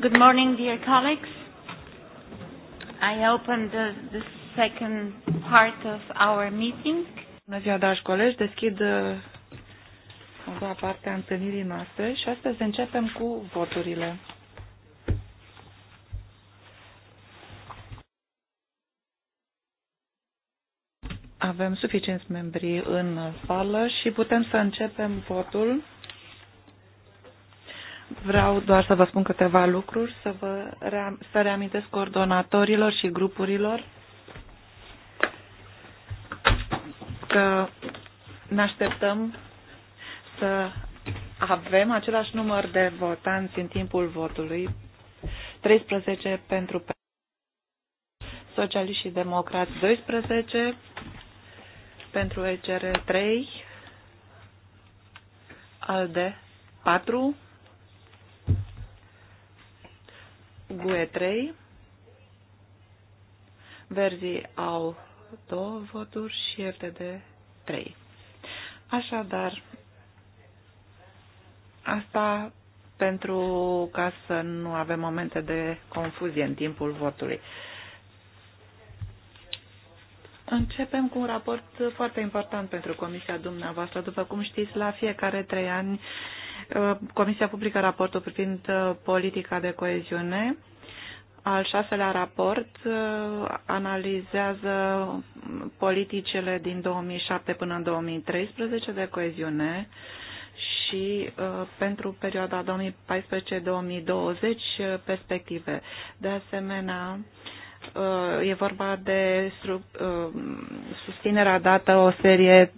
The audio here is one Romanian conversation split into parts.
Good morning, dear colleagues. I open the, the second part of our meeting. Bună ziua, dragi colegi. Deschid uh, a doua parte a întâlnirii noastre și astăzi începem cu voturile. Avem suficienți membri în sală și putem să începem votul Vreau doar să vă spun câteva lucruri, să, vă ream- să reamintesc coordonatorilor și grupurilor că ne așteptăm să avem același număr de votanți în timpul votului, 13 pentru socialiști și democrați 12, pentru ECR 3, ALDE 4, GUE 3. Verzii au două voturi și FDD 3. Așadar, asta pentru ca să nu avem momente de confuzie în timpul votului. Începem cu un raport foarte important pentru comisia dumneavoastră. După cum știți, la fiecare trei ani Uh, Comisia publică raportul privind uh, politica de coeziune. Al șaselea raport uh, analizează politicele din 2007 până în 2013 de coeziune și pentru perioada 2014-2020 perspective. De asemenea, e vorba de susținerea dată o serie,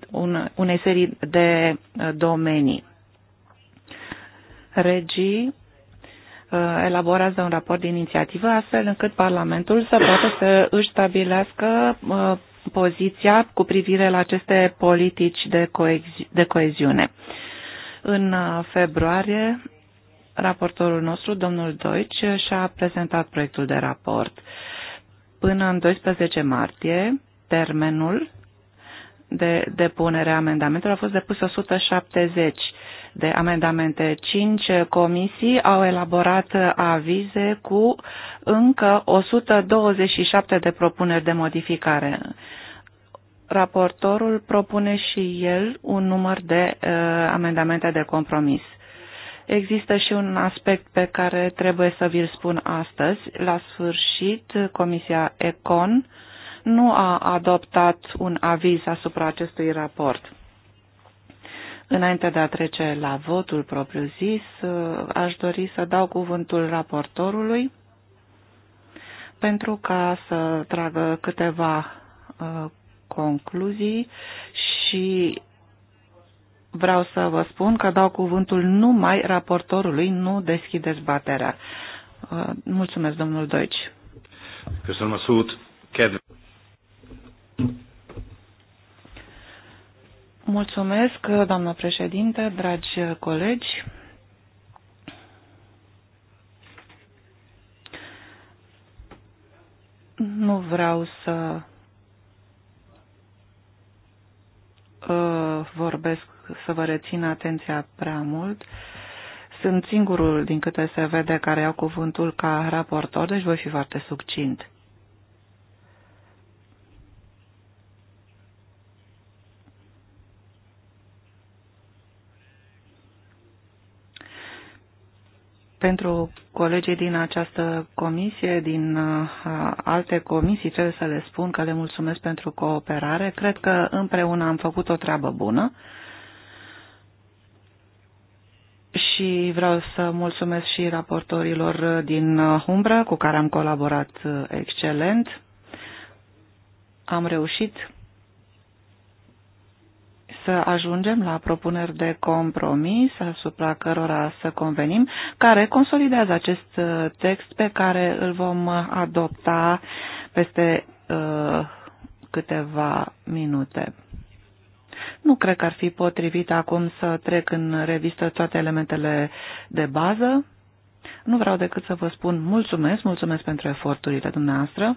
unei serii de domenii. Regii uh, elaborează un raport de inițiativă astfel încât Parlamentul să poată să își stabilească uh, poziția cu privire la aceste politici de, coezi de coeziune. În uh, februarie, raportorul nostru, domnul Deutsch, și-a prezentat proiectul de raport. Până în 12 martie, termenul de depunere a amendamentelor a fost depus 170 de amendamente. Cinci comisii au elaborat avize cu încă 127 de propuneri de modificare. Raportorul propune și el un număr de uh, amendamente de compromis. Există și un aspect pe care trebuie să vi-l spun astăzi. La sfârșit, Comisia ECON nu a adoptat un aviz asupra acestui raport. Înainte de a trece la votul propriu-zis, aș dori să dau cuvântul raportorului pentru ca să tragă câteva ă, concluzii și vreau să vă spun că dau cuvântul numai raportorului, nu deschid baterea. Ă, mulțumesc, domnul Doici. Köszönöm a Mulțumesc, doamnă președinte, dragi colegi. Nu vreau să uh, vorbesc, să vă rețin atenția prea mult. Sunt singurul, din câte se vede, care iau cuvântul ca raportor, deci voi fi foarte succint. Pentru colegii din această comisie, din uh, alte comisii, trebuie să le spun că le mulțumesc pentru cooperare. Cred că împreună am făcut o treabă bună și vreau să mulțumesc și raportorilor din uh, Umbra, cu care am colaborat uh, excelent. Am reușit să ajungem la propuneri de compromis asupra cărora să convenim, care consolidează acest uh, text pe care îl vom adopta peste uh, câteva minute. Nu cred că ar fi potrivit acum să trec în revistă toate elementele de bază. Nu vreau decât să vă spun mulțumesc, mulțumesc pentru eforturile dumneavoastră.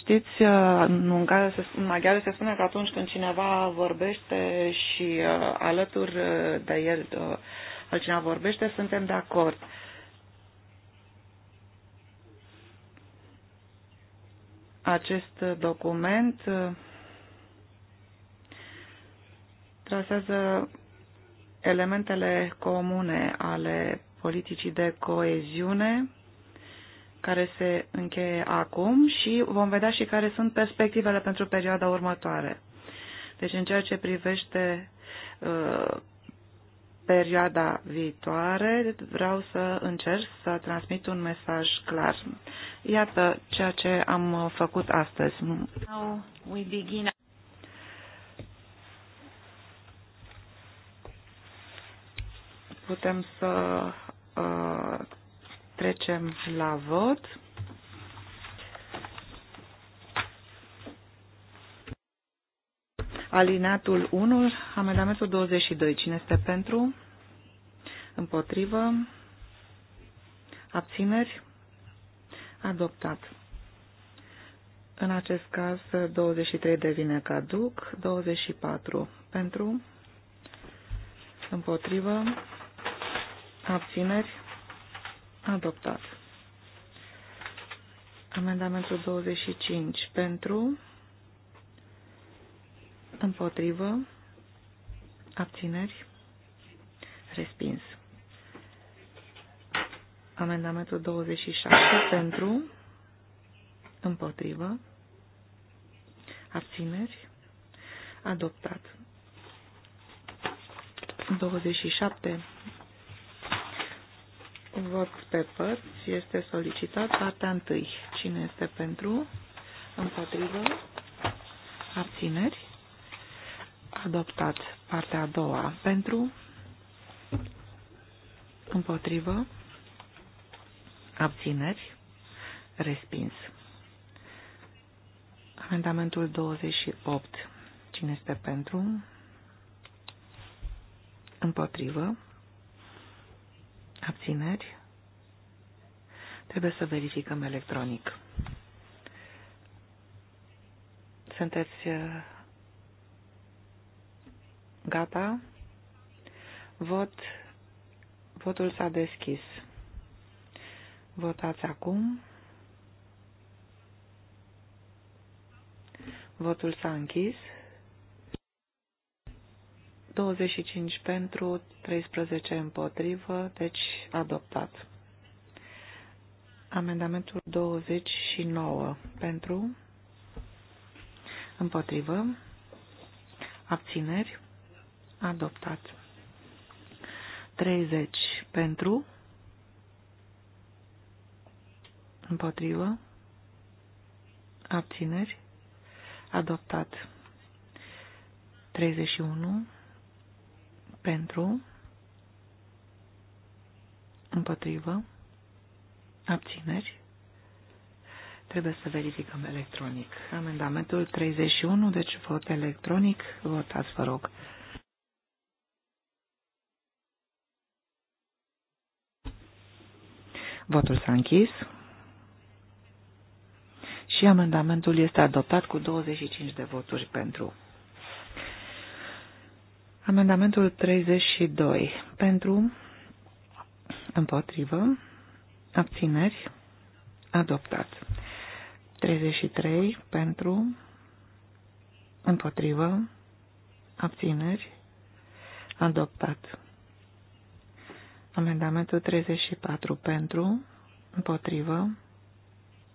Știți, uh, în Ungaria se, în maghiară se spune că atunci când cineva vorbește și uh, alături de el uh, altcineva vorbește, suntem de acord. Acest document trasează elementele comune ale politicii de coeziune care se încheie acum și vom vedea și care sunt perspectivele pentru perioada următoare. Deci în ceea ce privește uh, perioada viitoare, vreau să încerc să transmit un mesaj clar. Iată ceea ce am uh, făcut astăzi. Now we begin. Putem să uh, Trecem la vot. Alinatul 1, amendamentul 22. Cine este pentru? Împotrivă? Abțineri? Adoptat. În acest caz, 23 devine caduc, 24 pentru, împotrivă, abțineri, Adoptat. Amendamentul 25 pentru, împotrivă, abțineri, respins. Amendamentul 26 pentru, împotrivă, abțineri, adoptat. 27 Vot pe părți este solicitat partea întâi. Cine este pentru? Împotrivă? Abțineri? Adoptat partea a doua. Pentru? Împotrivă? Abțineri? Respins. Amendamentul 28. Cine este pentru? Împotrivă? Abțineri? Trebuie să verificăm electronic. Sunteți uh, gata? Vot. Votul s-a deschis. Votați acum. Votul s-a închis. 25 pentru, 13 împotrivă, deci adoptat. Amendamentul 29 pentru, împotrivă, abțineri, adoptat. 30 pentru, împotrivă, abțineri, adoptat. 31 pentru, împotrivă, abțineri. Trebuie să verificăm electronic. Amendamentul 31, deci vot electronic, votați vă rog. Votul s-a închis și amendamentul este adoptat cu 25 de voturi pentru. Amendamentul 32. Pentru, împotrivă, abțineri, adoptat. 33. Pentru, împotrivă, abțineri, adoptat. Amendamentul 34. Pentru, împotrivă,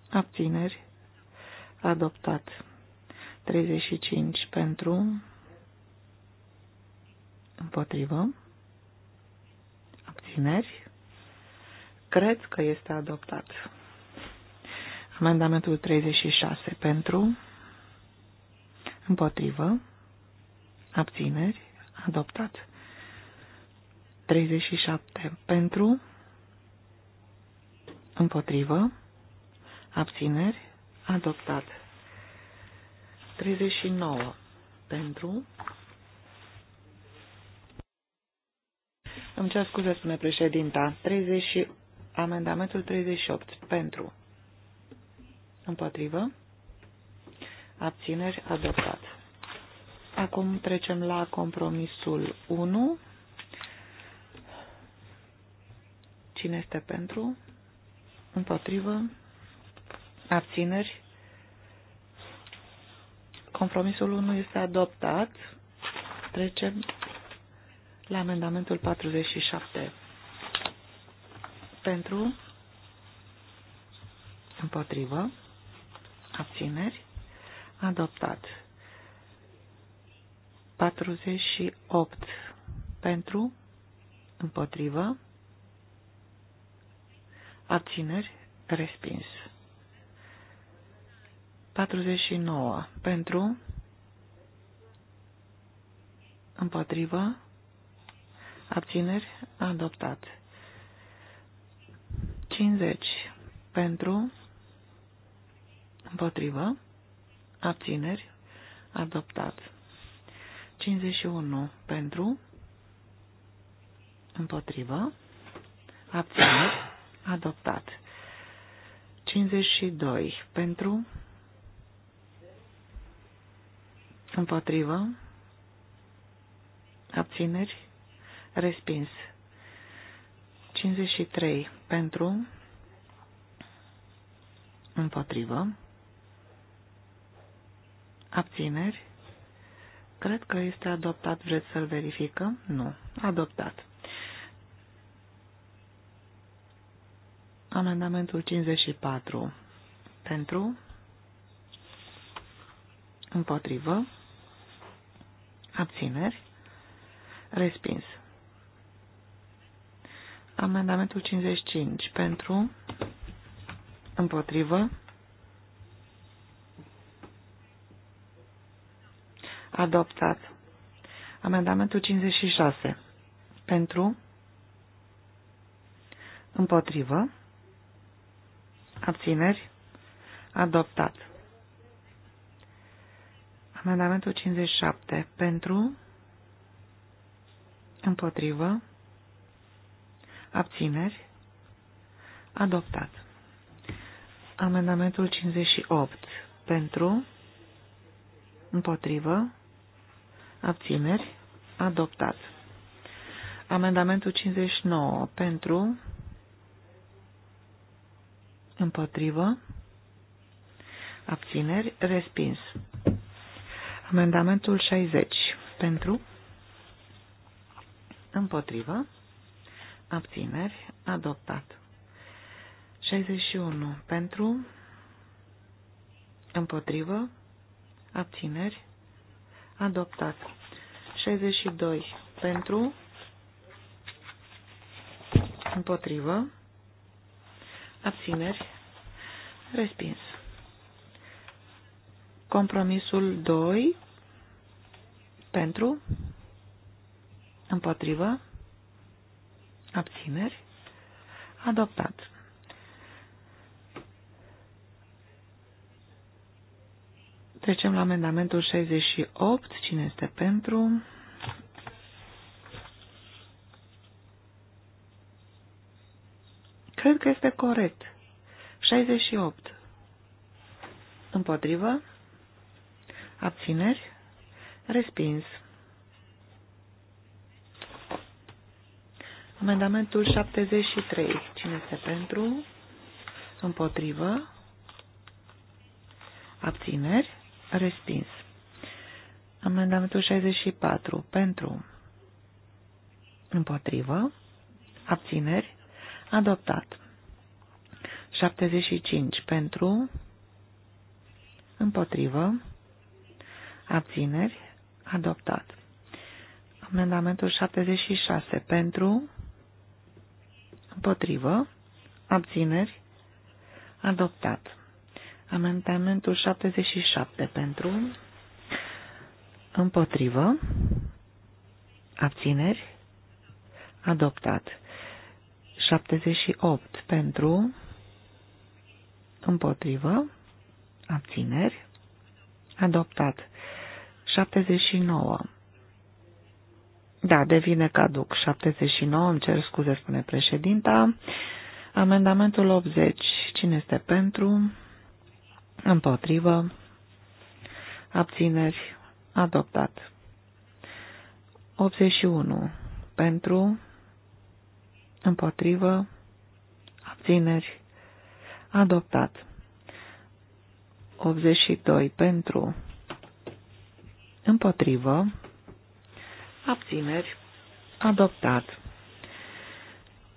abțineri, adoptat. 35. Pentru, Împotrivă. Abțineri. Cred că este adoptat. Amendamentul 36 pentru. Împotrivă. Abțineri. Adoptat. 37 pentru. Împotrivă. Abțineri. Adoptat. 39 pentru. Îmi cer scuze, spune președinta. 30, amendamentul 38. Pentru. Împotrivă. Abțineri. Adoptat. Acum trecem la compromisul 1. Cine este pentru? Împotrivă? Abțineri? Compromisul 1 este adoptat. Trecem la amendamentul 47. Pentru, împotrivă, abțineri, adoptat. 48. Pentru, împotrivă, abțineri, respins. 49. Pentru, împotrivă, abțineri, adoptat. 50 pentru, împotrivă, abțineri, adoptat. 51 pentru, împotrivă, abțineri, adoptat. 52 pentru, împotrivă, abțineri, Respins. 53 pentru, împotrivă, abțineri, cred că este adoptat, vreți să-l verificăm? Nu, adoptat. Amendamentul 54 pentru, împotrivă, abțineri, respins. Amendamentul 55 pentru, împotrivă, adoptat. Amendamentul 56 pentru, împotrivă, abțineri, adoptat. Amendamentul 57 pentru, împotrivă, Abțineri. Adoptat. Amendamentul 58. Pentru. Împotrivă. Abțineri. Adoptat. Amendamentul 59. Pentru. Împotrivă. Abțineri. Respins. Amendamentul 60. Pentru. Împotrivă abțineri, adoptat. 61 pentru, împotrivă, abțineri, adoptat. 62 pentru, împotrivă, abțineri, respins. Compromisul 2 pentru, împotrivă, abțineri, adoptat. Trecem la amendamentul 68. Cine este pentru? Cred că este corect. 68. Împotrivă? Abțineri? Respins. Amendamentul 73. Cine este pentru? Împotrivă? Abțineri? Respins. Amendamentul 64. Pentru? Împotrivă? Abțineri? Adoptat. 75. Pentru? Împotrivă? Abțineri? Adoptat. Amendamentul 76. Pentru? Împotrivă. Abțineri. Adoptat. Amendamentul 77 pentru. Împotrivă. Abțineri. Adoptat. 78 pentru. Împotrivă. Abțineri. Adoptat. 79 da, devine caduc. 79, îmi cer scuze, spune președinta. Amendamentul 80. Cine este pentru? Împotrivă. Abțineri. Adoptat. 81. Pentru. Împotrivă. Abțineri. Adoptat. 82. Pentru. Împotrivă. Abțineri. Adoptat.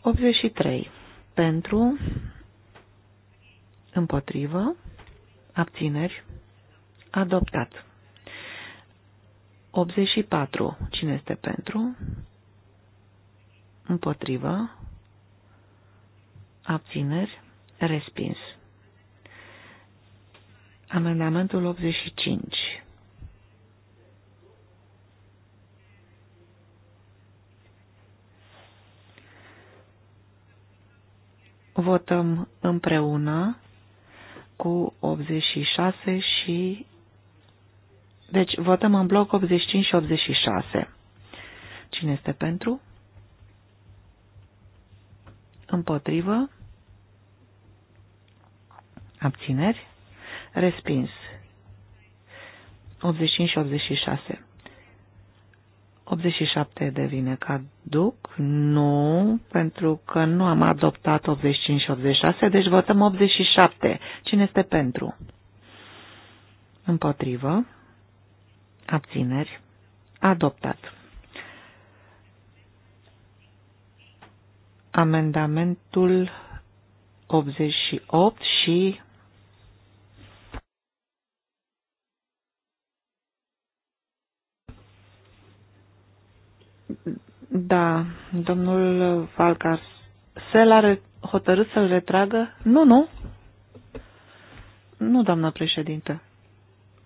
83. Pentru. Împotrivă. Abțineri. Adoptat. 84. Cine este pentru? Împotrivă. Abțineri. Respins. Amendamentul 85. votăm împreună cu 86 și... Deci votăm în bloc 85 și 86. Cine este pentru? Împotrivă? Abțineri? Respins. 85 și 86. 87 devine caduc? Nu, pentru că nu am adoptat 85 și 86, deci votăm 87. Cine este pentru? Împotrivă. Abțineri. Adoptat. Amendamentul 88 și Da, domnul Valcar, Sel are hotărât să-l retragă? Nu, nu. Nu, doamnă președintă.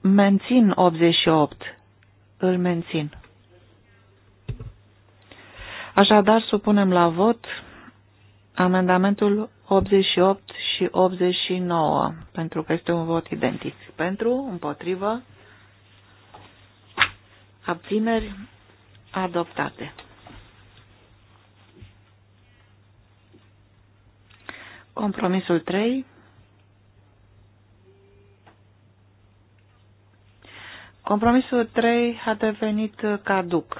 Mențin 88. Îl mențin. Așadar, supunem la vot amendamentul 88 și 89, pentru că este un vot identic. Pentru, împotrivă, abțineri adoptate. Compromisul 3. Compromisul 3 a devenit caduc.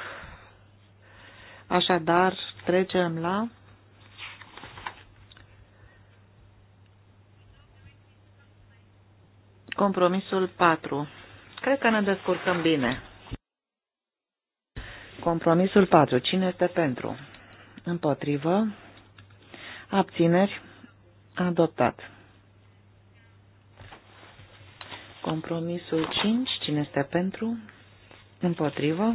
Așadar, trecem la compromisul 4. Cred că ne descurcăm bine. Compromisul 4. Cine este pentru? Împotrivă. Abțineri. Adoptat. Compromisul 5. Cine este pentru? Împotrivă.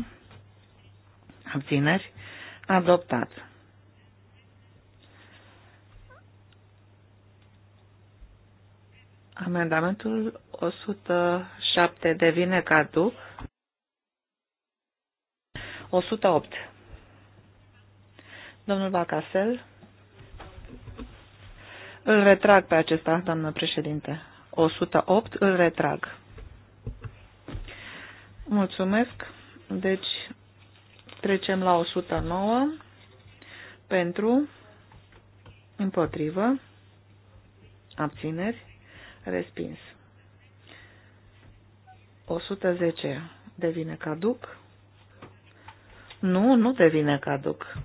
Abțineri. Adoptat. Amendamentul 107 devine caduc. 108. Domnul Bacasel. Îl retrag pe acesta, doamnă președinte. 108 îl retrag. Mulțumesc. Deci trecem la 109 pentru împotrivă abțineri respins. 110 devine caduc. Nu, nu devine caduc.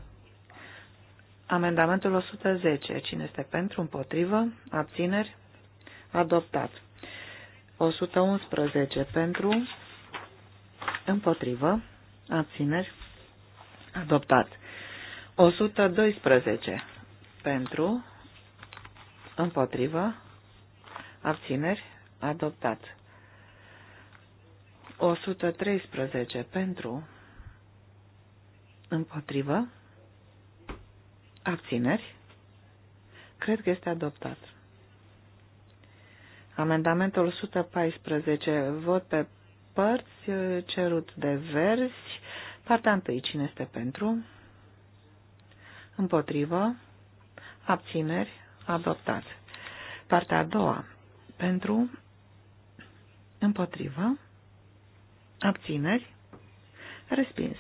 Amendamentul 110. Cine este pentru, împotrivă, abțineri, adoptat. 111. Pentru, împotrivă, abțineri, adoptat. 112. Pentru, împotrivă, abțineri, adoptat. 113. Pentru, împotrivă, Abțineri? Cred că este adoptat. Amendamentul 114. Vot pe părți eh, cerut de verzi. Partea întâi. Cine este pentru? Împotrivă. Abțineri. Adoptat. Partea a doua. Pentru. Împotrivă. Abțineri. Respins.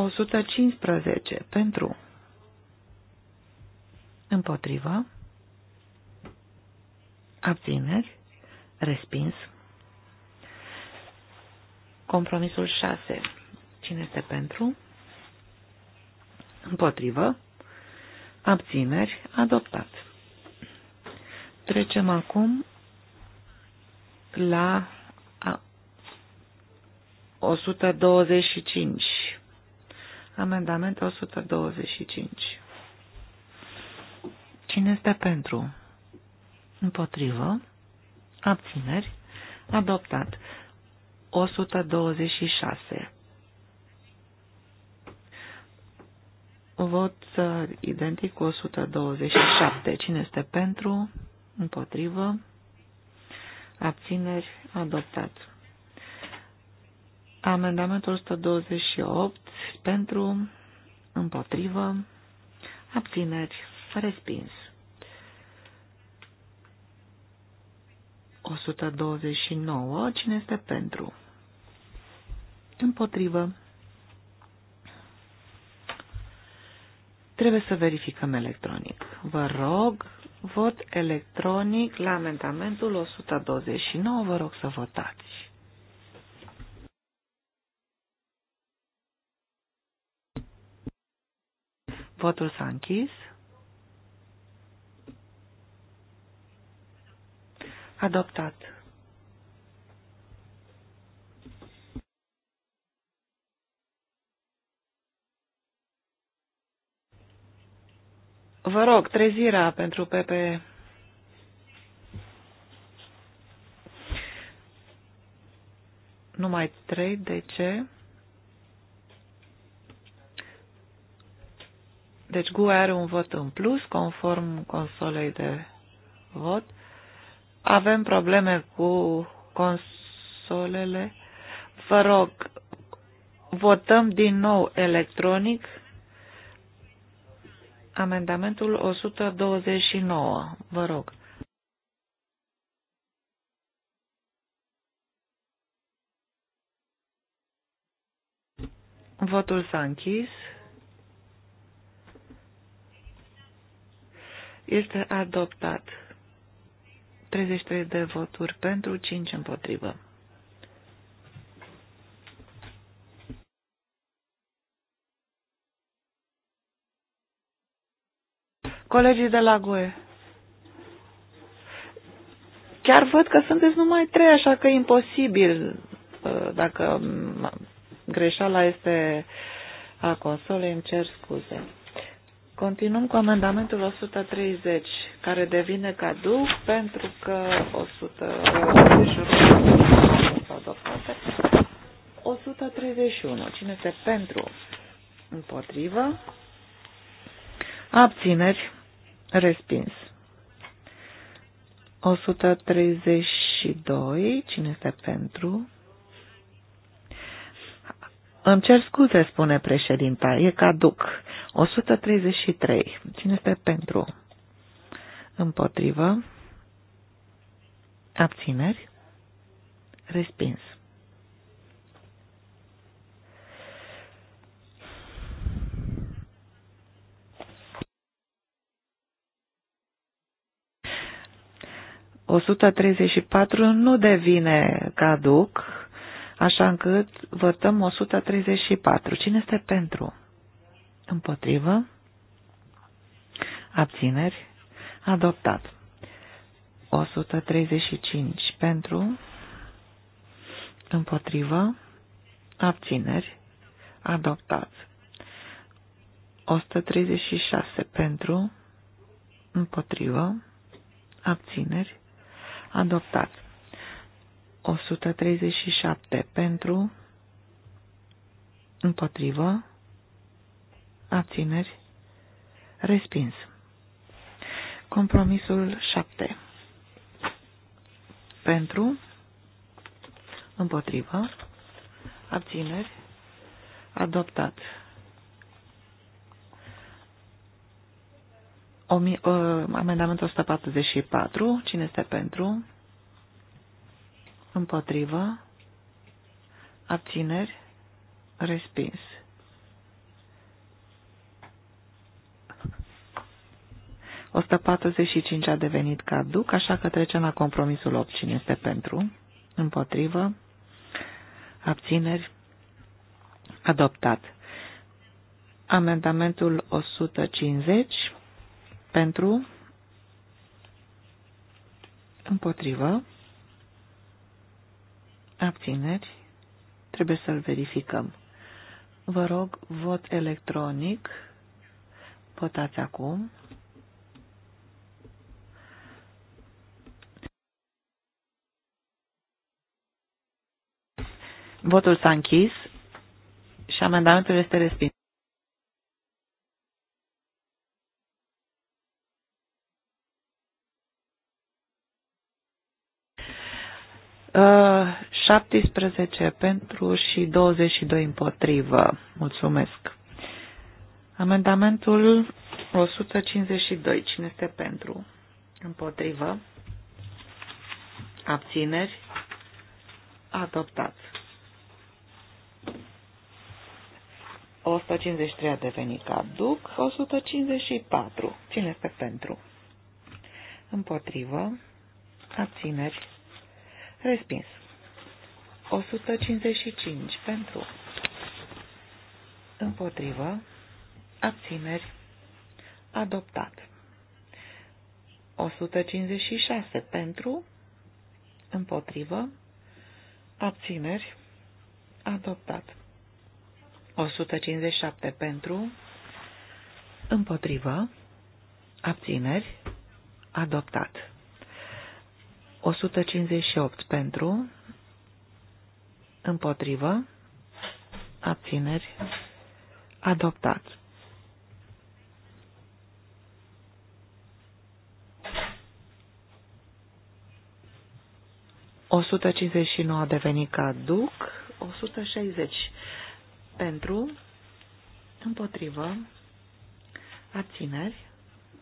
115 pentru împotriva abțineri respins compromisul 6 cine este pentru împotrivă abțineri adoptat trecem acum la 125 Amendament 125. Cine este pentru? Împotrivă. Abțineri. Adoptat. 126. Vot uh, identic cu 127. Cine este pentru? Împotrivă. Abțineri. Adoptat. Amendamentul 128 pentru, împotrivă, abțineri, respins. 129. Cine este pentru? Împotrivă. Trebuie să verificăm electronic. Vă rog, vot electronic la amendamentul 129. Vă rog să votați. Votul s-a închis. Adoptat. Vă rog, trezirea pentru PPE. Numai trei, de ce? Deci GUE are un vot în plus, conform consolei de vot. Avem probleme cu consolele. Vă rog, votăm din nou electronic amendamentul 129. Vă rog. Votul s-a închis. Este adoptat. 33 de voturi pentru, 5 împotrivă. Colegii de la GUE. Chiar văd că sunteți numai trei, așa că imposibil uh, dacă greșeala este a consolei, îmi cer scuze. Continuăm cu amendamentul 130, care devine caduc pentru că 131 Cine este pentru? Împotrivă. Abțineri. Respins. 132. Cine este pentru? Îmi cer scuze, spune președinta, e caduc. 133. Cine este pentru? Împotrivă. Abțineri. Respins. O 134 nu devine caduc, așa încât votăm 134. Cine este pentru? Împotrivă? Abțineri? Adoptat. 135 pentru, împotrivă, abțineri, adoptat. 136 pentru, împotrivă, abțineri, adoptat. 137 pentru, împotrivă, abțineri, respins. Compromisul 7 pentru, împotrivă, abțineri, adoptat. 1000, uh, amendamentul 144, cine este pentru? împotrivă, abțineri, respins. O a devenit caduc, așa că trecem la compromisul 8. Cine este pentru? Împotrivă? Abțineri? Adoptat. Amendamentul 150 pentru? Împotrivă? abțineri, trebuie să-l verificăm. Vă rog, vot electronic, votați acum. Votul s-a închis și amendamentul este respins. Uh, 17 pentru și 22 împotrivă. Mulțumesc. Amendamentul 152. Cine este pentru? Împotrivă. Abțineri. Adoptat. 153 a devenit caduc. 154. Cine este pentru? Împotrivă. Abțineri. Respins. 155 pentru împotrivă abțineri adoptat 156 pentru împotrivă abțineri adoptat 157 pentru împotrivă abțineri adoptat 158 pentru Împotrivă. Abțineri. adoptați. O sută cincizeci și nouă a devenit caduc. O sută șaizeci pentru, împotrivă, abțineri,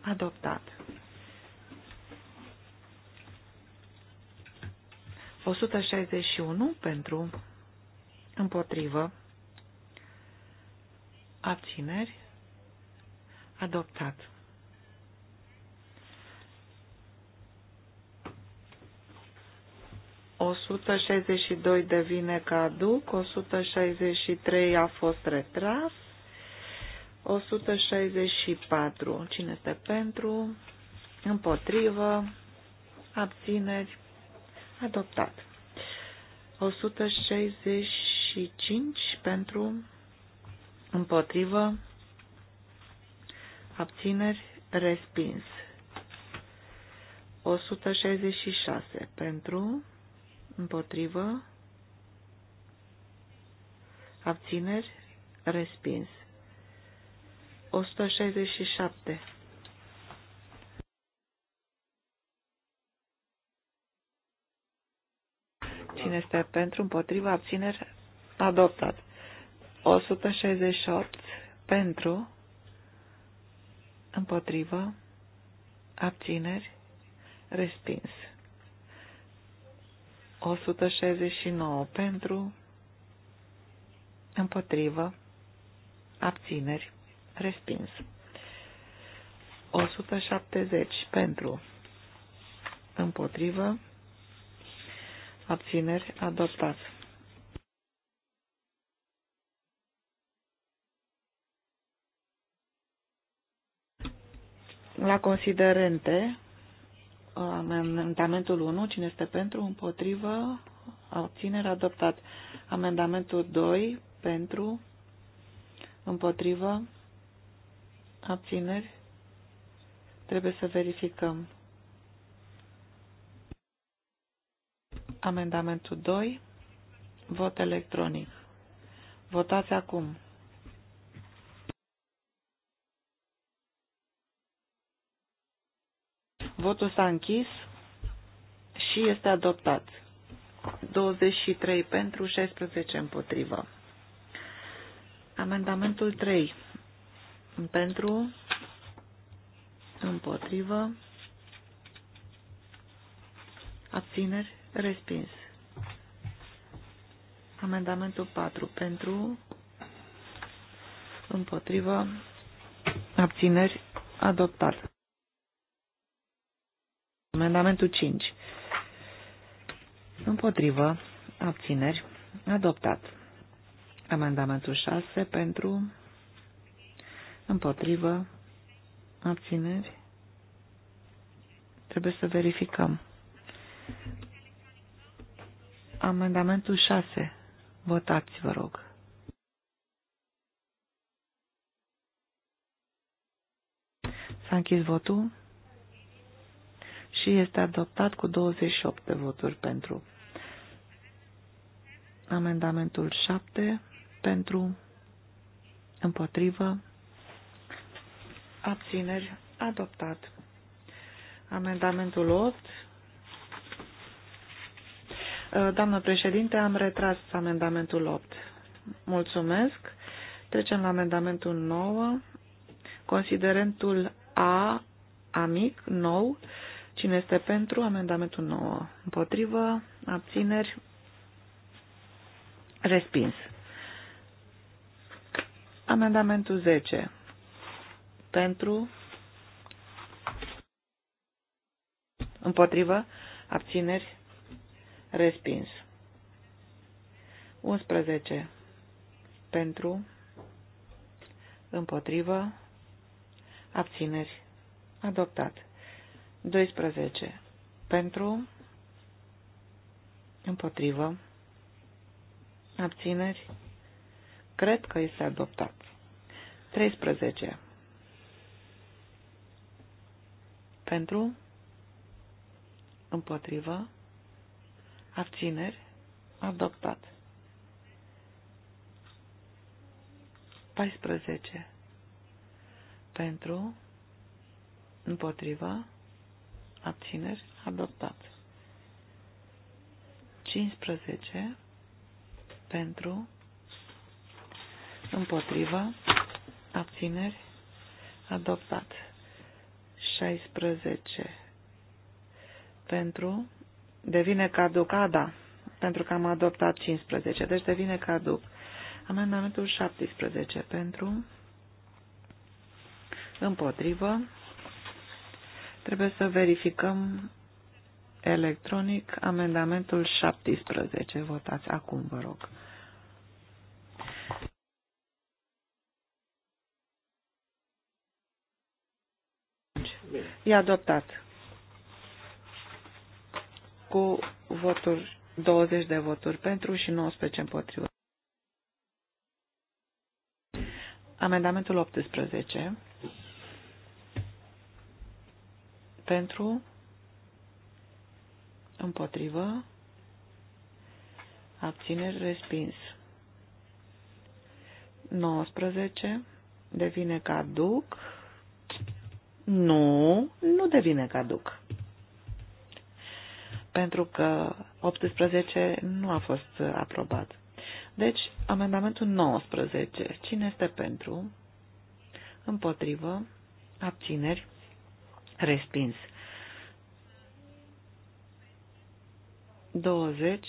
adoptat. O sută șaizeci și unu pentru împotrivă, abțineri, adoptat. O 162 devine caduc, 163 a fost retras, 164. Cine este pentru? Împotrivă? Abțineri? Adoptat. șaizeci și 5 pentru, împotrivă, abțineri, respins. 166 pentru, împotrivă, abțineri, respins. 167 Cine este pentru, împotriva, abțineri, adoptat. 168 pentru, împotrivă, abțineri, respins. 169 pentru, împotrivă, abțineri, respins. 170 pentru, împotrivă, abțineri, adoptat. La considerente, uh, amendamentul 1, cine este pentru, împotrivă, abținere, adoptat. Amendamentul 2, pentru, împotrivă, abțineri, trebuie să verificăm. Amendamentul 2, vot electronic. Votați acum. Votul s-a închis și este adoptat. 23 pentru, 16 împotrivă. Amendamentul 3. Pentru, împotrivă, abțineri, respins. Amendamentul 4. Pentru, împotrivă, abțineri, adoptat. Amendamentul 5. Împotrivă. Abțineri. Adoptat. Amendamentul 6 pentru. Împotrivă. Abțineri. Trebuie să verificăm. Amendamentul 6. Votați, vă rog. S-a închis votul și este adoptat cu 28 de voturi pentru. Amendamentul 7 pentru, împotrivă, abțineri, adoptat. Amendamentul 8. Doamnă președinte, am retras amendamentul 8. Mulțumesc. Trecem la amendamentul 9. Considerentul A, amic, nou, Cine este pentru? Amendamentul 9. Împotrivă? Abțineri? Respins. Amendamentul 10. Pentru? Împotrivă? Abțineri? Respins. 11. Pentru? Împotrivă? Abțineri? Adoptat. 12. Pentru, împotrivă, abțineri, cred că este adoptat. 13. Pentru, împotrivă, abțineri, adoptat. 14. Pentru, împotriva, abțineri, adoptat. 15 pentru, împotriva, abțineri, adoptat. 16 pentru, devine caducada pentru că am adoptat 15, deci devine caduc. Amendamentul 17 pentru, împotrivă, Trebuie să verificăm electronic amendamentul 17. Votați acum, vă rog. E adoptat cu voturi, 20 de voturi pentru și 19 împotriva. Amendamentul 18. pentru, împotrivă, abțineri, respins. 19 devine caduc. Nu, nu devine caduc. Pentru că 18 nu a fost aprobat. Deci, amendamentul 19. Cine este pentru? Împotrivă? Abțineri? Respins. 20.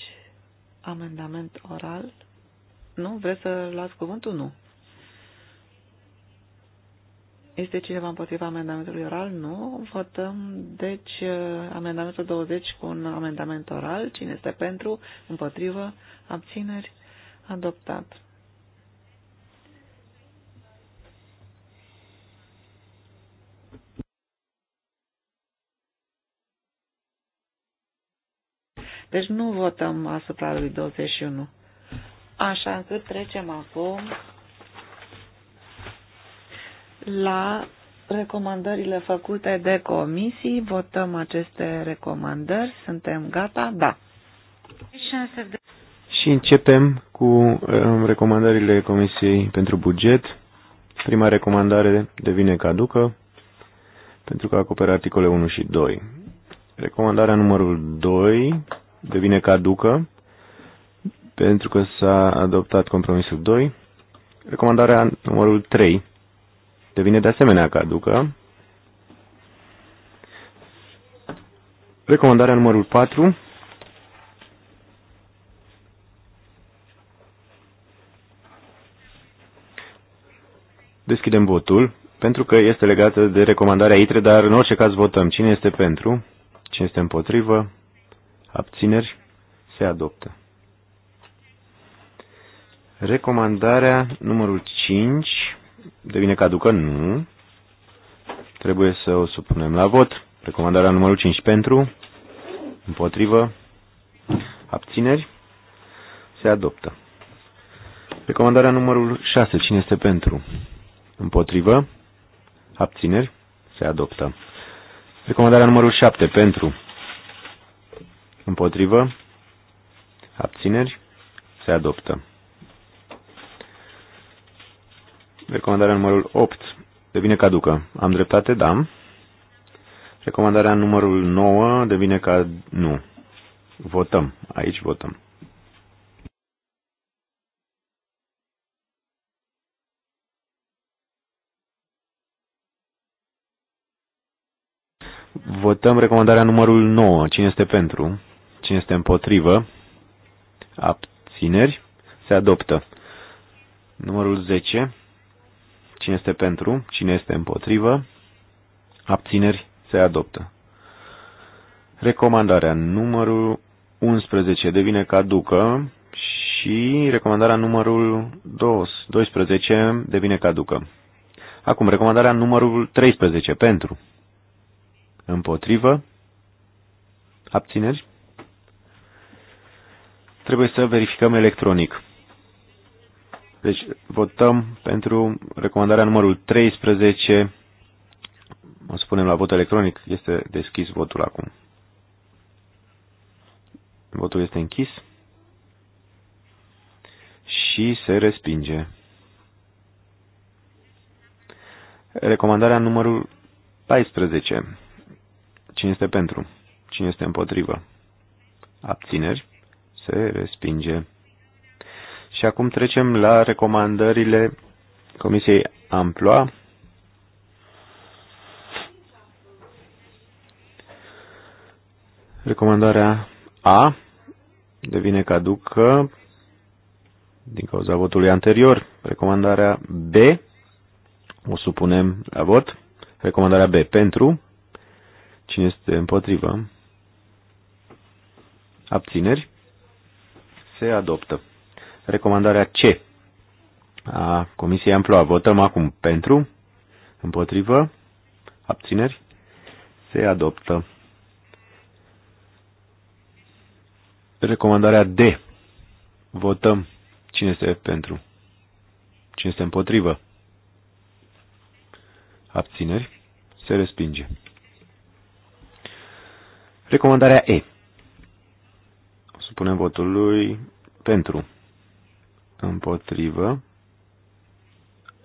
Amendament oral. Nu? Vreți să luați cuvântul? Nu. Este cineva împotriva amendamentului oral? Nu. Votăm, deci, amendamentul 20 cu un amendament oral. Cine este pentru? Împotrivă? Abțineri? Adoptat. Deci nu votăm asupra lui 21. Așa încât trecem acum la recomandările făcute de comisii. Votăm aceste recomandări. Suntem gata? Da. Și începem cu um, recomandările Comisiei pentru buget. Prima recomandare devine caducă pentru că acoperă articole 1 și 2. Recomandarea numărul 2 devine caducă pentru că s-a adoptat compromisul 2. Recomandarea numărul 3 devine de asemenea caducă. Recomandarea numărul 4 Deschidem votul, pentru că este legată de recomandarea ITRE, dar în orice caz votăm. Cine este pentru? Cine este împotrivă? abțineri, se adoptă. Recomandarea numărul 5 devine caducă? Nu. Trebuie să o supunem la vot. Recomandarea numărul 5 pentru, împotrivă, abțineri, se adoptă. Recomandarea numărul 6. Cine este pentru? Împotrivă, abțineri, se adoptă. Recomandarea numărul 7. Pentru, Împotrivă. Abțineri. Se adoptă. Recomandarea numărul 8. Devine caducă. Am dreptate? Da. Recomandarea numărul 9 devine ca nu. Votăm. Aici votăm. Votăm recomandarea numărul 9. Cine este pentru? Cine este împotrivă? Abțineri? Se adoptă. Numărul 10. Cine este pentru? Cine este împotrivă? Abțineri? Se adoptă. Recomandarea numărul 11 devine caducă și recomandarea numărul 12 devine caducă. Acum, recomandarea numărul 13 pentru. Împotrivă. Abțineri trebuie să verificăm electronic. Deci votăm pentru recomandarea numărul 13. O spunem la vot electronic. Este deschis votul acum. Votul este închis și se respinge. Recomandarea numărul 14. Cine este pentru? Cine este împotrivă? Abțineri? se respinge. Și acum trecem la recomandările Comisiei Amploa. Recomandarea A devine caducă din cauza votului anterior. Recomandarea B o supunem la vot. Recomandarea B pentru. Cine este împotrivă? Abțineri se adoptă. Recomandarea C a Comisiei Amploa. Votăm acum pentru, împotrivă, abțineri, se adoptă. Recomandarea D. Votăm cine este pentru, cine este împotrivă, abțineri, se respinge. Recomandarea E Supunem lui pentru. Împotrivă.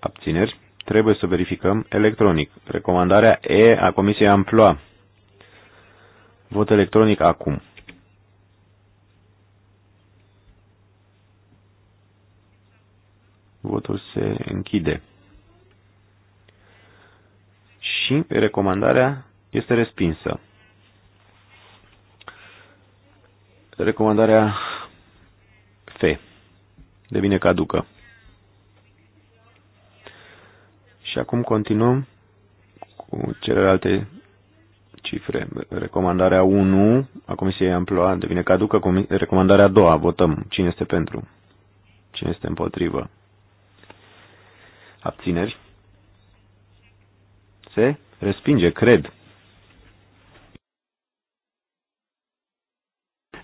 Abțineri. Trebuie să verificăm electronic. Recomandarea E a Comisiei Amploa. Vot electronic acum. Votul se închide. Și recomandarea este respinsă. recomandarea F devine caducă. Și acum continuăm cu celelalte cifre. Recomandarea 1 a Comisiei Amploa devine caducă. Recomandarea 2 votăm. Cine este pentru? Cine este împotrivă? Abțineri? Se respinge, cred.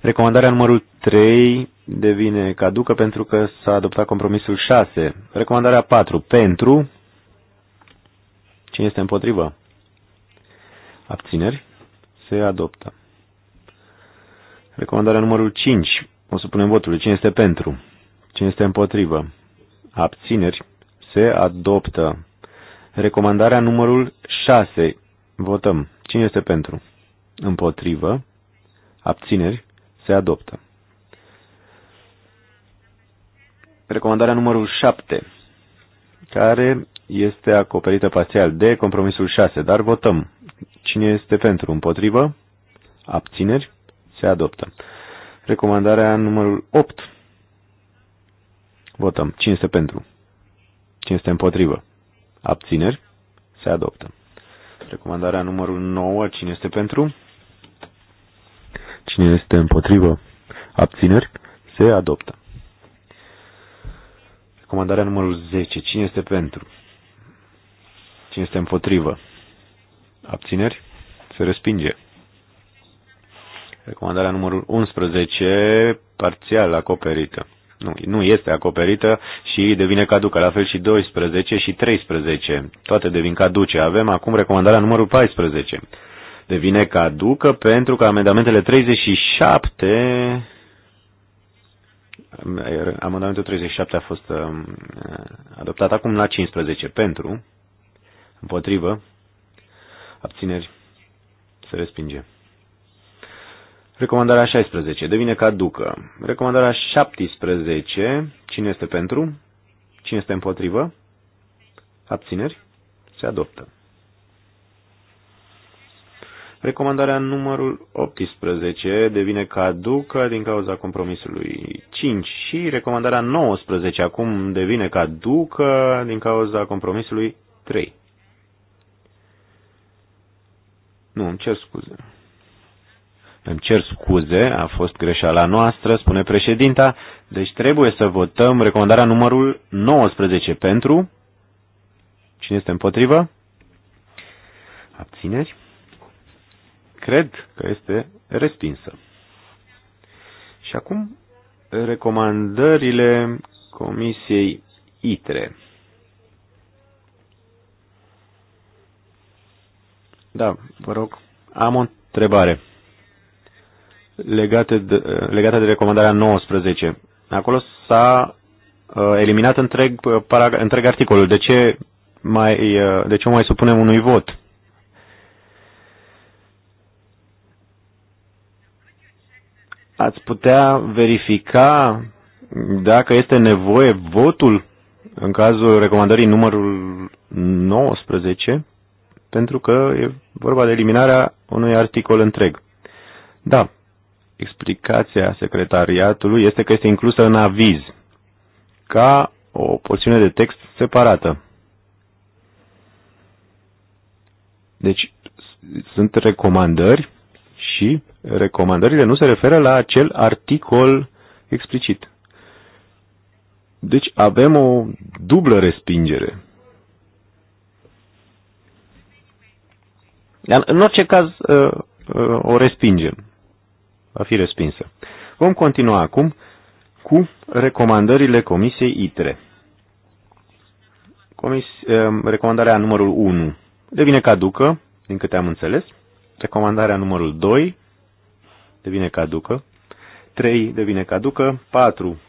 Recomandarea numărul 3 devine caducă pentru că s-a adoptat compromisul 6. Recomandarea 4 pentru. Cine este împotrivă? Abțineri. Se adoptă. Recomandarea numărul 5. O să punem votul. Cine este pentru? Cine este împotrivă? Abțineri. Se adoptă. Recomandarea numărul 6. Votăm. Cine este pentru? Împotrivă. Abțineri. Se adoptă. Recomandarea numărul 7, care este acoperită parțial de compromisul 6, dar votăm. Cine este pentru? Împotrivă? Abțineri? Se adoptă. Recomandarea numărul 8. Votăm. Cine este pentru? Cine este împotrivă? Abțineri? Se adoptă. Recomandarea numărul 9. Cine este pentru? Cine este împotrivă? Abțineri? Se adoptă. Comandarea numărul 10. Cine este pentru? Cine este împotrivă? Abțineri? Se respinge. Recomandarea numărul 11, parțial acoperită. Nu, nu este acoperită și devine caducă. La fel și 12 și 13. Toate devin caduce. Avem acum recomandarea numărul 14 devine caducă pentru că amendamentele 37 amendamentul 37 a fost um, adoptat acum la 15 pentru împotrivă abțineri se respinge. Recomandarea 16 devine caducă. Recomandarea 17 cine este pentru? Cine este împotrivă? Abțineri? Se adoptă. Recomandarea numărul 18 devine caducă din cauza compromisului 5 și recomandarea 19 acum devine caducă din cauza compromisului 3. Nu, îmi cer scuze. Îmi cer scuze, a fost greșeala noastră, spune președinta. Deci trebuie să votăm recomandarea numărul 19 pentru. Cine este împotrivă? Abțineri. Cred că este respinsă. Și acum recomandările Comisiei ITRE. Da, vă rog, am o întrebare legată de, legată de recomandarea 19. Acolo s-a uh, eliminat întreg, uh, întreg articolul. De ce, mai, uh, de ce o mai supunem unui vot? ați putea verifica dacă este nevoie votul în cazul recomandării numărul 19, pentru că e vorba de eliminarea unui articol întreg. Da, explicația secretariatului este că este inclusă în aviz, ca o porțiune de text separată. Deci, sunt recomandări și recomandările nu se referă la acel articol explicit. Deci avem o dublă respingere. În orice caz, uh, uh, o respingem. Va fi respinsă. Vom continua acum cu recomandările Comisiei ITRE. Comis, uh, recomandarea numărul 1 devine caducă, din câte am înțeles. Recomandarea numărul 2 devine caducă. 3 devine caducă. 4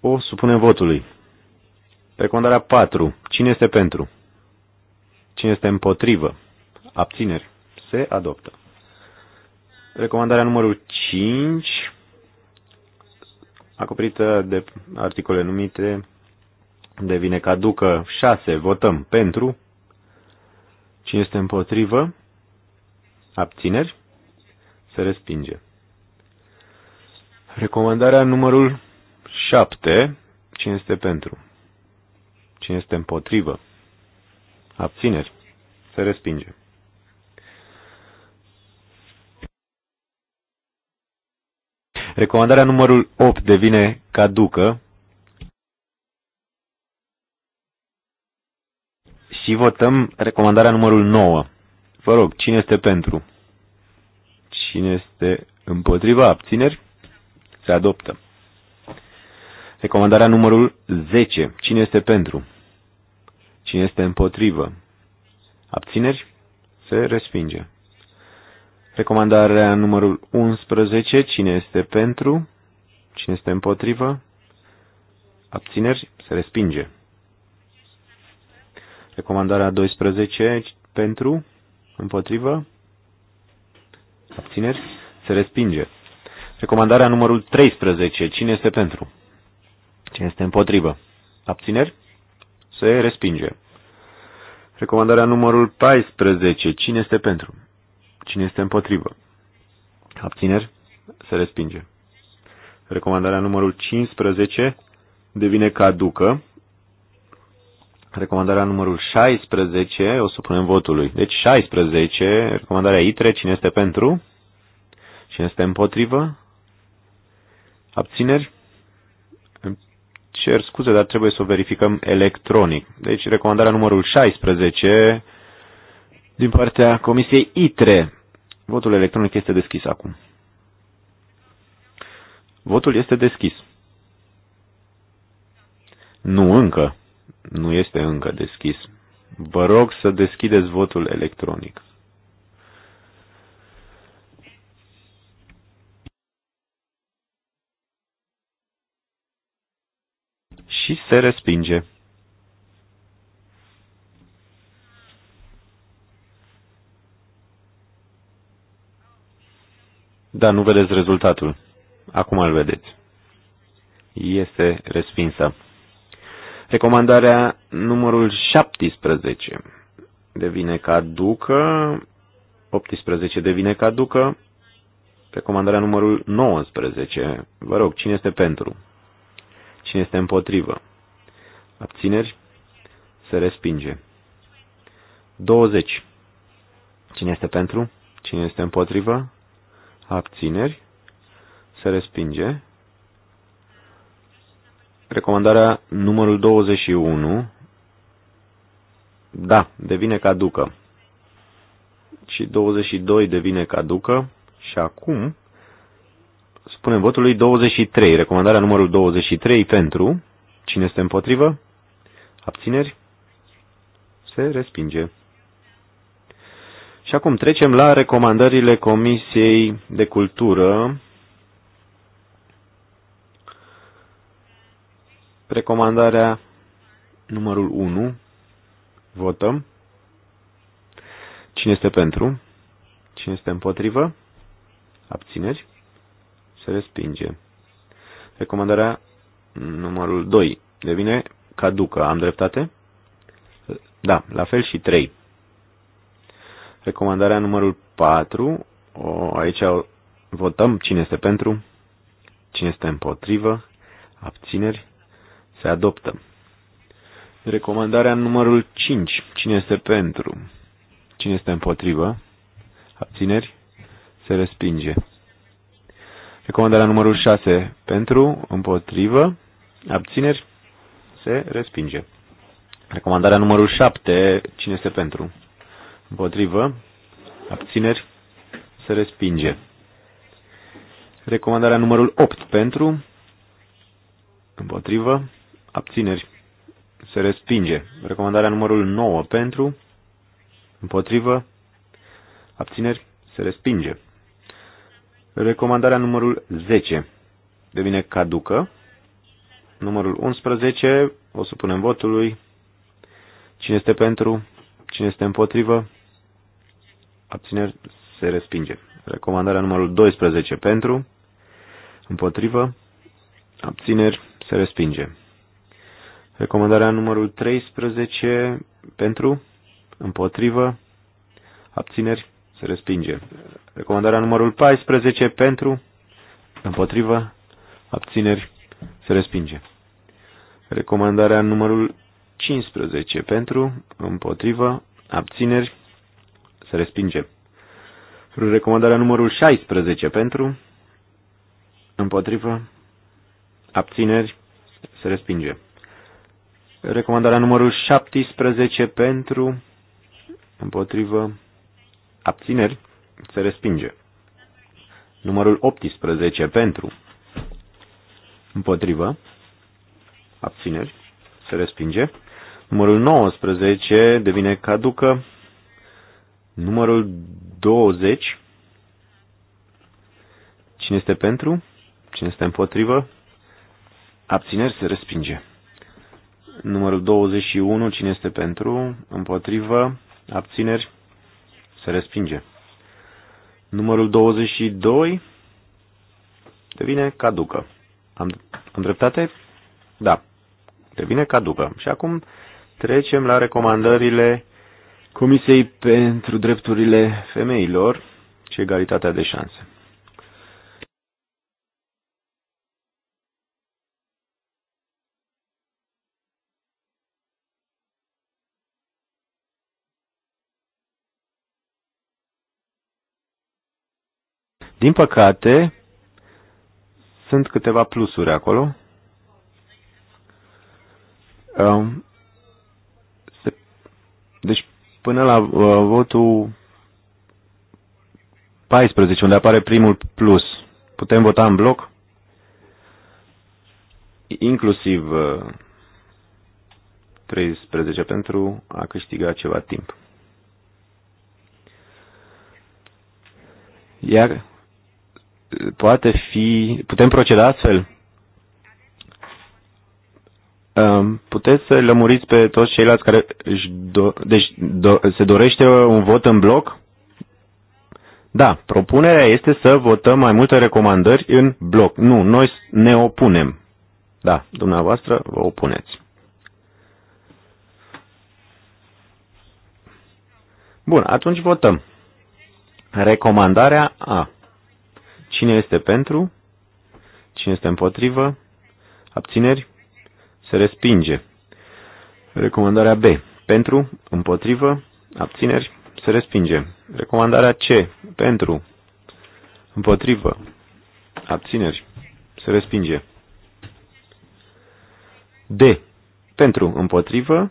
o supunem votului. Recomandarea 4. Cine este pentru? Cine este împotrivă? Abțineri. Se adoptă. Recomandarea numărul 5, acoperită de articole numite, devine caducă 6. Votăm pentru. Cine este împotrivă? Abțineri? Se respinge. Recomandarea numărul 7. Cine este pentru? Cine este împotrivă? Abțineri? Se respinge. Recomandarea numărul 8 devine caducă și votăm recomandarea numărul 9. Vă rog, cine este pentru? Cine este împotriva? Abțineri? Se adoptă. Recomandarea numărul 10. Cine este pentru? Cine este împotrivă? Abțineri? Se respinge. Recomandarea numărul 11. Cine este pentru? Cine este împotrivă? Abțineri? Se respinge. Recomandarea 12 pentru, împotrivă, abțineri, se respinge. Recomandarea numărul 13, cine este pentru? Cine este împotrivă? Abțineri? Se respinge. Recomandarea numărul 14, cine este pentru? Cine este împotrivă? Abțineri? Se respinge. Recomandarea numărul 15 devine caducă. Recomandarea numărul 16, o supunem votului. Deci 16, recomandarea ITRE, cine este pentru? Cine este împotrivă? Abțineri? cer scuze, dar trebuie să o verificăm electronic. Deci recomandarea numărul 16 din partea Comisiei ITRE. Votul electronic este deschis acum. Votul este deschis. Nu încă nu este încă deschis. Vă rog să deschideți votul electronic. Și se respinge. Da, nu vedeți rezultatul. Acum îl vedeți. Este respinsă. Recomandarea numărul 17 devine caducă, 18 devine caducă, recomandarea numărul 19. Vă rog, cine este pentru? Cine este împotrivă? Abțineri? Se respinge. 20. Cine este pentru? Cine este împotrivă? Abțineri? Se respinge. Recomandarea numărul 21, da, devine caducă. Și 22 devine caducă. Și acum spunem votului 23, recomandarea numărul 23 pentru. Cine este împotrivă? Abțineri? Se respinge. Și acum trecem la recomandările Comisiei de Cultură Recomandarea numărul 1. Votăm. Cine este pentru? Cine este împotrivă? Abțineri? Se respinge. Recomandarea numărul 2. Devine caducă. Am dreptate? Da, la fel și 3. Recomandarea numărul 4. O, aici votăm cine este pentru, cine este împotrivă, abțineri, se adoptă. Recomandarea numărul 5. Cine este pentru? Cine este împotrivă? Abțineri? Se respinge. Recomandarea numărul 6. Pentru, împotrivă, abțineri? Se respinge. Recomandarea numărul 7. Cine este pentru? Împotrivă, abțineri? Se respinge. Recomandarea numărul 8. Pentru, împotrivă, abțineri, se respinge. Recomandarea numărul 9 pentru, împotrivă, abțineri, se respinge. Recomandarea numărul 10 devine caducă. Numărul 11 o supunem votului. Cine este pentru, cine este împotrivă, abțineri, se respinge. Recomandarea numărul 12 pentru, împotrivă, abțineri, se respinge. Recomandarea numărul 13 pentru, împotrivă, abțineri, se respinge. Recomandarea numărul 14 pentru, împotrivă, abțineri, se respinge. Recomandarea numărul 15 pentru, împotrivă, abțineri, se respinge. Recomandarea numărul 16 pentru, împotrivă, abțineri, se respinge. Recomandarea numărul 17 pentru, împotrivă, abțineri, se respinge. Numărul 18 pentru, împotrivă, abțineri, se respinge. Numărul 19 devine caducă. Numărul 20. Cine este pentru? Cine este împotrivă? Abțineri se respinge. Numărul 21, cine este pentru, împotrivă, abțineri, se respinge. Numărul 22 devine caducă. Am, am dreptate? Da. Devine caducă. Și acum trecem la recomandările Comisiei pentru Drepturile Femeilor și Egalitatea de Șanse. Din păcate, sunt câteva plusuri acolo. Um, deci, până la uh, votul 14, unde apare primul plus, putem vota în bloc, inclusiv 13 uh, pentru a câștiga ceva timp. Iar poate fi, putem proceda astfel? Um, puteți să lămuriți pe toți ceilalți care își do, deci, do, se dorește un vot în bloc? Da, propunerea este să votăm mai multe recomandări în bloc. Nu, noi ne opunem. Da, dumneavoastră vă opuneți. Bun, atunci votăm. Recomandarea A. Cine este pentru? Cine este împotrivă? Abțineri? Se respinge. Recomandarea B. Pentru, împotrivă, abțineri, se respinge. Recomandarea C. Pentru, împotrivă, abțineri, se respinge. D. Pentru, împotrivă,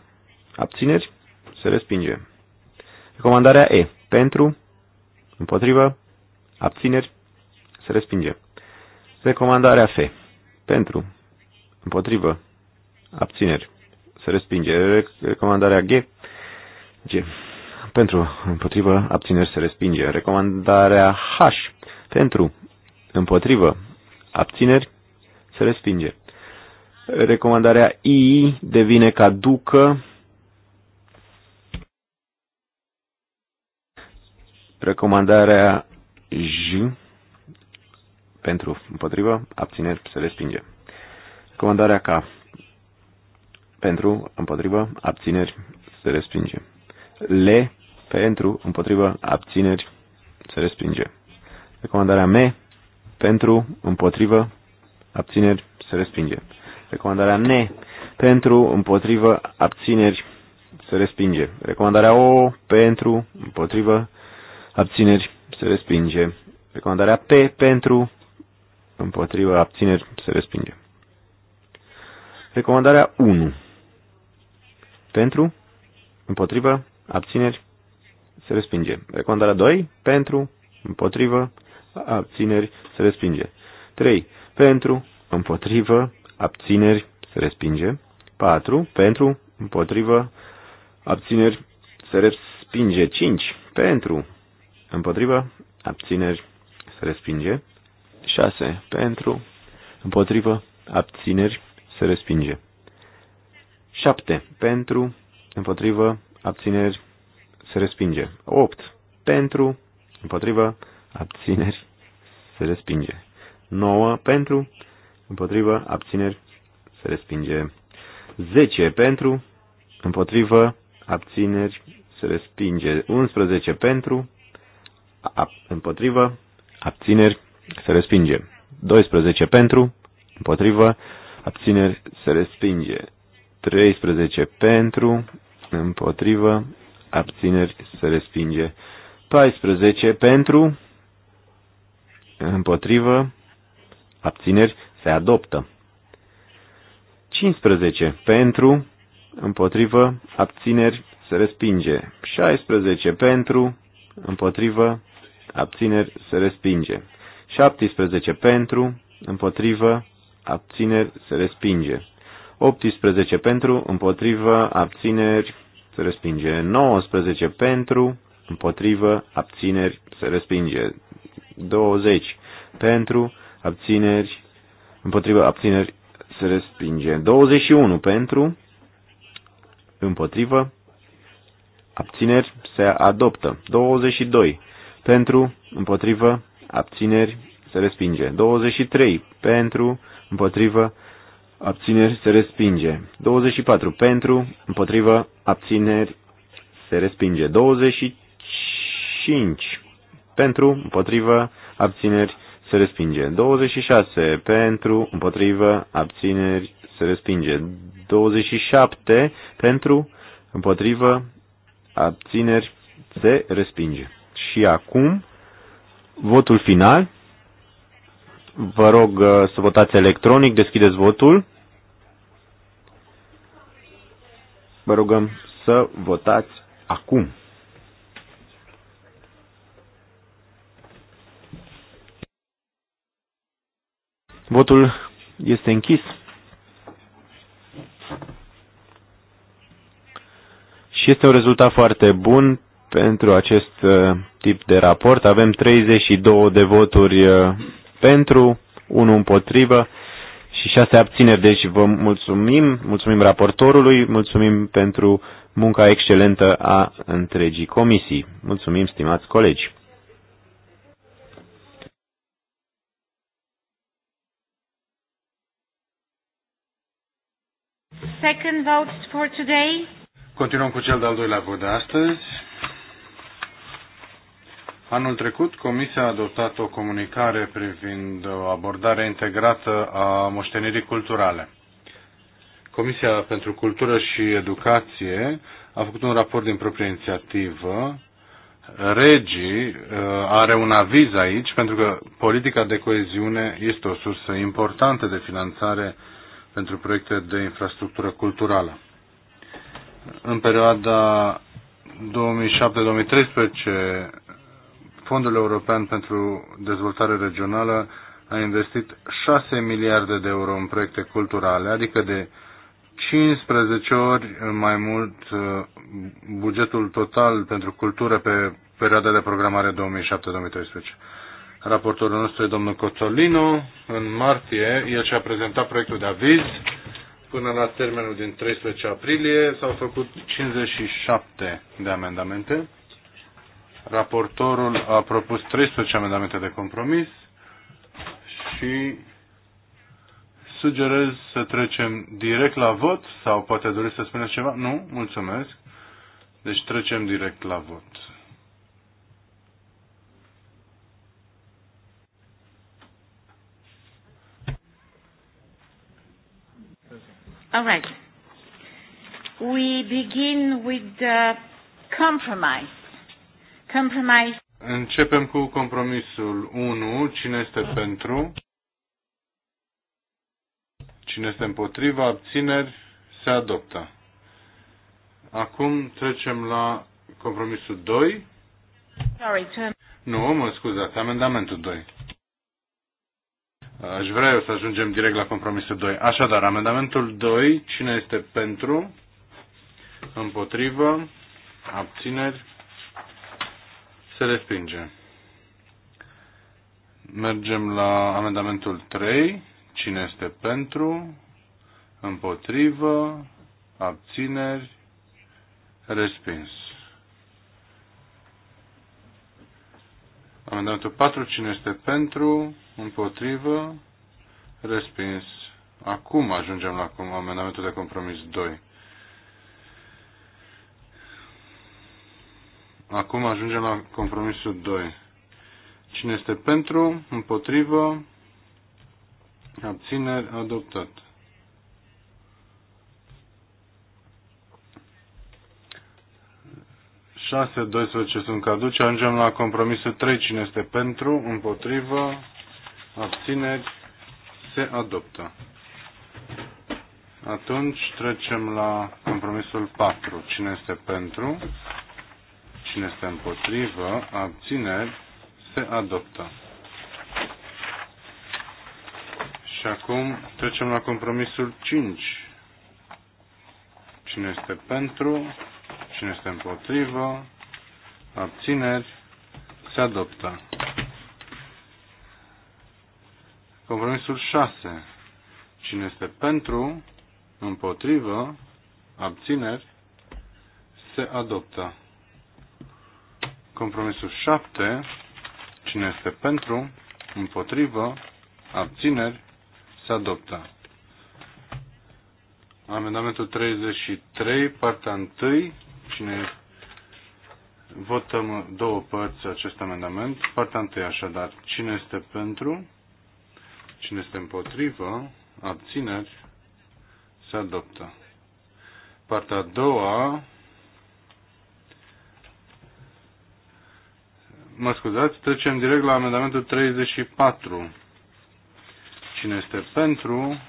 abțineri, se respinge. Recomandarea E. Pentru, împotrivă, abțineri, se respinge. Recomandarea F. Pentru. Împotrivă. Abțineri. Se respinge. Recomandarea G. G. Pentru. Împotrivă. Abțineri. Se respinge. Recomandarea H. Pentru. Împotrivă. Abțineri. Se respinge. Recomandarea I devine caducă. Recomandarea J pentru, împotrivă, abțineri, se respinge. Comandarea K, pentru, împotrivă, abțineri, se respinge. Le, pentru, împotrivă, abțineri, se respinge. Recomandarea M, pentru, împotrivă, abțineri, se respinge. Recomandarea N, pentru, împotrivă, abțineri, se respinge. Recomandarea O, pentru, împotrivă, abțineri, se respinge. Recomandarea P, pentru, împotriva abțineri se respinge. Recomandarea 1. Pentru, împotriva, abțineri, se respinge. Recomandarea 2. Pentru, împotrivă, abțineri, se respinge. 3. Pentru, împotrivă, abțineri, se respinge. 4. Pentru, împotrivă, abțineri, se respinge. 5. Pentru, împotrivă, abțineri, se respinge. 6 pentru, împotrivă, abțineri, se respinge. 7 pentru, împotrivă, abțineri, se respinge. 8 pentru, împotrivă, abțineri, se respinge. 9 pentru, împotrivă, abțineri, se respinge. 10 pentru, împotrivă, abțineri, se respinge. 11 pentru, ab, împotrivă, abțineri, se respinge. 12 pentru, împotrivă, abțineri, se respinge. 13 pentru, împotrivă, abțineri, se respinge. 14 pentru, împotrivă, abțineri, se adoptă. 15 pentru, împotrivă, abțineri, se respinge. 16 pentru, împotrivă, abțineri, se respinge. 17 pentru, împotrivă, abțineri, se respinge. 18 pentru, împotrivă, abțineri, se respinge. 19 pentru, împotrivă, abțineri, se respinge. 20 pentru, abțineri, împotrivă, abțineri, se respinge. 21 pentru, împotrivă, abțineri, se adoptă. 22 pentru, împotrivă, abțineri, se respinge. 23 pentru, împotrivă, abțineri, se respinge. 24 pentru, împotrivă, abțineri, se respinge. 25 pentru, împotrivă, abțineri, se respinge. 26 pentru, împotrivă, abțineri, se respinge. 27 pentru, împotrivă, abțineri, se respinge. Și acum Votul final. Vă rog uh, să votați electronic, deschideți votul. Vă rugăm să votați acum. Votul este închis. Și este un rezultat foarte bun pentru acest uh, tip de raport. Avem 32 de voturi uh, pentru, 1 împotrivă și 6 abțineri. Deci vă mulțumim, mulțumim raportorului, mulțumim pentru munca excelentă a întregii comisii. Mulțumim, stimați colegi! Second vote for today. Continuăm cu cel de-al doilea vot de astăzi. Anul trecut, Comisia a adoptat o comunicare privind o abordare integrată a moștenirii culturale. Comisia pentru Cultură și Educație a făcut un raport din proprie inițiativă. Regii uh, are un aviz aici pentru că politica de coeziune este o sursă importantă de finanțare pentru proiecte de infrastructură culturală. În perioada 2007-2013 Fondul European pentru Dezvoltare Regională a investit 6 miliarde de euro în proiecte culturale, adică de 15 ori mai mult uh, bugetul total pentru cultură pe perioada de programare 2007-2013. Raportorul nostru e domnul Cotolino. În martie el și-a prezentat proiectul de aviz. Până la termenul din 13 aprilie s-au făcut 57 de amendamente. Raportorul a propus 13 amendamente de compromis și sugerez să trecem direct la vot sau poate doriți să spuneți ceva? Nu? Mulțumesc. Deci trecem direct la vot. All right. We begin with the compromise. Compromise. Începem cu compromisul 1. Cine este pentru? Cine este împotriva? Abțineri? Se adoptă. Acum trecem la compromisul 2. Sorry, Nu, mă scuzați, amendamentul 2. Aș vrea eu să ajungem direct la compromisul 2. Așadar, amendamentul 2, cine este pentru, împotrivă, abțineri, se respinge. Mergem la amendamentul 3. Cine este pentru? Împotrivă? Abțineri? Respins. Amendamentul 4. Cine este pentru? Împotrivă? Respins. Acum ajungem la amendamentul de compromis 2. Acum ajungem la compromisul 2. Cine este pentru, împotrivă, abțineri, adoptat. șase, 12 sunt caduce, ajungem la compromisul 3, cine este pentru, împotrivă, abțineri, se adoptă. Atunci trecem la compromisul 4, cine este pentru, Cine este împotrivă, abțineri, se adoptă. Și acum trecem la compromisul 5. Cine este pentru, cine este împotrivă, abțineri, se adoptă. Compromisul 6. Cine este pentru, împotrivă, abțineri, se adoptă. Compromisul 7. Cine este pentru? Împotrivă? Abțineri? Se adoptă. Amendamentul 33, partea 1. Cine Votăm două părți acest amendament. Partea 1, așadar, cine este pentru, cine este împotrivă, abțineri, se adoptă. Partea a doua, Mă scuzați, trecem direct la amendamentul 34. Cine este pentru,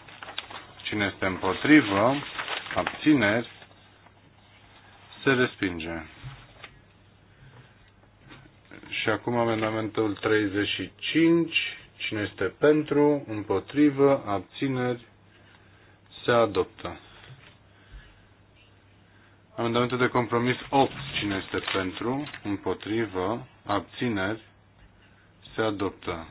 cine este împotrivă, abțineri, se respinge. Și acum amendamentul 35. Cine este pentru, împotrivă, abțineri, se adoptă. Amendamentul de compromis 8. Cine este pentru, împotrivă, abțineri, se adoptă.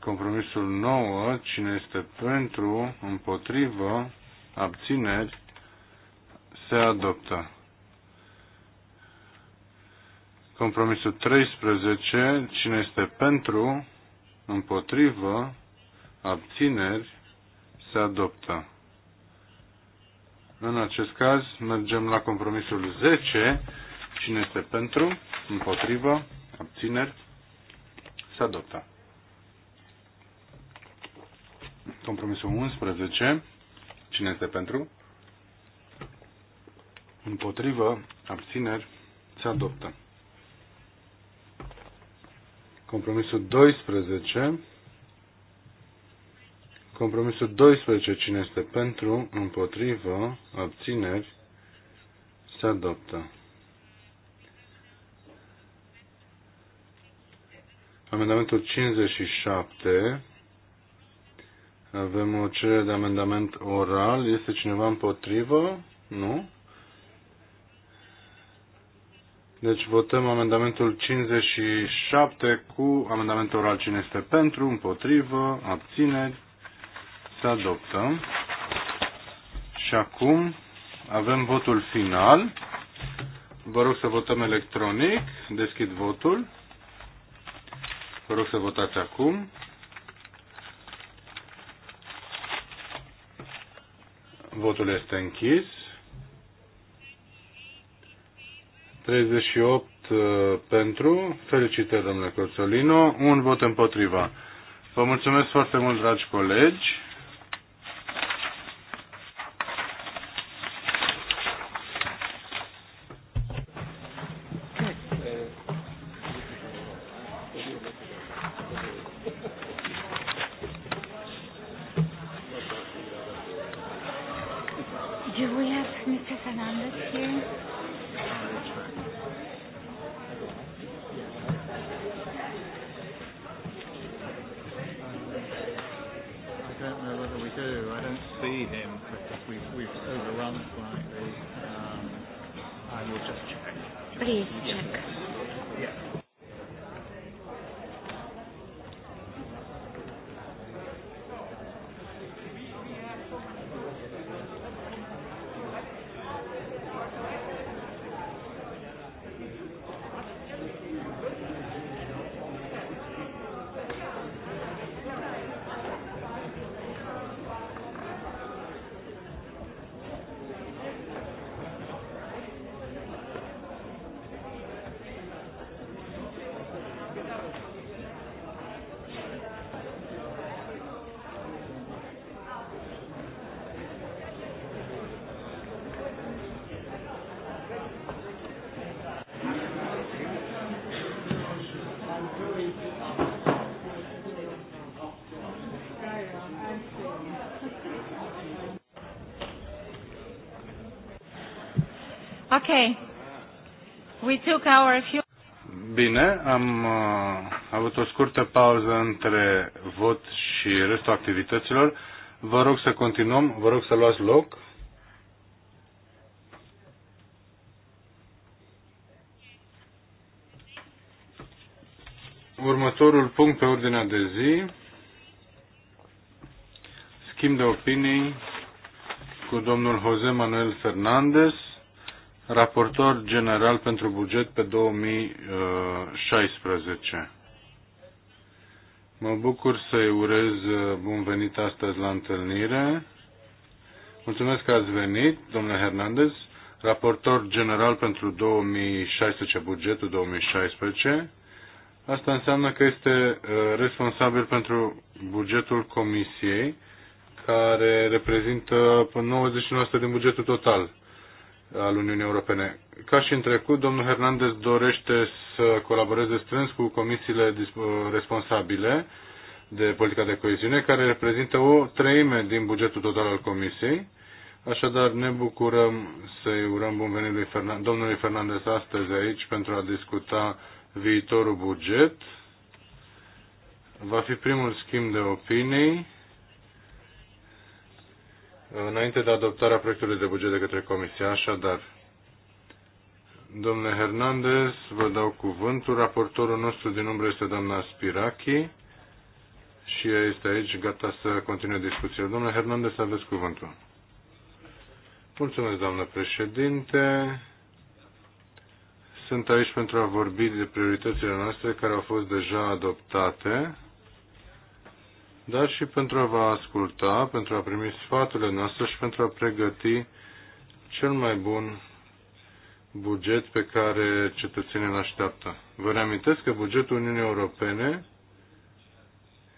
Compromisul 9, cine este pentru, împotrivă, abțineri, se adoptă. Compromisul 13, cine este pentru, împotrivă, abțineri, se adoptă. În acest caz, mergem la compromisul 10, Cine este pentru? Împotrivă? Abțineri? Se adoptă. Compromisul 11. Cine este pentru? Împotrivă? Abțineri? Se adoptă. Compromisul 12. Compromisul 12. Cine este pentru, împotrivă, abțineri, se adoptă. Amendamentul 57. Avem o cerere de amendament oral. Este cineva împotrivă? Nu? Deci votăm amendamentul 57 cu amendamentul oral. Cine este pentru, împotrivă, abțineri? Se adoptă. Și acum avem votul final. Vă rog să votăm electronic. Deschid votul. Vă rog să votați acum. Votul este închis. 38 uh, pentru. Felicitări, domnule Coțolino. Un vot împotriva. Vă mulțumesc foarte mult, dragi colegi. Okay. We took our few... Bine, am uh, avut o scurtă pauză între vot și restul activităților. Vă rog să continuăm, vă rog să luați loc. Următorul punct pe ordinea de zi, schimb de opinii cu domnul Jose Manuel Fernandez, raportor general pentru buget pe 2016. Uh, mă bucur să-i urez uh, bun venit astăzi la întâlnire. Mulțumesc că ați venit, domnule Hernandez, raportor general pentru 2016, bugetul 2016. Asta înseamnă că este uh, responsabil pentru bugetul comisiei, care reprezintă 99% din bugetul total al Uniunii Europene. Ca și în trecut, domnul Hernandez dorește să colaboreze strâns cu comisiile responsabile de politica de coeziune, care reprezintă o treime din bugetul total al comisiei. Așadar, ne bucurăm să-i urăm bun venit lui Fernan- domnului Fernandez astăzi aici pentru a discuta viitorul buget. Va fi primul schimb de opinii înainte de adoptarea proiectului de buget de către Comisie. Așadar, domnule Hernandez, vă dau cuvântul. Raportorul nostru din umbră este doamna Spirachi și ea este aici, gata să continue discuția. Domnule Hernandez, aveți cuvântul. Mulțumesc, doamnă președinte. Sunt aici pentru a vorbi de prioritățile noastre care au fost deja adoptate dar și pentru a vă asculta, pentru a primi sfaturile noastre și pentru a pregăti cel mai bun buget pe care cetățenii îl așteaptă. Vă reamintesc că bugetul Uniunii Europene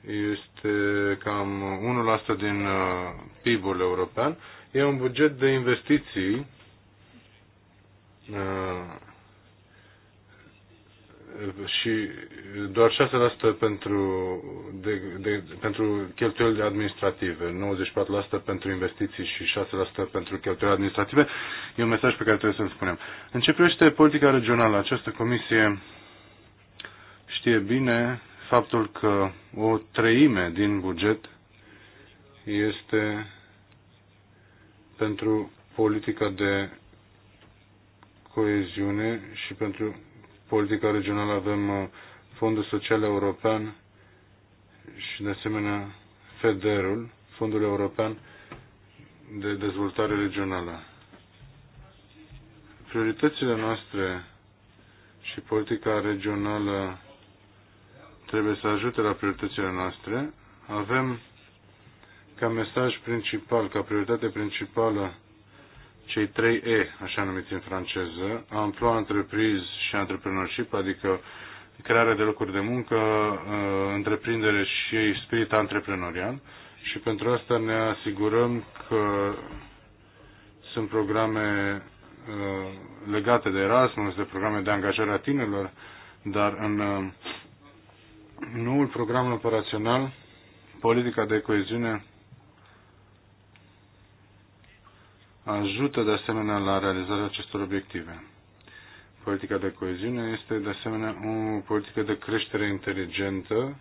este cam 1% din uh, PIB-ul european. E un buget de investiții uh, și doar 6% pentru, de, de, pentru cheltuieli administrative, 94% pentru investiții și 6% pentru cheltuieli administrative. E un mesaj pe care trebuie să-l spunem. În ce privește politica regională, această comisie știe bine faptul că o treime din buget este pentru politica de coeziune și pentru politica regională avem uh, Fondul Social European și de asemenea FEDER-ul, Fondul European de Dezvoltare Regională. Prioritățile noastre și politica regională trebuie să ajute la prioritățile noastre. Avem ca mesaj principal, ca prioritate principală cei trei E, așa numiți în franceză, emploi, entreprise și entrepreneurship, adică crearea de locuri de muncă, uh, întreprindere și spirit antreprenorial. Și pentru asta ne asigurăm că sunt programe uh, legate de Erasmus, de programe de angajare a tinerilor, dar în uh, noul program operațional, politica de coeziune ajută de asemenea la realizarea acestor obiective. Politica de coeziune este de asemenea o politică de creștere inteligentă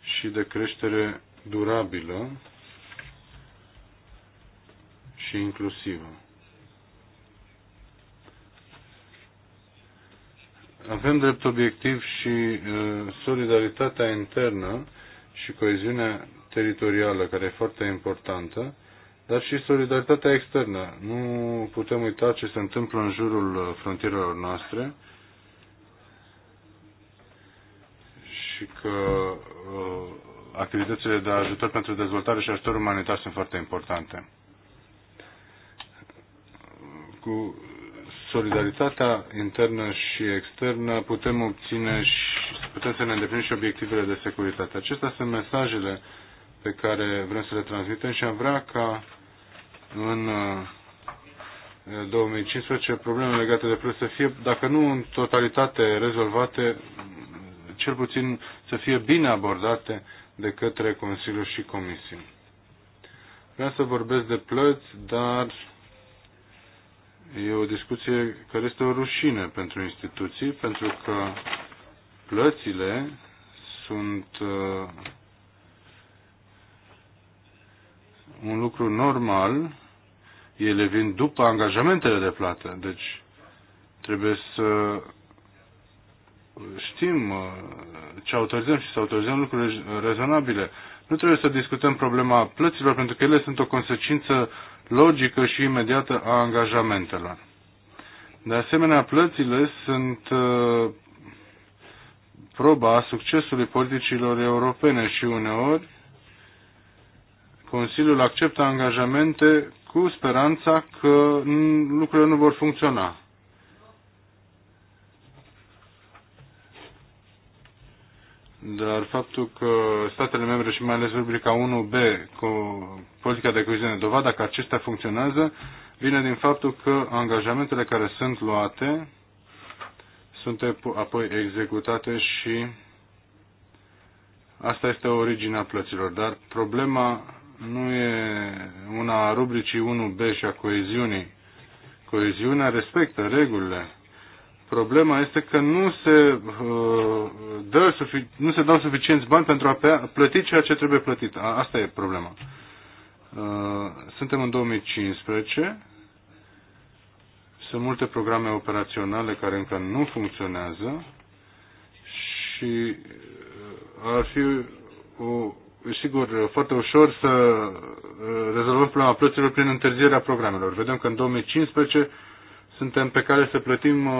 și de creștere durabilă și inclusivă. Avem drept obiectiv și uh, solidaritatea internă și coeziunea teritorială, care e foarte importantă, dar și solidaritatea externă. Nu putem uita ce se întâmplă în jurul frontierelor noastre și că uh, activitățile de ajutor pentru dezvoltare și ajutor umanitar sunt foarte importante. Cu solidaritatea internă și externă putem obține și putem să ne îndeplinim și obiectivele de securitate. Acestea sunt mesajele pe care vrem să le transmitem și am vrea ca în 2015 uh, probleme legate de preț să fie, dacă nu în totalitate rezolvate, cel puțin să fie bine abordate de către Consiliu și Comisie. Vreau să vorbesc de plăți, dar e o discuție care este o rușine pentru instituții, pentru că plățile sunt uh, un lucru normal ele vin după angajamentele de plată. Deci trebuie să știm uh, ce autorizăm și să autorizăm lucruri rezonabile. Nu trebuie să discutăm problema plăților, pentru că ele sunt o consecință logică și imediată a angajamentelor. De asemenea, plățile sunt uh, proba a succesului politicilor europene și uneori Consiliul acceptă angajamente cu speranța că lucrurile nu vor funcționa. Dar faptul că statele membre și mai ales rubrica 1B cu politica de coeziune, dovada că acestea funcționează, vine din faptul că angajamentele care sunt luate sunt apoi executate și asta este originea plăților. Dar problema nu e una a rubricii 1B și a coeziunii. Coeziunea respectă regulile. Problema este că nu se, uh, dă, nu se dau suficienți bani pentru a plăti ceea ce trebuie plătit. Asta e problema. Uh, suntem în 2015. Sunt multe programe operaționale care încă nu funcționează și uh, ar fi o sigur, foarte ușor să rezolvăm problema plăților prin întârzierea programelor. Vedem că în 2015 suntem pe care să plătim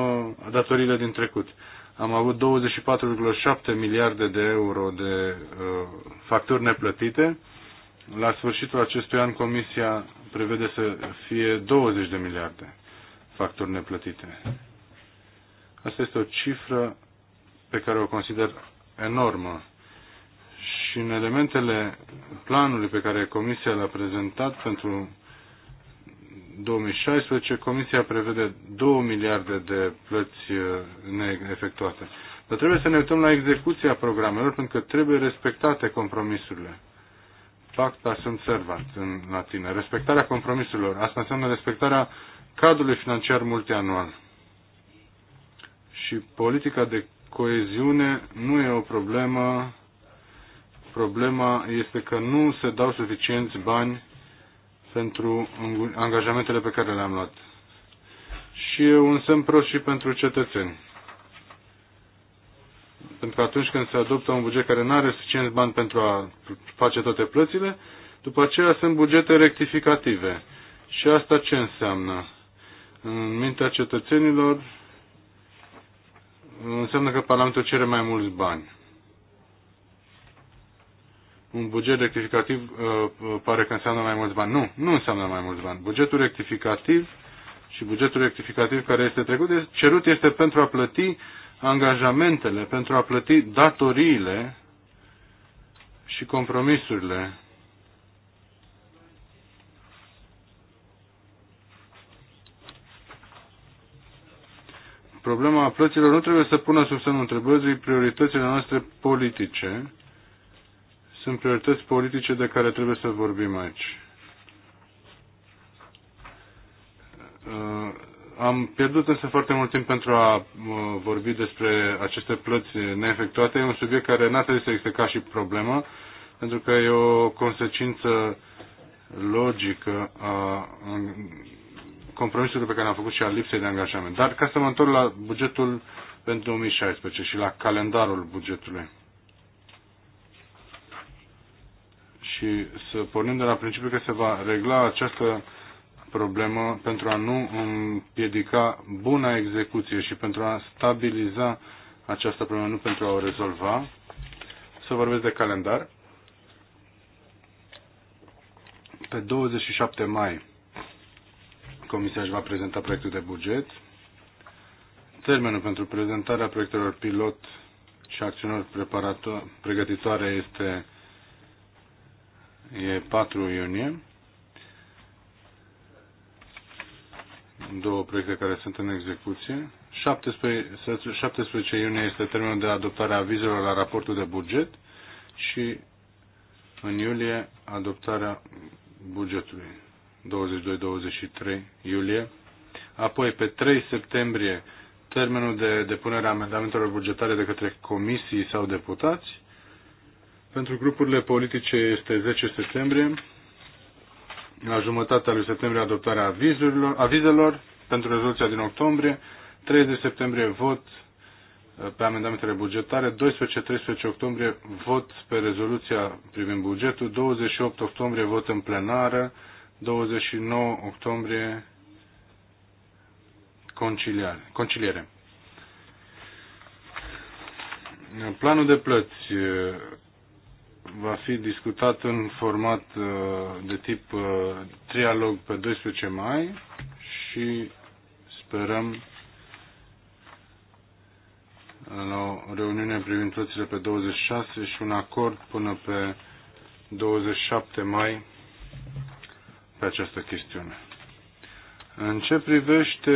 datoriile din trecut. Am avut 24,7 miliarde de euro de facturi neplătite. La sfârșitul acestui an, Comisia prevede să fie 20 de miliarde facturi neplătite. Asta este o cifră pe care o consider enormă și în elementele planului pe care Comisia l-a prezentat pentru 2016, Comisia prevede 2 miliarde de plăți uh, neefectuate. Dar trebuie să ne uităm la execuția programelor, pentru că trebuie respectate compromisurile. Pacta sunt servat în latină. Respectarea compromisurilor. Asta înseamnă respectarea cadrului financiar multianual. Și politica de coeziune nu e o problemă Problema este că nu se dau suficienți bani pentru angajamentele pe care le-am luat. Și e un semn prost și pentru cetățeni. Pentru că atunci când se adoptă un buget care nu are suficient bani pentru a face toate plățile, după aceea sunt bugete rectificative. Și asta ce înseamnă? În mintea cetățenilor înseamnă că Parlamentul cere mai mulți bani un buget rectificativ uh, uh, pare că înseamnă mai mulți bani. Nu, nu înseamnă mai mulți bani. Bugetul rectificativ și bugetul rectificativ care este trecut, cerut este pentru a plăti angajamentele, pentru a plăti datoriile și compromisurile. Problema plăților nu trebuie să pună sub semnul întrebării prioritățile noastre politice, sunt priorități politice de care trebuie să vorbim aici. Uh, am pierdut însă foarte mult timp pentru a uh, vorbi despre aceste plăți neefectuate. E un subiect care n a trebuit să existe ca și problemă, pentru că e o consecință logică a compromisului pe care am făcut și a lipsei de angajament. Dar ca să mă întorc la bugetul pentru 2016 și la calendarul bugetului. și să pornim de la principiul că se va regla această problemă pentru a nu împiedica buna execuție și pentru a stabiliza această problemă, nu pentru a o rezolva. Să vorbesc de calendar. Pe 27 mai Comisia își va prezenta proiectul de buget. Termenul pentru prezentarea proiectelor pilot și acțiunilor pregătitoare este e 4 iunie. Două proiecte care sunt în execuție. 17, 17 iunie este termenul de adoptare a vizelor la raportul de buget și în iulie adoptarea bugetului. 22-23 iulie. Apoi, pe 3 septembrie, termenul de depunere a amendamentelor bugetare de către comisii sau deputați pentru grupurile politice este 10 septembrie, la jumătatea lui septembrie adoptarea avizurilor, avizelor, pentru rezoluția din octombrie, 30 septembrie vot uh, pe amendamentele bugetare, 12-13 octombrie vot pe rezoluția privind bugetul, 28 octombrie vot în plenară, 29 octombrie conciliare, conciliere. Planul de plăți uh, va fi discutat în format uh, de tip uh, trialog pe 12 mai și sperăm uh, la o reuniune privind plățile pe 26 și un acord până pe 27 mai pe această chestiune. În ce privește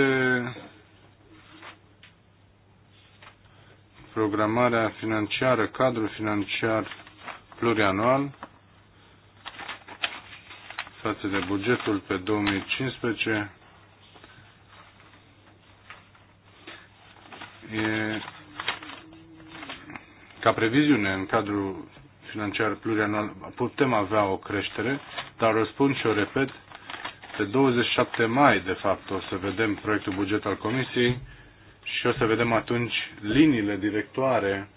programarea financiară, cadrul financiar plurianual față de bugetul pe 2015 e ca previziune în cadrul financiar plurianual putem avea o creștere, dar răspund și o repet, pe 27 mai, de fapt, o să vedem proiectul buget al Comisiei și o să vedem atunci liniile directoare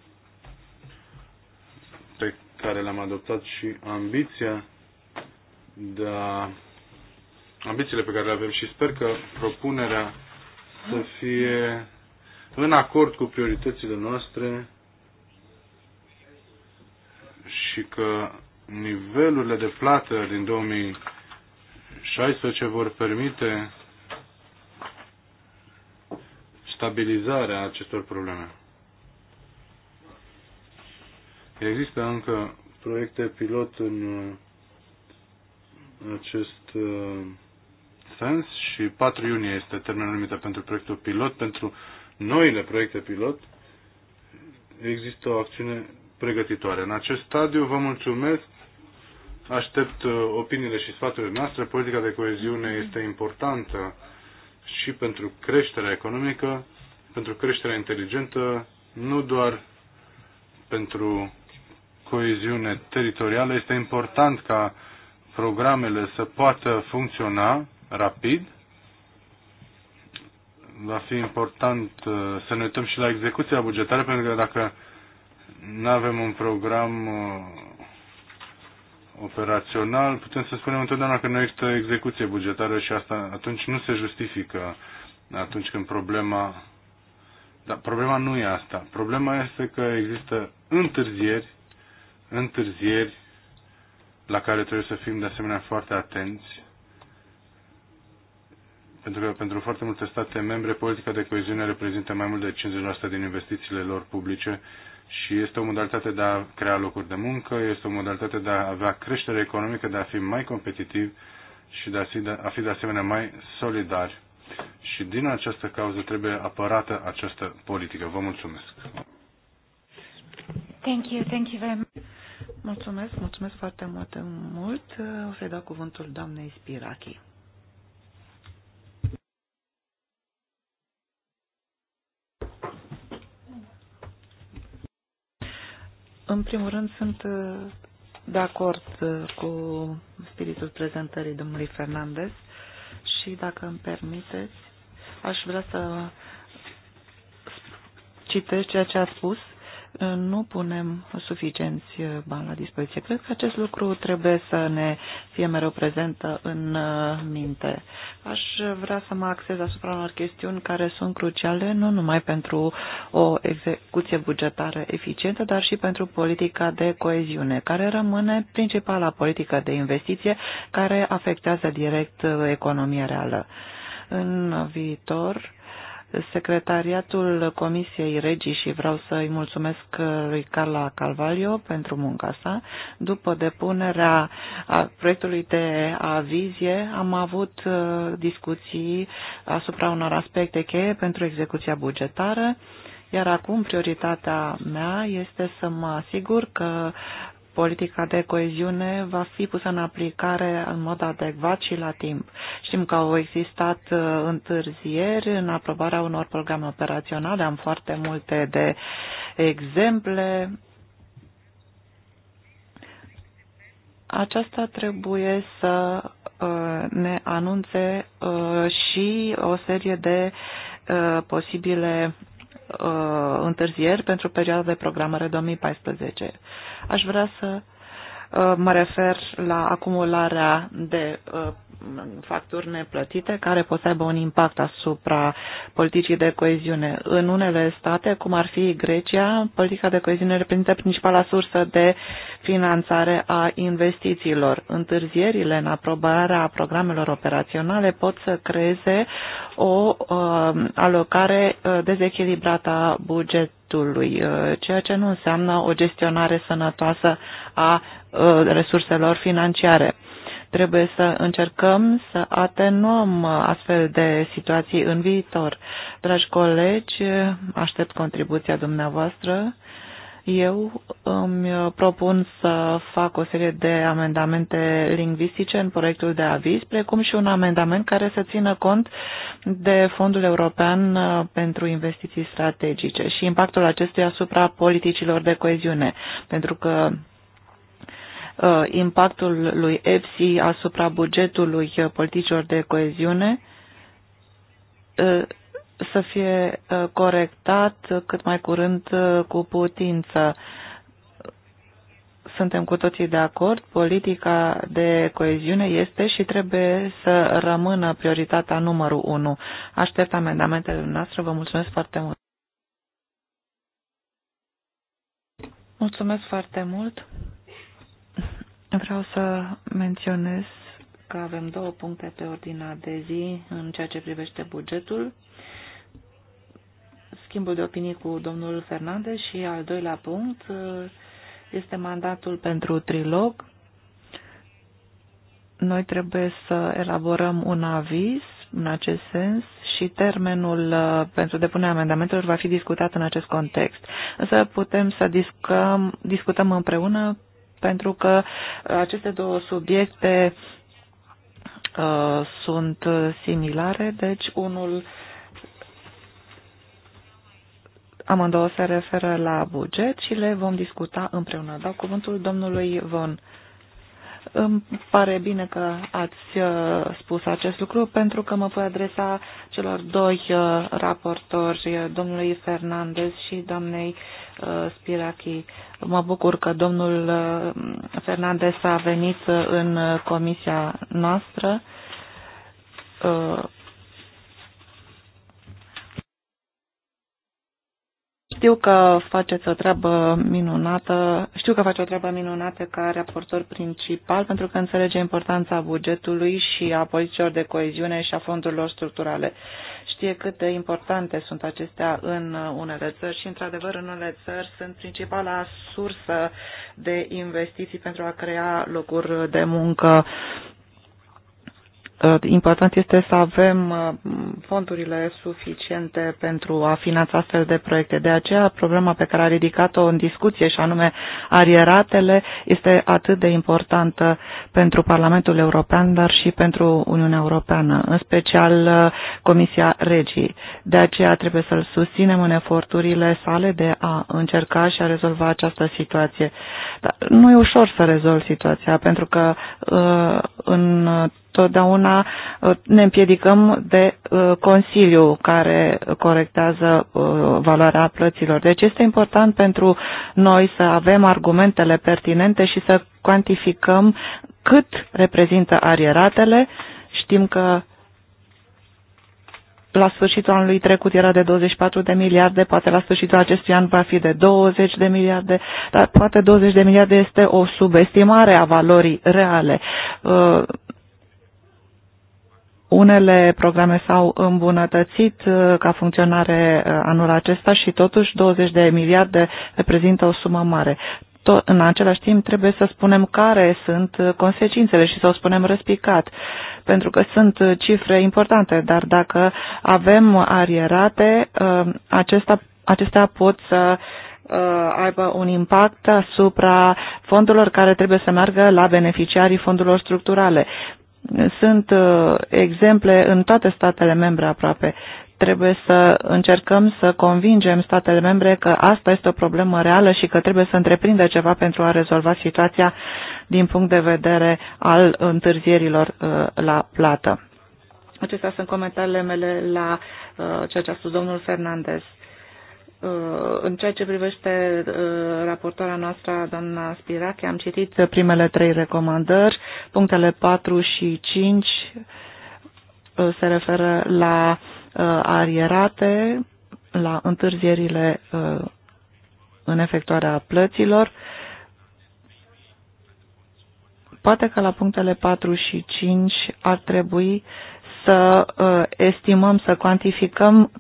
care le-am adoptat și ambiția de a, ambițiile pe care le avem și sper că propunerea să fie în acord cu prioritățile noastre și că nivelurile de plată din 2016 vor permite stabilizarea acestor probleme. Există încă proiecte pilot în uh, acest uh, sens și 4 iunie este termenul limită pentru proiectul pilot, pentru noile proiecte pilot există o acțiune pregătitoare. În acest stadiu vă mulțumesc, aștept uh, opiniile și sfaturile noastre. Politica de coeziune este importantă și pentru creșterea economică, pentru creșterea inteligentă, nu doar pentru coeziune teritorială, este important ca programele să poată funcționa rapid. Va fi important uh, să ne uităm și la execuția bugetară, pentru că dacă nu avem un program uh, operațional, putem să spunem întotdeauna că nu există execuție bugetară și asta atunci nu se justifică atunci când problema... Dar problema nu e asta. Problema este că există întârzieri întârzieri la care trebuie să fim de asemenea foarte atenți, pentru că pentru foarte multe state membre politica de coeziune reprezintă mai mult de 50% din investițiile lor publice și este o modalitate de a crea locuri de muncă, este o modalitate de a avea creștere economică, de a fi mai competitiv și de a fi de, a fi de asemenea mai solidari. Și din această cauză trebuie apărată această politică. Vă mulțumesc! Thank you, thank you very much. Mulțumesc, mulțumesc foarte mult. mult. O să-i dau cuvântul doamnei Spirachi. În primul rând sunt uh, de acord uh, cu spiritul prezentării domnului Fernandez și dacă îmi permiteți, aș vrea să citesc ceea ce a spus nu punem suficienți bani la dispoziție. Cred că acest lucru trebuie să ne fie mereu prezentă în uh, minte. Aș vrea să mă axez asupra unor chestiuni care sunt cruciale nu numai pentru o execuție bugetară eficientă, dar și pentru politica de coeziune, care rămâne principala politică de investiție care afectează direct uh, economia reală. În viitor, secretariatul Comisiei Regii și vreau să-i mulțumesc lui Carla Calvalio pentru munca sa. După depunerea proiectului de avizie am avut uh, discuții asupra unor aspecte cheie pentru execuția bugetară. Iar acum prioritatea mea este să mă asigur că politica de coeziune va fi pusă în aplicare în mod adecvat și la timp. Știm că au existat uh, întârzieri în aprobarea unor programe operaționale, am foarte multe de exemple. Aceasta trebuie să uh, ne anunțe uh, și o serie de posibile uh, întârzieri pentru perioada de programare 2014. Aș vrea să Uh, mă refer la acumularea de uh, facturi neplătite care pot să aibă un impact asupra politicii de coeziune. În unele state, cum ar fi Grecia, politica de coeziune reprezintă principala sursă de finanțare a investițiilor. Întârzierile în aprobarea programelor operaționale pot să creeze o uh, alocare uh, dezechilibrată a bugetului, ceea ce nu înseamnă o gestionare sănătoasă a Uh, resurselor financiare. Trebuie să încercăm să atenuăm uh, astfel de situații în viitor. Dragi colegi, aștept contribuția dumneavoastră. Eu îmi propun să fac o serie de amendamente lingvistice în proiectul de aviz, precum și un amendament care să țină cont de Fondul European uh, pentru Investiții Strategice și impactul acestuia asupra politicilor de coeziune, pentru că Uh, impactul lui EPSI asupra bugetului uh, politicilor de coeziune uh, să fie corectat cât mai curând cu putință. Suntem cu toții de acord, politica de coeziune este și trebuie să rămână prioritatea numărul 1. Aștept amendamentele noastre, vă mulțumesc foarte mult. Mulțumesc foarte mult. Vreau să menționez că avem două puncte pe ordinea de zi în ceea ce privește bugetul. Schimbul de opinii cu domnul Fernandez și al doilea punct uh, este mandatul pentru trilog. Noi trebuie să elaborăm un aviz în acest sens și termenul uh, pentru depunerea amendamentelor va fi discutat în acest context. Însă putem să discutăm, discutăm împreună pentru că uh, aceste două subiecte uh, sunt similare, deci unul amândouă se referă la buget și le vom discuta împreună. Dau cuvântul domnului Von. Îmi pare bine că ați uh, spus acest lucru pentru că mă voi adresa celor doi uh, raportori, uh, domnului Fernandez și doamnei Spirachi. Mă bucur că domnul Fernandez a venit în comisia noastră Știu că faceți o treabă minunată, știu că faci o treabă minunată ca raportor principal pentru că înțelege importanța bugetului și a politicilor de coeziune și a fondurilor structurale. Știe cât de importante sunt acestea în unele țări și, într-adevăr, în unele țări sunt principala sursă de investiții pentru a crea locuri de muncă Uh, important este să avem uh, fondurile suficiente pentru a finanța astfel de proiecte. De aceea, problema pe care a ridicat-o în discuție, și anume arieratele, este atât de importantă pentru Parlamentul European, dar și pentru Uniunea Europeană, în special uh, Comisia Regii. De aceea trebuie să-l susținem în eforturile sale de a încerca și a rezolva această situație. Dar nu e ușor să rezolvi situația, pentru că în totdeauna uh, ne împiedicăm de uh, Consiliu care corectează uh, valoarea plăților. Deci este important pentru noi să avem argumentele pertinente și să cuantificăm cât reprezintă arieratele. Știm că la sfârșitul anului trecut era de 24 de miliarde, poate la sfârșitul acestui an va fi de 20 de miliarde, dar poate 20 de miliarde este o subestimare a valorii reale. Unele programe s-au îmbunătățit uh, ca funcționare uh, anul acesta și totuși 20 de miliarde reprezintă o sumă mare. Tot, în același timp trebuie să spunem care sunt uh, consecințele și să o spunem răspicat, pentru că sunt cifre importante, dar dacă avem arierate, acesta, acestea pot să aibă un impact asupra fondurilor care trebuie să meargă la beneficiarii fondurilor structurale. Sunt uh, exemple în toate statele membre aproape. Trebuie să încercăm să convingem statele membre că asta este o problemă reală și că trebuie să întreprindă ceva pentru a rezolva situația din punct de vedere al întârzierilor uh, la plată. Acestea sunt comentariile mele la uh, ceea ce a spus domnul Fernandez. Uh, în ceea ce privește uh, raportoarea noastră, doamna Spirache, am citit primele trei recomandări. Punctele 4 și 5 uh, se referă la arierate, la întârzierile în efectuarea plăților. Poate că la punctele 4 și 5 ar trebui să estimăm, să cuantificăm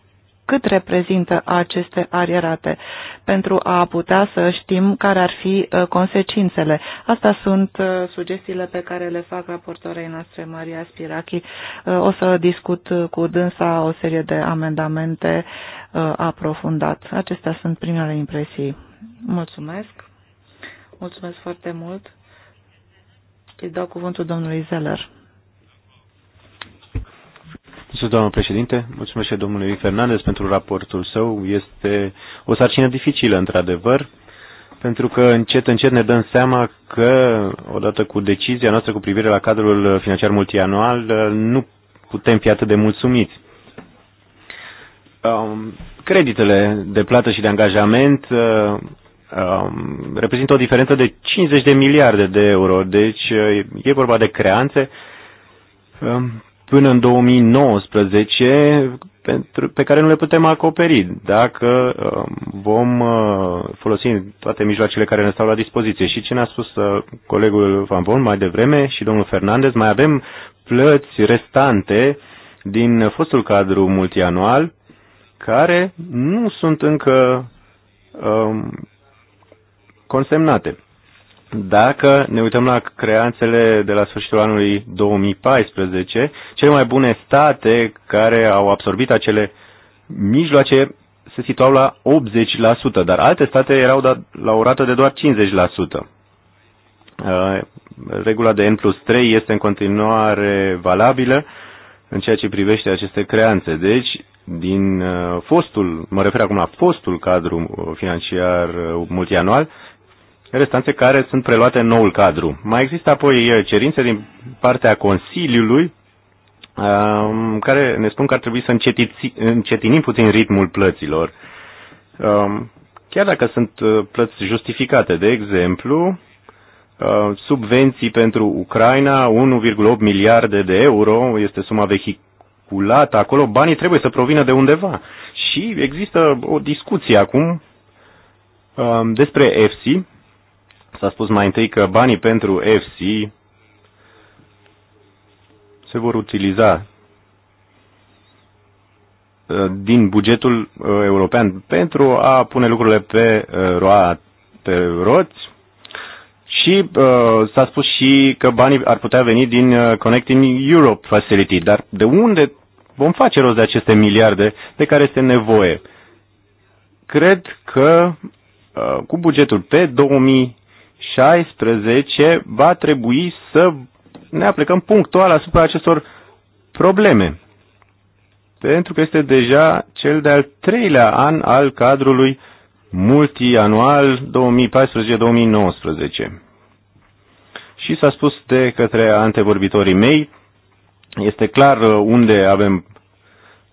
cât reprezintă aceste arierate, pentru a putea să știm care ar fi uh, consecințele. Asta sunt uh, sugestiile pe care le fac raportoarei noastre, Maria Spirachi. Uh, o să discut cu dânsa o serie de amendamente aprofundat. Acestea sunt primele impresii. Mulțumesc! Mulțumesc foarte mult! Îi dau cuvântul domnului Zeller. Mulțumesc, doamnă președinte. Mulțumesc și domnului Fernandez pentru raportul său. Este o sarcină dificilă, într-adevăr, pentru că încet, încet ne dăm seama că, odată cu decizia noastră cu privire la cadrul financiar multianual, nu putem fi atât de mulțumiți. Um, creditele de plată și de angajament uh, um, reprezintă o diferență de 50 de miliarde de euro, deci uh, e vorba de creanțe um, până în 2019 pentru, pe care nu le putem acoperi dacă um, vom uh, folosi toate mijloacele care ne stau la dispoziție. Și ce ne-a spus uh, colegul Van Bon mai devreme și domnul Fernandez, mai avem plăți restante din fostul cadru multianual care nu sunt încă um, consemnate dacă ne uităm la creanțele de la sfârșitul anului 2014, cele mai bune state care au absorbit acele mijloace se situau la 80%, dar alte state erau la o rată de doar 50%. Uh, regula de N plus 3 este în continuare valabilă în ceea ce privește aceste creanțe. Deci, din uh, fostul, mă refer acum la fostul cadru uh, financiar multianual, restanțe care sunt preluate în noul cadru. Mai există apoi eh, cerințe din partea Consiliului ehm, care ne spun că ar trebui să încetiți, încetinim puțin ritmul plăților. Ehm, chiar dacă sunt eh, plăți justificate, de exemplu, ehm, subvenții pentru Ucraina, 1,8 miliarde de euro este suma vehiculată acolo, banii trebuie să provină de undeva. Și există o discuție acum despre EFSI S-a spus mai întâi că banii pentru FC se vor utiliza uh, din bugetul uh, european pentru a pune lucrurile pe, uh, roa, pe roți și uh, s-a spus și că banii ar putea veni din Connecting Europe Facility, dar de unde vom face rost de aceste miliarde de care este nevoie? Cred că uh, cu bugetul pe 2000 16 va trebui să ne aplicăm punctual asupra acestor probleme. Pentru că este deja cel de-al treilea an al cadrului multianual 2014-2019. Și s-a spus de către antevorbitorii mei, este clar unde avem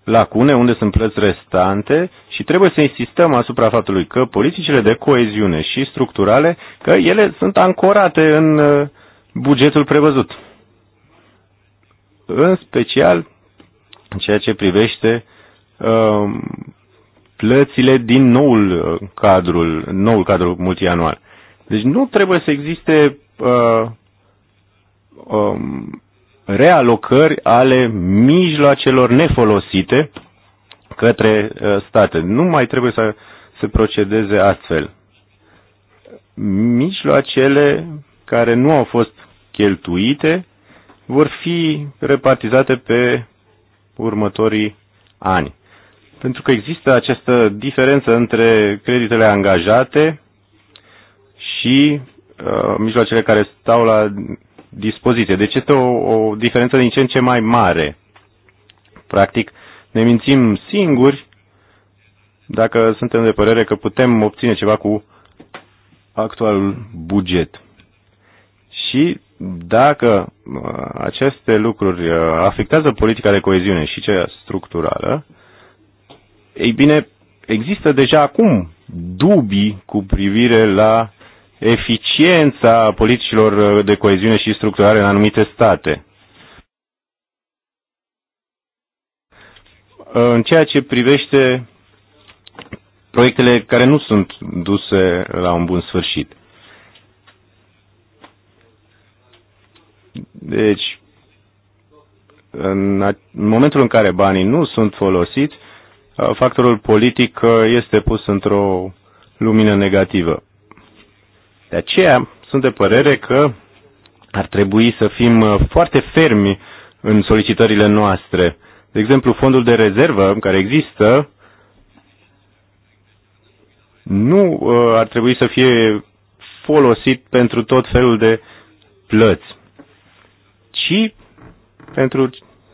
lacune, unde sunt plăți restante și trebuie să insistăm asupra faptului că politicile de coeziune și structurale, că ele sunt ancorate în uh, bugetul prevăzut. În special în ceea ce privește um, plățile din noul uh, cadrul, noul cadru multianual. Deci nu trebuie să existe uh, um, realocări ale mijloacelor nefolosite către uh, state. Nu mai trebuie să se procedeze astfel. Mijloacele care nu au fost cheltuite vor fi repartizate pe următorii ani. Pentru că există această diferență între creditele angajate și uh, mijloacele care stau la dispoziție. Deci este o, o diferență din ce în ce mai mare. Practic, ne mințim singuri dacă suntem de părere că putem obține ceva cu actualul buget. Și dacă uh, aceste lucruri uh, afectează politica de coeziune și cea structurală, ei bine, există deja acum dubii cu privire la eficiența politicilor de coeziune și structurare în anumite state. În ceea ce privește proiectele care nu sunt duse la un bun sfârșit. Deci, în momentul în care banii nu sunt folosiți, factorul politic uh, este pus într-o lumină negativă. De aceea sunt de părere că ar trebui să fim uh, foarte fermi în solicitările noastre. De exemplu, fondul de rezervă care există nu uh, ar trebui să fie folosit pentru tot felul de plăți, ci pentru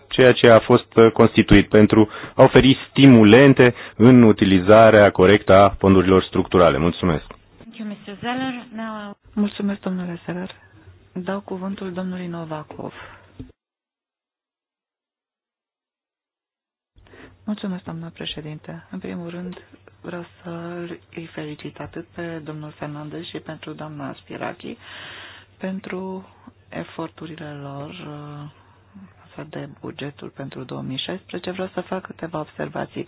ceea ce a fost uh, constituit, pentru a oferi stimulente în utilizarea corectă a fondurilor structurale. Mulțumesc! you, Mr. Zeller. Now I... Mulțumesc, domnule Zeller. Dau cuvântul domnului Novakov. Mulțumesc, doamnă președinte. În primul rând, vreau să îi felicit atât pe domnul Fernandez și pentru doamna Spirachi pentru eforturile lor uh, față de bugetul pentru 2016. Vreau să fac câteva observații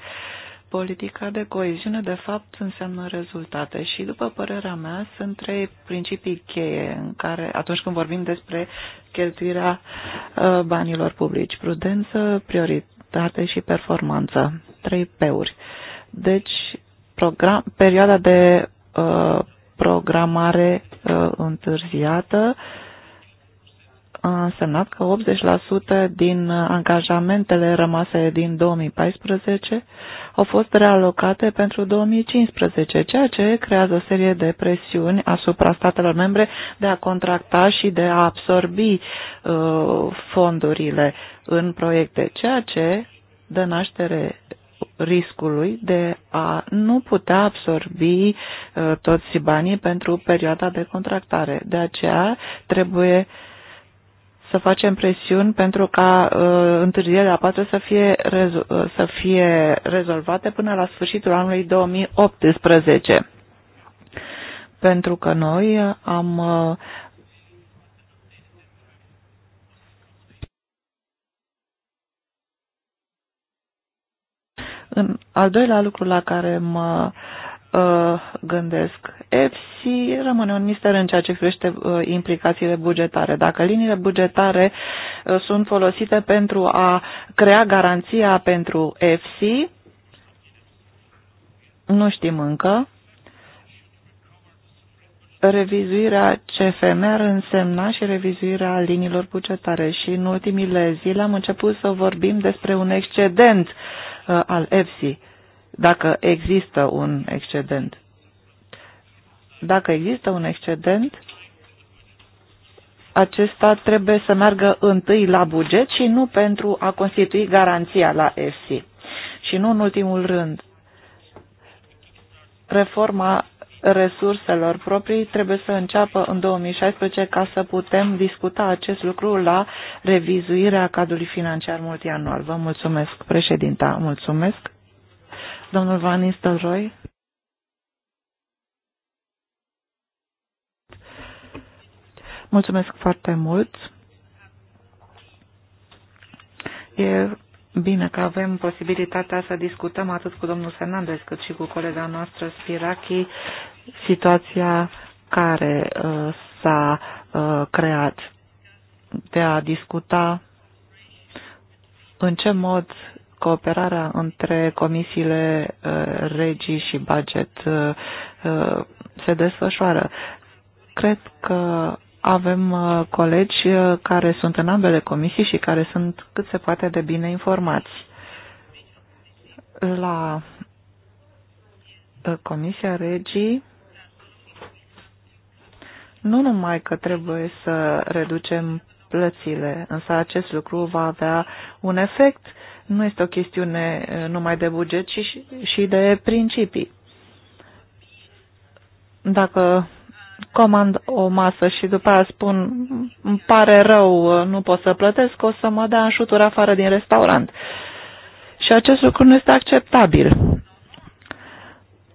politica de coeziune, de fapt, înseamnă rezultate și, după părerea mea, sunt trei principii cheie în care, atunci când vorbim despre cheltuirea uh, banilor publici, prudență, prioritate și performanță, trei P-uri. Deci, program, perioada de uh, programare uh, întârziată, uh, a însemnat că 80% din angajamentele rămase din 2014 au fost realocate pentru 2015, ceea ce creează o serie de presiuni asupra statelor membre de a contracta și de a absorbi uh, fondurile în proiecte, ceea ce dă naștere riscului de a nu putea absorbi uh, toți banii pentru perioada de contractare. De aceea trebuie uh, să facem presiuni pentru ca uh, întârzierea 4 să fie, uh, să fie rezolvate până la sfârșitul anului 2018. Pentru că noi am uh, În al doilea lucru la care mă uh, Uh, gândesc. EFSI rămâne un mister în ceea ce privește uh, implicațiile bugetare. Dacă liniile bugetare uh, sunt folosite pentru a crea garanția pentru EFSI, nu știm încă. Revizuirea CFM ar însemna și revizuirea liniilor bugetare și în ultimile zile am început să vorbim despre un excedent al EFSI dacă există un excedent. Dacă există un excedent, acesta trebuie să meargă întâi la buget și nu pentru a constitui garanția la EFSI. Și nu în ultimul rând, reforma resurselor proprii trebuie să înceapă în 2016 ca să putem discuta acest lucru la revizuirea cadrului financiar multianual. Vă mulțumesc, președinta. Mulțumesc domnul Van Nistelrooy. Mulțumesc foarte mult. E bine că avem posibilitatea să discutăm atât cu domnul Fernandez cât și cu colega noastră Spirachi situația care uh, s-a uh, creat de a discuta în ce mod cooperarea între comisiile uh, regii și budget uh, uh, se desfășoară. Cred că avem colegi care sunt în ambele comisii și care sunt cât se poate de bine informați. La Comisia Regii nu numai că trebuie să reducem plățile, însă acest lucru va avea un efect nu este o chestiune numai de buget, ci și de principii. Dacă comand o masă și după aia spun îmi pare rău, nu pot să plătesc, o să mă dea în șuturi afară din restaurant. Și acest lucru nu este acceptabil.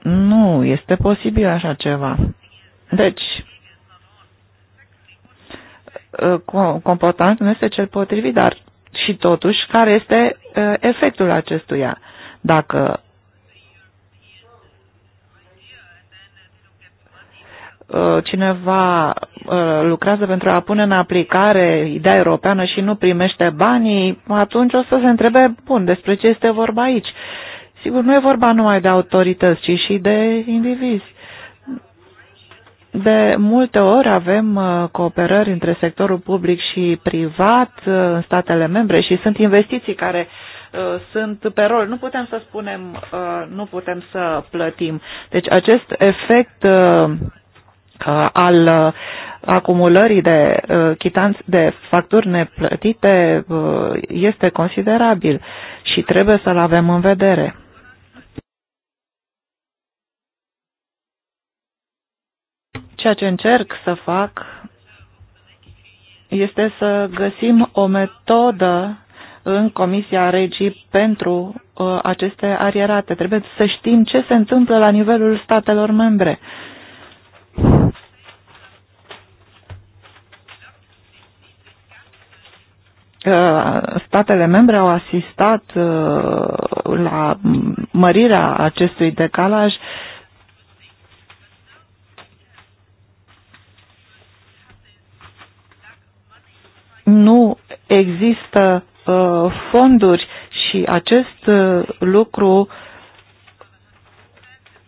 Nu este posibil așa ceva. Deci, comportamentul nu este cel potrivit, dar și totuși care este ă, efectul acestuia. Dacă ă, cineva ă, lucrează pentru a pune în aplicare ideea europeană și nu primește banii, atunci o să se întrebe, bun, despre ce este vorba aici? Sigur, nu e vorba numai de autorități, ci și de indivizi. De multe ori avem uh, cooperări între sectorul public și privat uh, în statele membre și sunt investiții care uh, sunt pe rol. Nu putem să spunem, nu putem să plătim. Deci acest efect al acumulării de chitanți de facturi neplătite este considerabil și trebuie să-l avem în vedere. Ceea ce încerc să fac este să găsim o metodă în Comisia Regii pentru uh, aceste arierate. Trebuie să știm ce se întâmplă la nivelul statelor membre. Uh, statele membre au asistat uh, la mărirea acestui decalaj nu există uh, fonduri și acest uh, lucru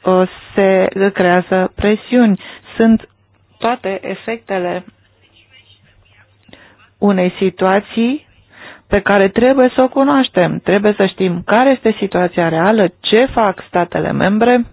uh, se creează presiuni. Sunt toate efectele unei situații pe care trebuie să o cunoaștem. Trebuie să știm care este situația reală, ce fac statele membre,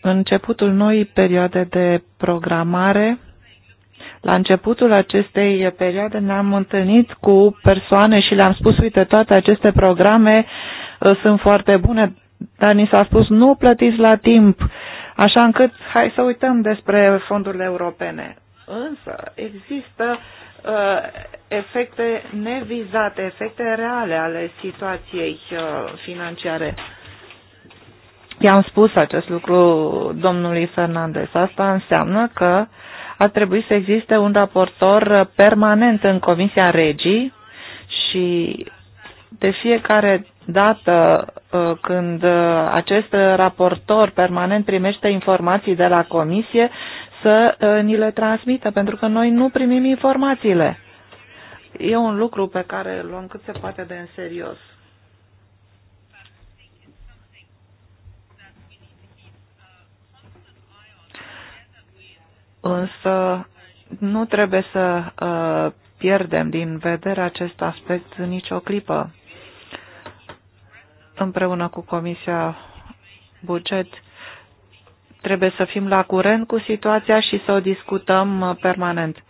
începutul noii perioade de programare, la începutul acestei perioade ne-am întâlnit cu persoane și le-am spus, uite, toate aceste programe uh, sunt foarte bune, dar ni s-a spus, nu plătiți la timp, așa încât hai să uităm despre fondurile europene. Însă există uh, efecte nevizate, efecte reale ale situației uh, financiare. Uh, I-am spus acest lucru domnului Fernandez. Asta înseamnă că ar trebui să existe un raportor permanent în Comisia Regii și de fiecare dată uh, când uh, acest raportor permanent primește informații de la comisie să uh, ni le transmită, pentru că noi nu primim informațiile. E un lucru pe care îl luăm cât se poate de în serios. Însă nu trebuie să uh, pierdem din vedere acest aspect în nicio clipă. Împreună cu Comisia Buget trebuie să fim la curent cu situația și să o discutăm uh, permanent.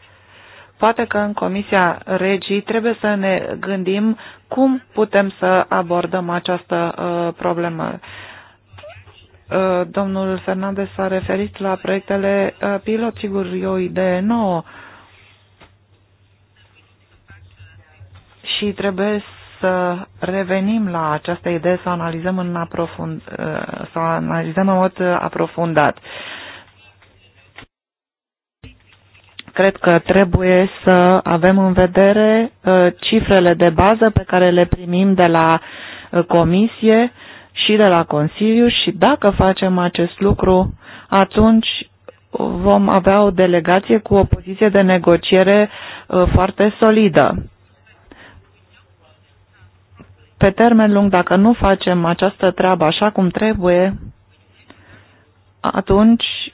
Poate că în Comisia Regii trebuie să ne gândim cum putem să abordăm această uh, problemă. Uh, domnul Fernandez s-a referit la proiectele uh, pilot, sigur, e o idee nouă și trebuie să revenim la această idee, să analizăm în, aprofund, uh, să analizăm în mod aprofundat. Cred că trebuie să avem în vedere cifrele de bază pe care le primim de la comisie, și de la Consiliu și dacă facem acest lucru, atunci vom avea o delegație cu o poziție de negociere uh, foarte solidă. Pe termen lung, dacă nu facem această treabă așa cum trebuie, atunci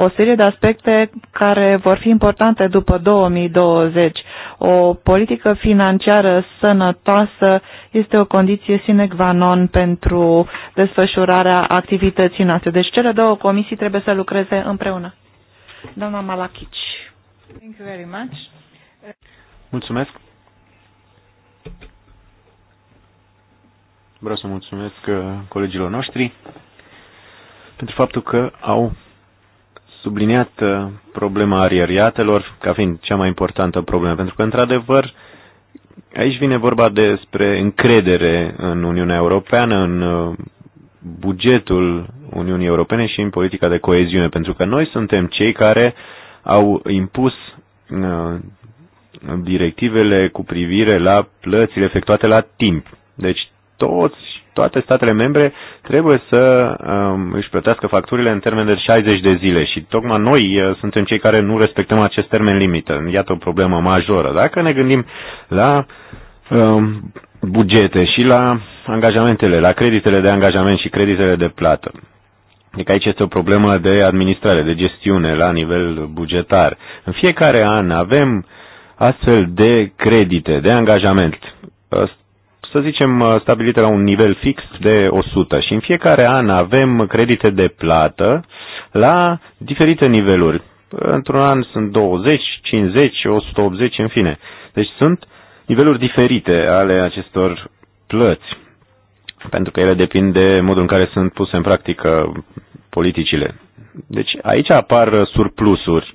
o serie de aspecte care vor fi importante după 2020. O politică financiară sănătoasă este o condiție sine qua non pentru desfășurarea activității noastre. Deci cele două comisii trebuie să lucreze împreună. Doamna Malachici. Thank you very much. Mulțumesc. Vreau să mulțumesc uh, colegilor noștri pentru faptul că au subliniat uh, problema arieriatelor ca fiind cea mai importantă problemă, pentru că, într-adevăr, aici vine vorba despre încredere în Uniunea Europeană, în uh, bugetul Uniunii Europene și în politica de coeziune, pentru că noi suntem cei care au impus uh, directivele cu privire la plățile efectuate la timp. Deci toți toate statele membre trebuie să um, își plătească facturile în termen de 60 de zile și tocmai noi uh, suntem cei care nu respectăm acest termen limită. Iată o problemă majoră. Dacă ne gândim la um, bugete și la angajamentele, la creditele de angajament și creditele de plată, Adică aici este o problemă de administrare, de gestiune la nivel bugetar. În fiecare an avem astfel de credite, de angajament să zicem, uh, stabilite la un nivel fix de 100 și în fiecare an avem credite de plată la diferite niveluri. Într-un an sunt 20, 50, 180, în fine. Deci sunt niveluri diferite ale acestor plăți, pentru că ele depind de modul în care sunt puse în practică politicile. Deci aici apar surplusuri,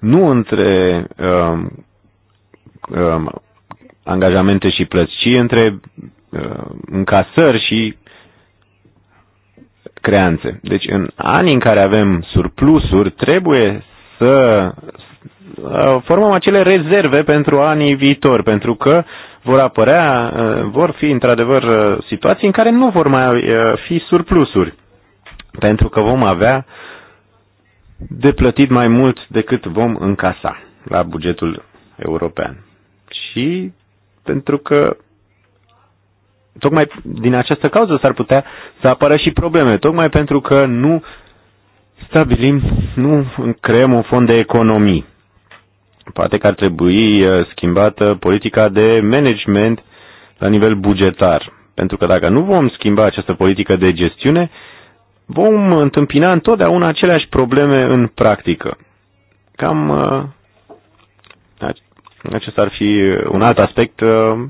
nu între um, um, angajamente și plăți, ci între uh, încasări și creanțe. Deci în anii în care avem surplusuri, trebuie să uh, formăm acele rezerve pentru anii viitori, pentru că vor apărea, uh, vor fi într-adevăr situații în care nu vor mai fi surplusuri, pentru că vom avea de plătit mai mult decât vom încasa la bugetul european. Și pentru că tocmai din această cauză s-ar putea să apară și probleme, tocmai pentru că nu stabilim, nu creăm un fond de economii. Poate că ar trebui uh, schimbată politica de management la nivel bugetar. Pentru că dacă nu vom schimba această politică de gestiune, vom întâmpina întotdeauna aceleași probleme în practică. Cam uh, acesta ar fi un alt aspect uh,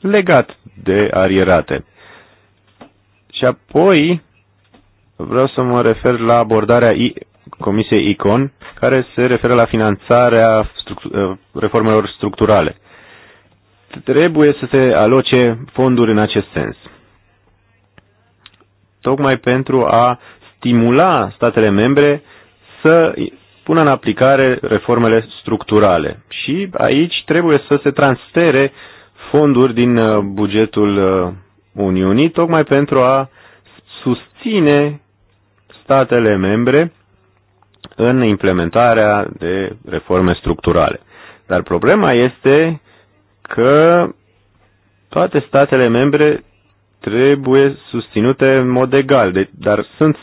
legat de arierate. Și apoi vreau să mă refer la abordarea I Comisiei ICON, care se referă la finanțarea struct- uh, reformelor structurale. Trebuie să se aloce fonduri în acest sens. Tocmai pentru a stimula statele membre să pună în aplicare reformele structurale. Și aici trebuie să se transfere fonduri din uh, bugetul uh, Uniunii, tocmai pentru a susține statele membre în implementarea de reforme structurale. Dar problema este că toate statele membre trebuie susținute în mod egal, de, dar sunt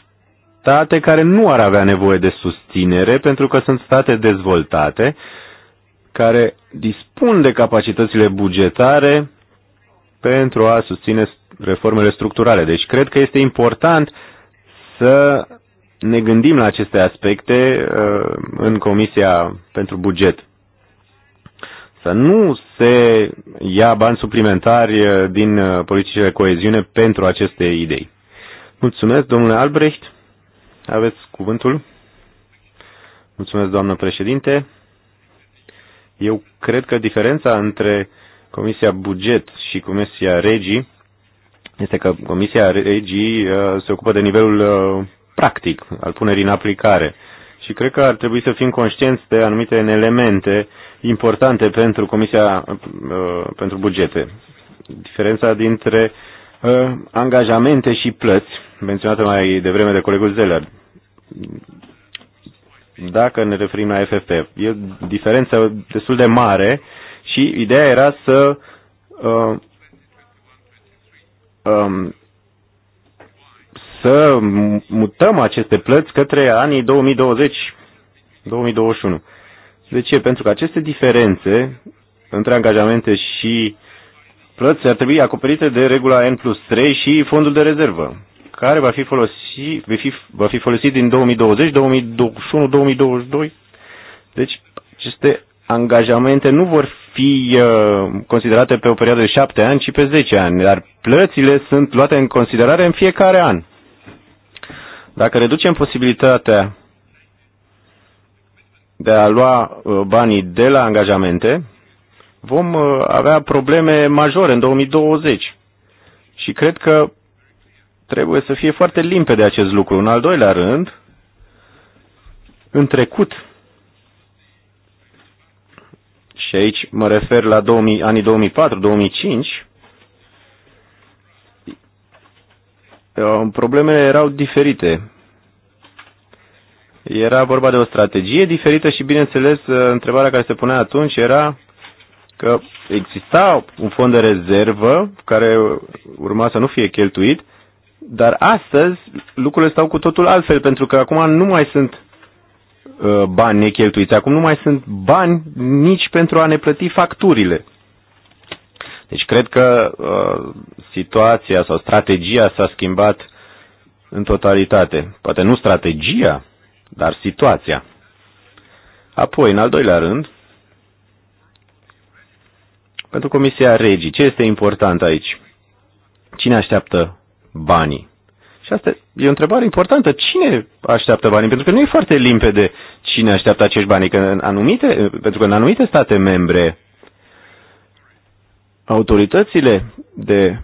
state care nu ar avea nevoie de susținere pentru că sunt state dezvoltate care dispun de capacitățile bugetare pentru a susține reformele structurale. Deci cred că este important să ne gândim la aceste aspecte uh, în Comisia pentru Buget. Să nu se ia bani suplimentari uh, din uh, politicile de coeziune pentru aceste idei. Mulțumesc, domnule Albrecht. Aveți cuvântul. Mulțumesc, doamnă președinte. Eu cred că diferența între Comisia Buget și Comisia Regii este că Comisia Regii uh, se ocupă de nivelul uh, practic al punerii în aplicare. Și cred că ar trebui să fim conștienți de anumite elemente importante pentru Comisia uh, pentru bugete. Diferența dintre uh, Uh, angajamente și plăți, menționate mai devreme de colegul Zeller. Dacă ne referim la FFP, e o diferență destul de mare și ideea era să uh, um, să mutăm aceste plăți către anii 2020-2021. De ce? Pentru că aceste diferențe între angajamente și plăți ar trebui acoperite de regula N plus 3 și fondul de rezervă, care va fi folosit, va fi, va fi folosit din 2020, 2021, 2022. Deci aceste angajamente nu vor fi uh, considerate pe o perioadă de 7 ani, ci pe 10 ani, dar plățile sunt luate în considerare în fiecare an. Dacă reducem posibilitatea de a lua uh, banii de la angajamente, vom uh, avea probleme majore în 2020. Și cred că trebuie să fie foarte limpede acest lucru. În al doilea rând, în trecut, și aici mă refer la 2000, anii 2004-2005, uh, problemele erau diferite. Era vorba de o strategie diferită și, bineînțeles, uh, întrebarea care se punea atunci era că exista un fond de rezervă care urma să nu fie cheltuit, dar astăzi lucrurile stau cu totul altfel, pentru că acum nu mai sunt uh, bani necheltuiți, acum nu mai sunt bani nici pentru a ne plăti facturile. Deci cred că uh, situația sau strategia s-a schimbat în totalitate. Poate nu strategia, dar situația. Apoi, în al doilea rând, pentru Comisia Regii, ce este important aici? Cine așteaptă banii? Și asta e o întrebare importantă. Cine așteaptă banii? Pentru că nu e foarte limpede cine așteaptă acești bani. Că în anumite, pentru că în anumite state membre, autoritățile de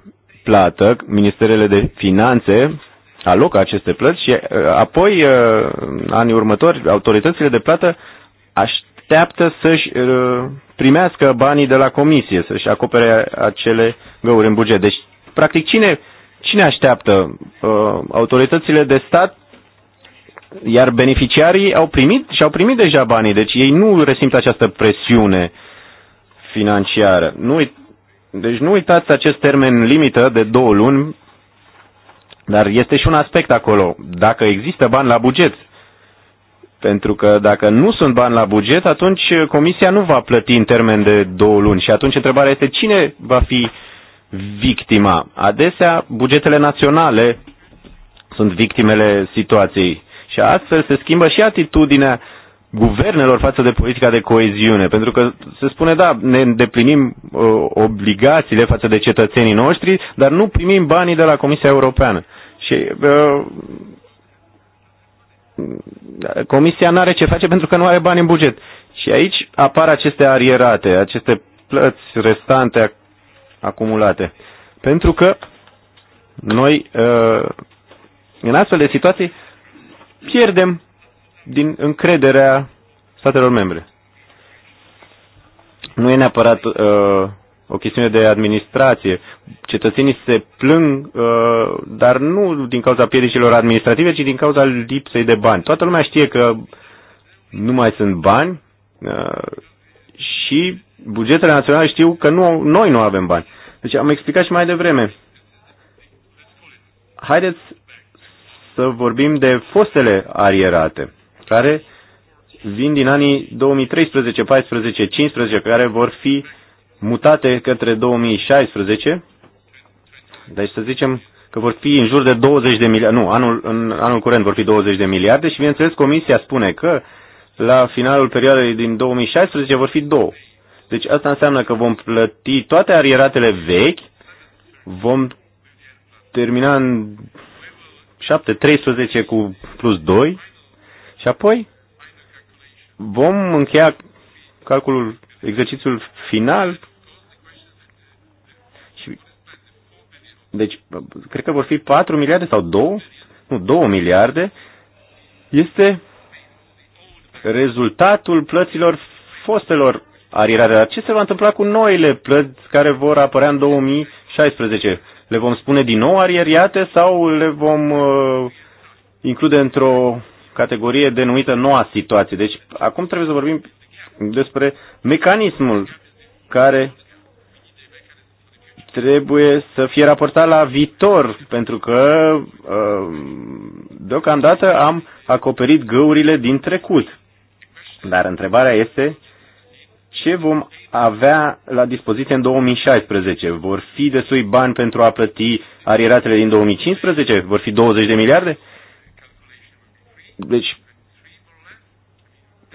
plată, ministerele de finanțe, alocă aceste plăți și uh, apoi, uh, anii următori, autoritățile de plată aș, așteaptă să-și uh, primească banii de la comisie, să-și acopere acele găuri în buget. Deci, practic, cine, cine așteaptă? Uh, autoritățile de stat, iar beneficiarii au primit și au primit deja banii, deci ei nu resimt această presiune financiară. Nu, deci nu uitați acest termen limită de două luni, dar este și un aspect acolo. Dacă există bani la buget, pentru că dacă nu sunt bani la buget, atunci comisia nu va plăti în termen de două luni. Și atunci întrebarea este cine va fi victima. Adesea bugetele naționale sunt victimele situației. Și astfel se schimbă și atitudinea guvernelor față de politica de coeziune, pentru că se spune, da, ne îndeplinim uh, obligațiile față de cetățenii noștri, dar nu primim banii de la Comisia Europeană. Și uh, comisia nu are ce face pentru că nu are bani în buget. Și aici apar aceste arierate, aceste plăți restante acumulate. Pentru că noi, uh, în astfel de situații, pierdem din încrederea statelor membre. Nu e neapărat uh, o chestiune de administrație. Cetățenii se plâng, uh, dar nu din cauza piedicilor administrative, ci din cauza lipsei de bani. Toată lumea știe că nu mai sunt bani uh, și bugetele naționale știu că nu, noi nu avem bani. Deci am explicat și mai devreme. Haideți să vorbim de fostele arierate, care vin din anii 2013, 14, 15, care vor fi uh, mutate către 2016, deci să zicem că vor fi în jur de 20 de miliarde, nu, anul, în anul curent vor fi 20 de miliarde și bineînțeles Comisia spune că la finalul perioadei din 2016 vor fi două. Deci asta înseamnă că vom plăti toate arieratele vechi, vom termina în 7-13 cu plus 2 și apoi vom încheia calculul exercițiul final și deci cred că vor fi 4 miliarde sau 2, nu 2 miliarde este rezultatul plăților fostelor arirare. Dar ce se va întâmpla cu noile plăți care vor apărea în 2016? Le vom spune din nou arieriate sau le vom uh, include într-o categorie denumită noua situație? Deci acum trebuie să vorbim despre mecanismul care trebuie să fie raportat la viitor, pentru că uh, deocamdată am acoperit găurile din trecut. Dar întrebarea este ce vom avea la dispoziție în 2016? Vor fi destui bani pentru a plăti arieratele din 2015? Vor fi 20 de miliarde? Deci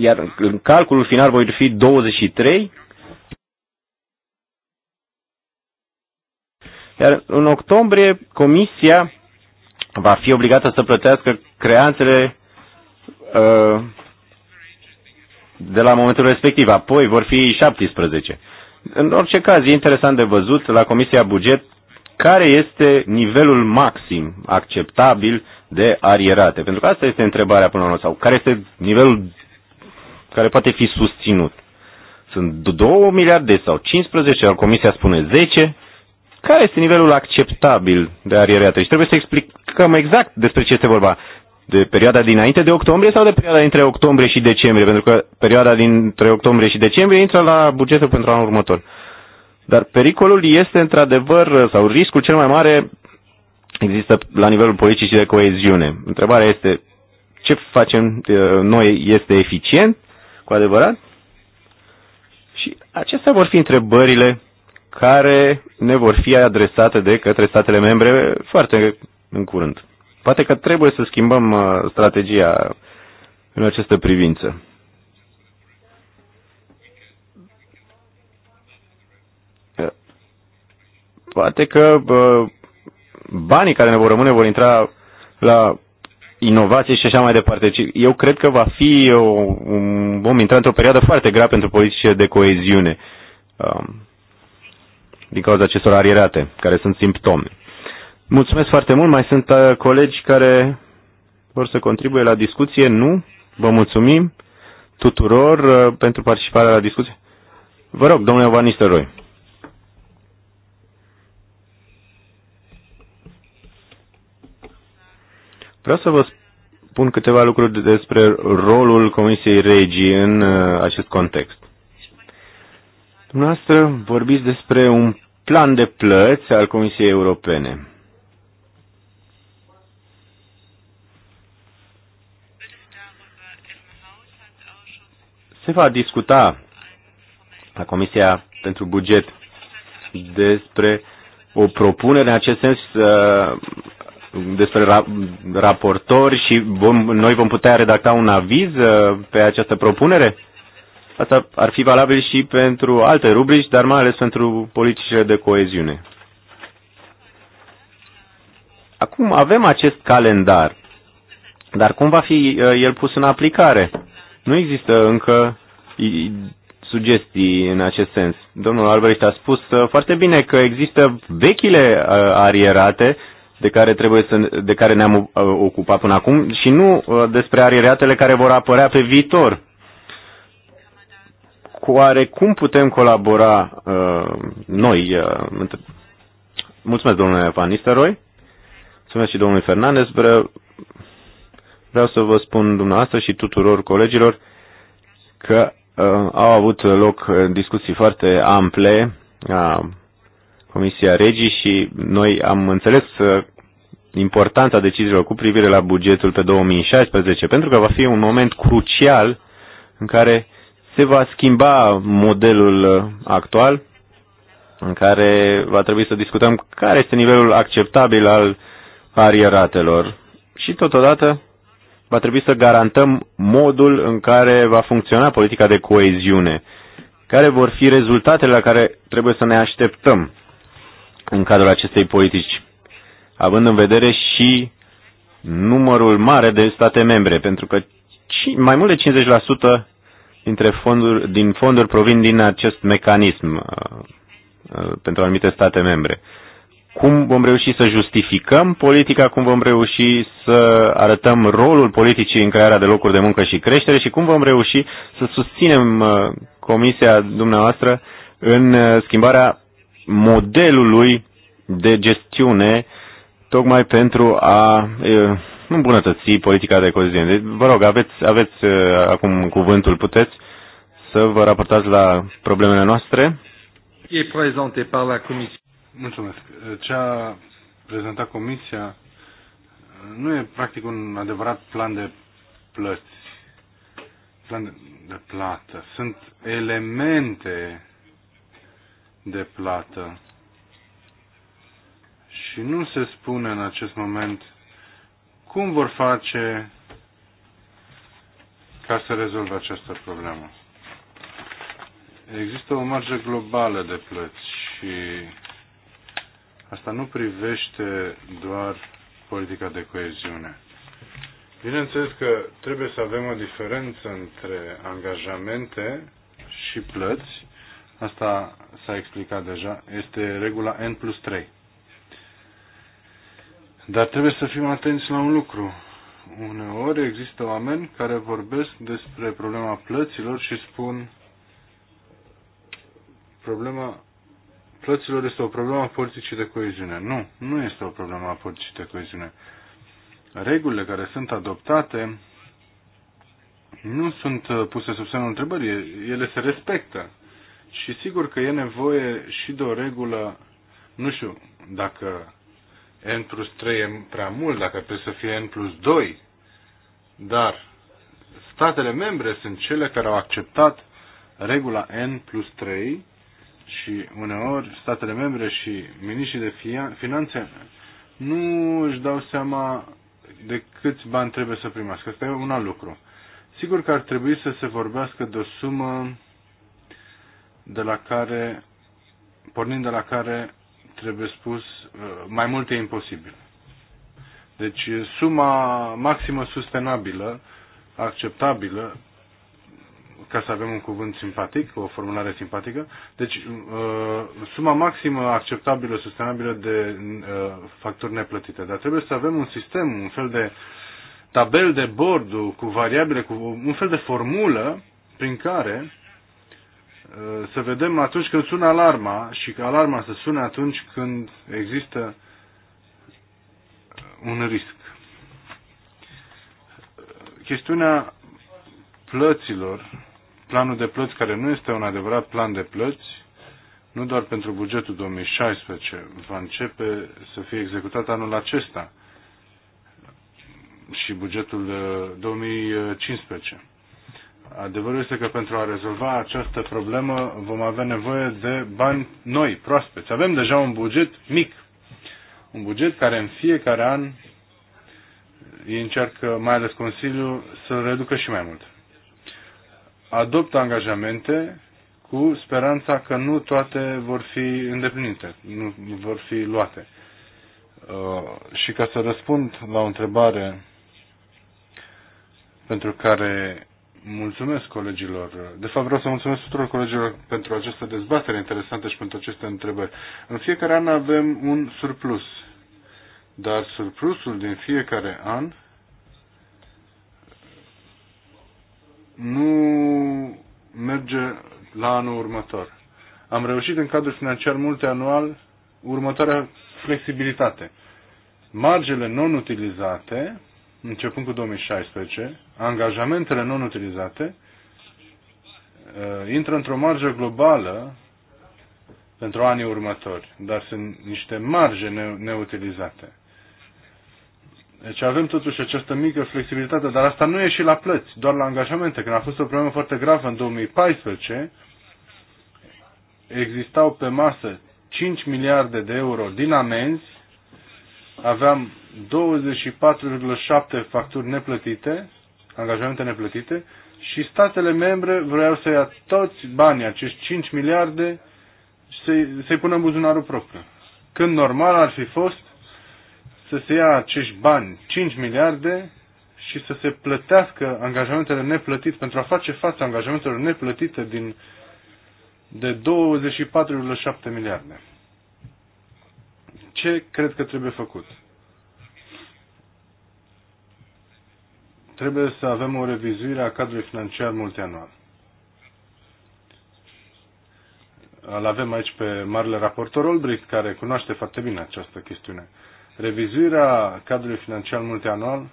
iar în calculul final voi fi 23, iar în octombrie comisia va fi obligată să plătească creanțele uh, de la momentul respectiv, apoi vor fi 17. În orice caz, e interesant de văzut la Comisia Buget care este nivelul maxim acceptabil de arierate. Pentru că asta este întrebarea până la urmă, sau care este nivelul care poate fi susținut. Sunt 2 miliarde sau 15, iar Comisia spune 10. Care este nivelul acceptabil de arierate? Și deci trebuie să explicăm exact despre ce este vorba. De perioada dinainte de octombrie sau de perioada dintre octombrie și decembrie? Pentru că perioada dintre octombrie și decembrie intră la bugetul pentru anul următor. Dar pericolul este într-adevăr, sau riscul cel mai mare există la nivelul politicii de coeziune. Întrebarea este ce facem uh, noi este eficient cu adevărat? Și acestea vor fi întrebările care ne vor fi adresate de către statele membre foarte în curând. Poate că trebuie să schimbăm uh, strategia în această privință. Poate că uh, banii care ne vor rămâne vor intra la inovație și așa mai departe. Eu cred că va fi o, un, vom intra într-o perioadă foarte grea pentru politicile de coeziune um, din cauza acestor arierate, care sunt simptome. Mulțumesc foarte mult. Mai sunt uh, colegi care vor să contribuie la discuție? Nu? Vă mulțumim tuturor uh, pentru participarea la discuție. Vă rog, domnule Van Nistelrooy. Vreau să vă spun câteva lucruri despre rolul Comisiei Regii în uh, acest context. Dumneavoastră vorbiți despre un plan de plăți al Comisiei Europene. Se va discuta la Comisia pentru Buget despre o propunere în acest sens uh, despre ra- raportori și vom, noi vom putea redacta un aviz uh, pe această propunere? Asta ar fi valabil și pentru alte rubrici, dar mai ales pentru politicile de coeziune. Acum avem acest calendar, dar cum va fi uh, el pus în aplicare? Nu există încă sugestii în acest sens. Domnul Albrecht a spus uh, foarte bine că există vechile arierate de care, trebuie să, de care ne-am uh, ocupat până acum și nu uh, despre arireatele care vor apărea pe viitor. Cu oare cum putem colabora uh, noi? Uh, între... Mulțumesc, domnule Van Nistelrooy. Mulțumesc și domnului Fernandez. Vreau, vreau să vă spun dumneavoastră și tuturor colegilor că uh, au avut loc uh, discuții foarte ample, uh, Comisia Regii și noi am înțeles uh, importanța deciziilor cu privire la bugetul pe 2016, pentru că va fi un moment crucial în care se va schimba modelul uh, actual, în care va trebui să discutăm care este nivelul acceptabil al arieratelor și totodată va trebui să garantăm modul în care va funcționa politica de coeziune, care vor fi rezultatele la care trebuie să ne așteptăm în cadrul acestei politici, având în vedere și numărul mare de state membre, pentru că mai mult de 50% dintre fonduri, din fonduri provin din acest mecanism uh, uh, pentru anumite state membre. Cum vom reuși să justificăm politica, cum vom reuși să arătăm rolul politicii în crearea de locuri de muncă și creștere și cum vom reuși să susținem uh, comisia dumneavoastră în schimbarea modelului de gestiune tocmai pentru a îmbunătăți politica de coziune. Deci, vă rog, aveți, aveți acum cuvântul, puteți să vă raportați la problemele noastre. E prezentat par la comisie. Mulțumesc. Ce a prezentat comisia nu e practic un adevărat plan de plăți, plan de, de plată. Sunt elemente de plată. Și nu se spune în acest moment cum vor face ca să rezolve această problemă. Există o marjă globală de plăți și asta nu privește doar politica de coeziune. Bineînțeles că trebuie să avem o diferență între angajamente și plăți Asta s-a explicat deja. Este regula N plus 3. Dar trebuie să fim atenți la un lucru. Uneori există oameni care vorbesc despre problema plăților și spun problema plăților este o problemă a politicii de coeziune. Nu, nu este o problemă a politicii de coeziune. Regulile care sunt adoptate nu sunt puse sub semnul întrebării, ele se respectă. Și sigur că e nevoie și de o regulă, nu știu, dacă N plus 3 e prea mult, dacă trebuie să fie N plus 2, dar statele membre sunt cele care au acceptat regula N plus 3 și uneori statele membre și miniștrii de finanțe nu își dau seama de câți bani trebuie să primească. Asta e un alt lucru. Sigur că ar trebui să se vorbească de o sumă de la care, pornind de la care, trebuie spus, uh, mai mult e imposibil. Deci uh, suma maximă sustenabilă, acceptabilă, ca să avem un cuvânt simpatic, o formulare simpatică, deci uh, suma maximă acceptabilă, sustenabilă de facturi neplătite. Dar trebuie să avem un sistem, un fel de tabel de bord cu variabile, cu un fel de formulă prin care să vedem atunci când sună alarma și că alarma să sune atunci când există uh, un risc. Chestiunea plăților, planul de plăți care nu este un adevărat plan de plăți, nu doar pentru bugetul 2016, va începe să fie executat anul acesta și bugetul 2015. Uh, Adevărul este că pentru a rezolva această problemă vom avea nevoie de bani noi, proaspeți. Avem deja un buget mic, un buget care în fiecare an îi încearcă, mai ales Consiliul, să-l reducă și mai mult. Adoptă angajamente cu speranța că nu toate vor fi îndeplinite, nu vor fi luate. Uh, și ca să răspund la o întrebare pentru care mulțumesc colegilor. De fapt, vreau să mulțumesc tuturor colegilor pentru această dezbatere interesantă și pentru aceste întrebări. În fiecare an avem un surplus, dar surplusul din fiecare an nu merge la anul următor. Am reușit în cadrul financiar multianual următoarea flexibilitate. Margele non-utilizate începând cu 2016, angajamentele non-utilizate uh, intră într-o marjă globală pentru anii următori, dar sunt niște marje neutilizate. Deci avem totuși această mică flexibilitate, dar asta nu e și la plăți, doar la angajamente. Când a fost o problemă foarte gravă în 2014, existau pe masă 5 miliarde de euro din amenzi, aveam 24,7 facturi neplătite, angajamente neplătite, și statele membre vreau să ia toți banii, acești 5 miliarde, și să-i, să pună în buzunarul propriu. Când normal ar fi fost să se ia acești bani, 5 miliarde, și să se plătească angajamentele neplătite, pentru a face față angajamentelor neplătite din, de 24,7 miliarde. Ce cred că trebuie făcut? trebuie să avem o revizuire a cadrului financiar multianual. Îl avem aici pe marele raportor Olbricht, care cunoaște foarte bine această chestiune. Revizuirea cadrului financiar multianual,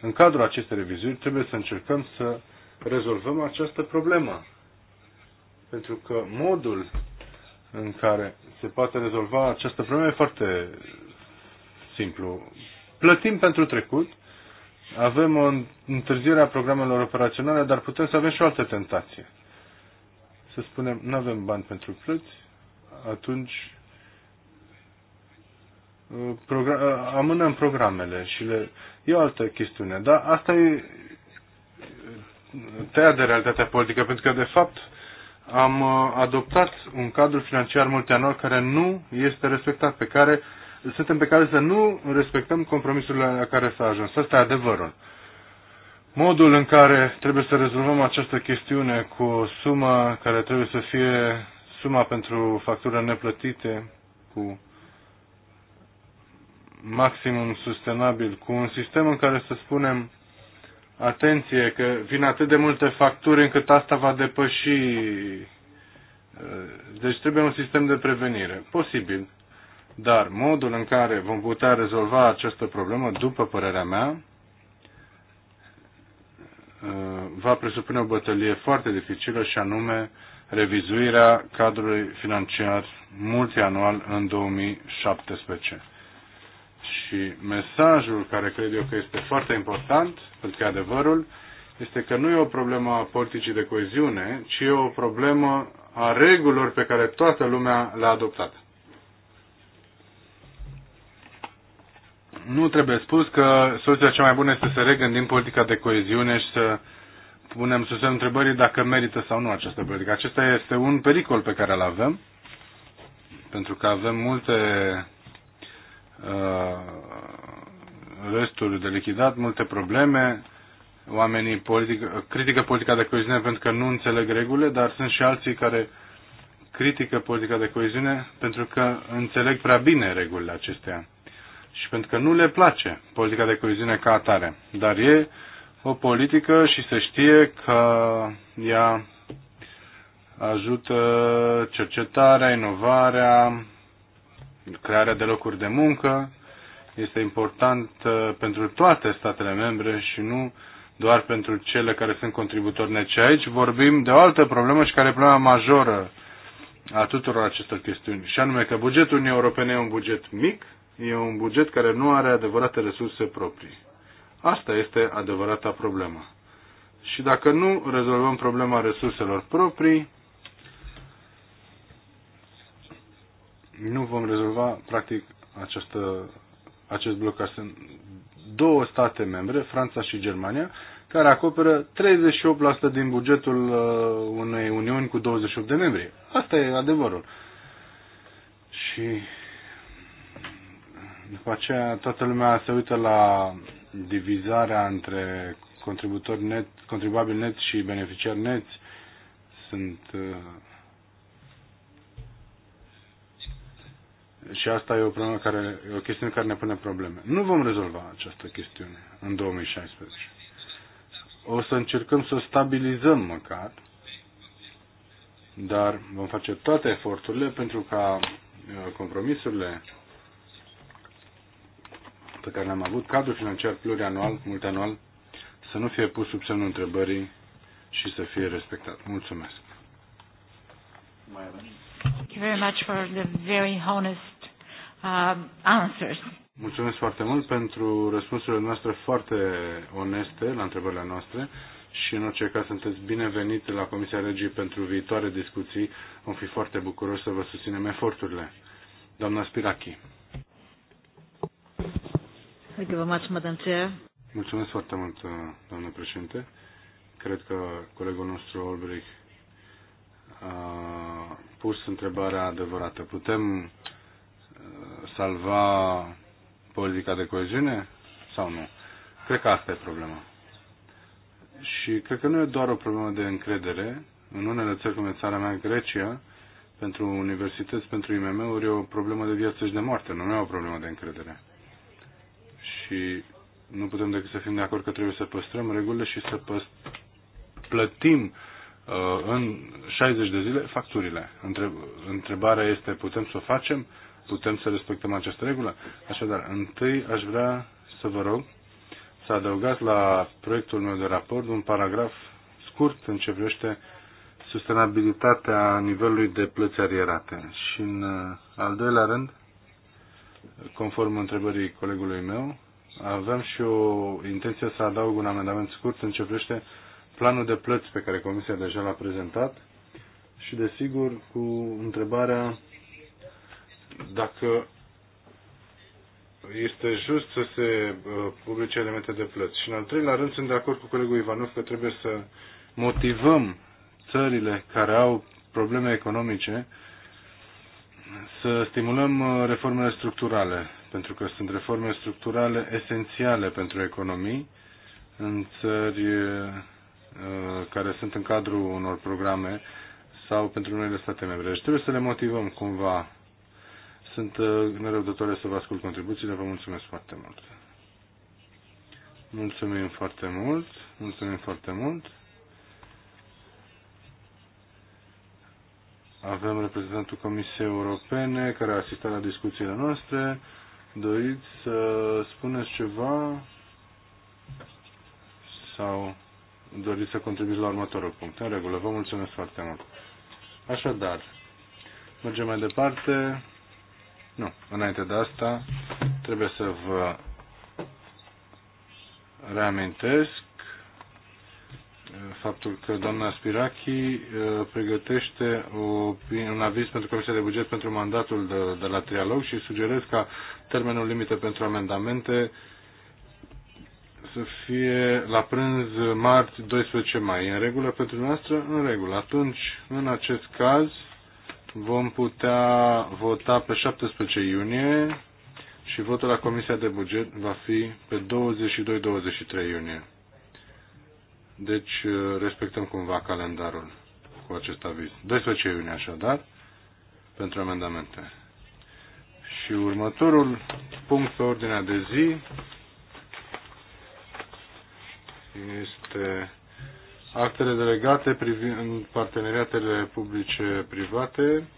în cadrul acestei revizuiri, trebuie să încercăm să rezolvăm această problemă. Pentru că modul în care se poate rezolva această problemă e foarte simplu. Plătim pentru trecut avem o întârziere a programelor operaționale, dar putem să avem și o altă tentație. Să spunem, nu avem bani pentru plăți, atunci uh, program, uh, amânăm programele și le... E o altă chestiune, dar asta e uh, tăia de realitatea politică, pentru că, de fapt, am adoptat un cadru financiar multianual care nu este respectat, pe care uh, suntem pe care să nu respectăm compromisurile la care s-a ajuns. Asta e adevărul. Modul în care trebuie să rezolvăm această chestiune cu o sumă care trebuie să fie suma pentru facturi neplătite, cu maximum sustenabil, cu un sistem în care să spunem atenție că vin atât de multe facturi încât asta va depăși. Deci trebuie un sistem de prevenire. Posibil. Dar modul în care vom putea rezolva această problemă, după părerea mea, uh, va presupune o bătălie foarte dificilă și anume revizuirea cadrului financiar multianual în 2017. Și mesajul care cred eu că este foarte important, pentru că adevărul, este că nu e o problemă a politicii de coeziune, ci e o problemă a regulilor pe care toată lumea le-a adoptat. nu trebuie spus că soluția cea mai bună este să regândim politica de coeziune și să punem sus întrebării dacă merită sau nu această politică. Acesta este un pericol pe care îl avem, pentru că avem multe uh, resturi de lichidat, multe probleme. Oamenii politic, critică politica de coeziune pentru că nu înțeleg regulile, dar sunt și alții care critică politica de coeziune pentru că înțeleg prea bine regulile acestea și pentru că nu le place politica de coeziune ca atare. Dar e o politică și se știe că ea ajută cercetarea, inovarea, crearea de locuri de muncă. Este important uh, pentru toate statele membre și nu doar pentru cele care sunt contributori neci. Aici vorbim de o altă problemă și care e problema majoră a tuturor acestor chestiuni, și anume că bugetul Uniunii Europene e un buget mic E un buget care nu are adevărate resurse proprii. Asta este adevărata problemă. Și dacă nu rezolvăm problema resurselor proprii, nu vom rezolva, practic, această, acest bloc. Sunt două state membre, Franța și Germania, care acoperă 38% din bugetul uh, unei uniuni cu 28 de membri. Asta e adevărul. Și după aceea toată lumea se uită la divizarea între contributori net, contribuabil net și beneficiari net. Sunt uh, și asta e o problemă care e o chestiune care ne pune probleme. Nu vom rezolva această chestiune în 2016. O să încercăm să o stabilizăm măcar, dar vom face toate eforturile pentru ca uh, compromisurile pe care le-am avut, cadrul financiar plurianual, multianual, să nu fie pus sub semnul întrebării și să fie respectat. Mulțumesc. Thank you very much for the very honest uh, answers. Mulțumesc foarte mult pentru răspunsurile noastre foarte oneste la întrebările noastre și în orice caz sunteți binevenit la Comisia Regii pentru viitoare discuții. Vom fi foarte bucuroși să vă susținem eforturile. Doamna Spirachi. Thank you very much, Madam Chair. Mulțumesc foarte mult, doamnă președinte. Cred că colegul nostru, Olbrich, a pus întrebarea adevărată. Putem uh, salva politica de coeziune sau nu? Cred că asta e problema. Și cred că nu e doar o problemă de încredere. În unele țări, cum e țara mea, Grecia, pentru universități, pentru IMM-uri, e o problemă de viață și de moarte, nu e o problemă de încredere și nu putem decât să fim de acord că trebuie să păstrăm regulile și să păst- plătim uh, în 60 de zile facturile. Întreb- întrebarea este, putem să o facem? Putem să respectăm această regulă? Așadar, întâi aș vrea să vă rog să adăugați la proiectul meu de raport un paragraf scurt în ce privește sustenabilitatea nivelului de plăți arierate. Și în uh, al doilea rând, conform întrebării colegului meu, avem și o intenție să adaug un amendament scurt în ce privește planul de plăți pe care Comisia deja l-a prezentat și, desigur, cu întrebarea dacă este just să se uh, publice elemente de plăți. Și în al treilea rând sunt de acord cu colegul Ivanov că trebuie să motivăm țările care au probleme economice să stimulăm uh, reformele structurale pentru că sunt reforme structurale esențiale pentru economii în țări uh, care sunt în cadrul unor programe sau pentru unele state membre. Deci trebuie să le motivăm cumva. Sunt uh, nerăbdătoare să vă ascult contribuțiile. Vă mulțumesc foarte mult. Mulțumim foarte mult. Mulțumim foarte mult. Avem reprezentantul Comisiei Europene care a asistat la discuțiile noastre. Doriți să spuneți ceva sau doriți să contribuiți la următorul punct? În regulă, vă mulțumesc foarte mult. Așadar, mergem mai departe. Nu, înainte de asta trebuie să vă reamintesc faptul că doamna Spirachi uh, pregătește un aviz pentru Comisia de Buget pentru mandatul de, de la trialog și sugerez ca termenul limită pentru amendamente să fie la prânz marți 12 mai. În regulă pentru noastră? În regulă. Atunci, în acest caz, vom putea vota pe 17 iunie și votul la Comisia de Buget va fi pe 22-23 iunie. Deci uh, respectăm cumva calendarul cu acest aviz. 12 iunie așadar pentru amendamente. Și următorul punct pe ordinea de zi este actele delegate privind parteneriatele publice-private.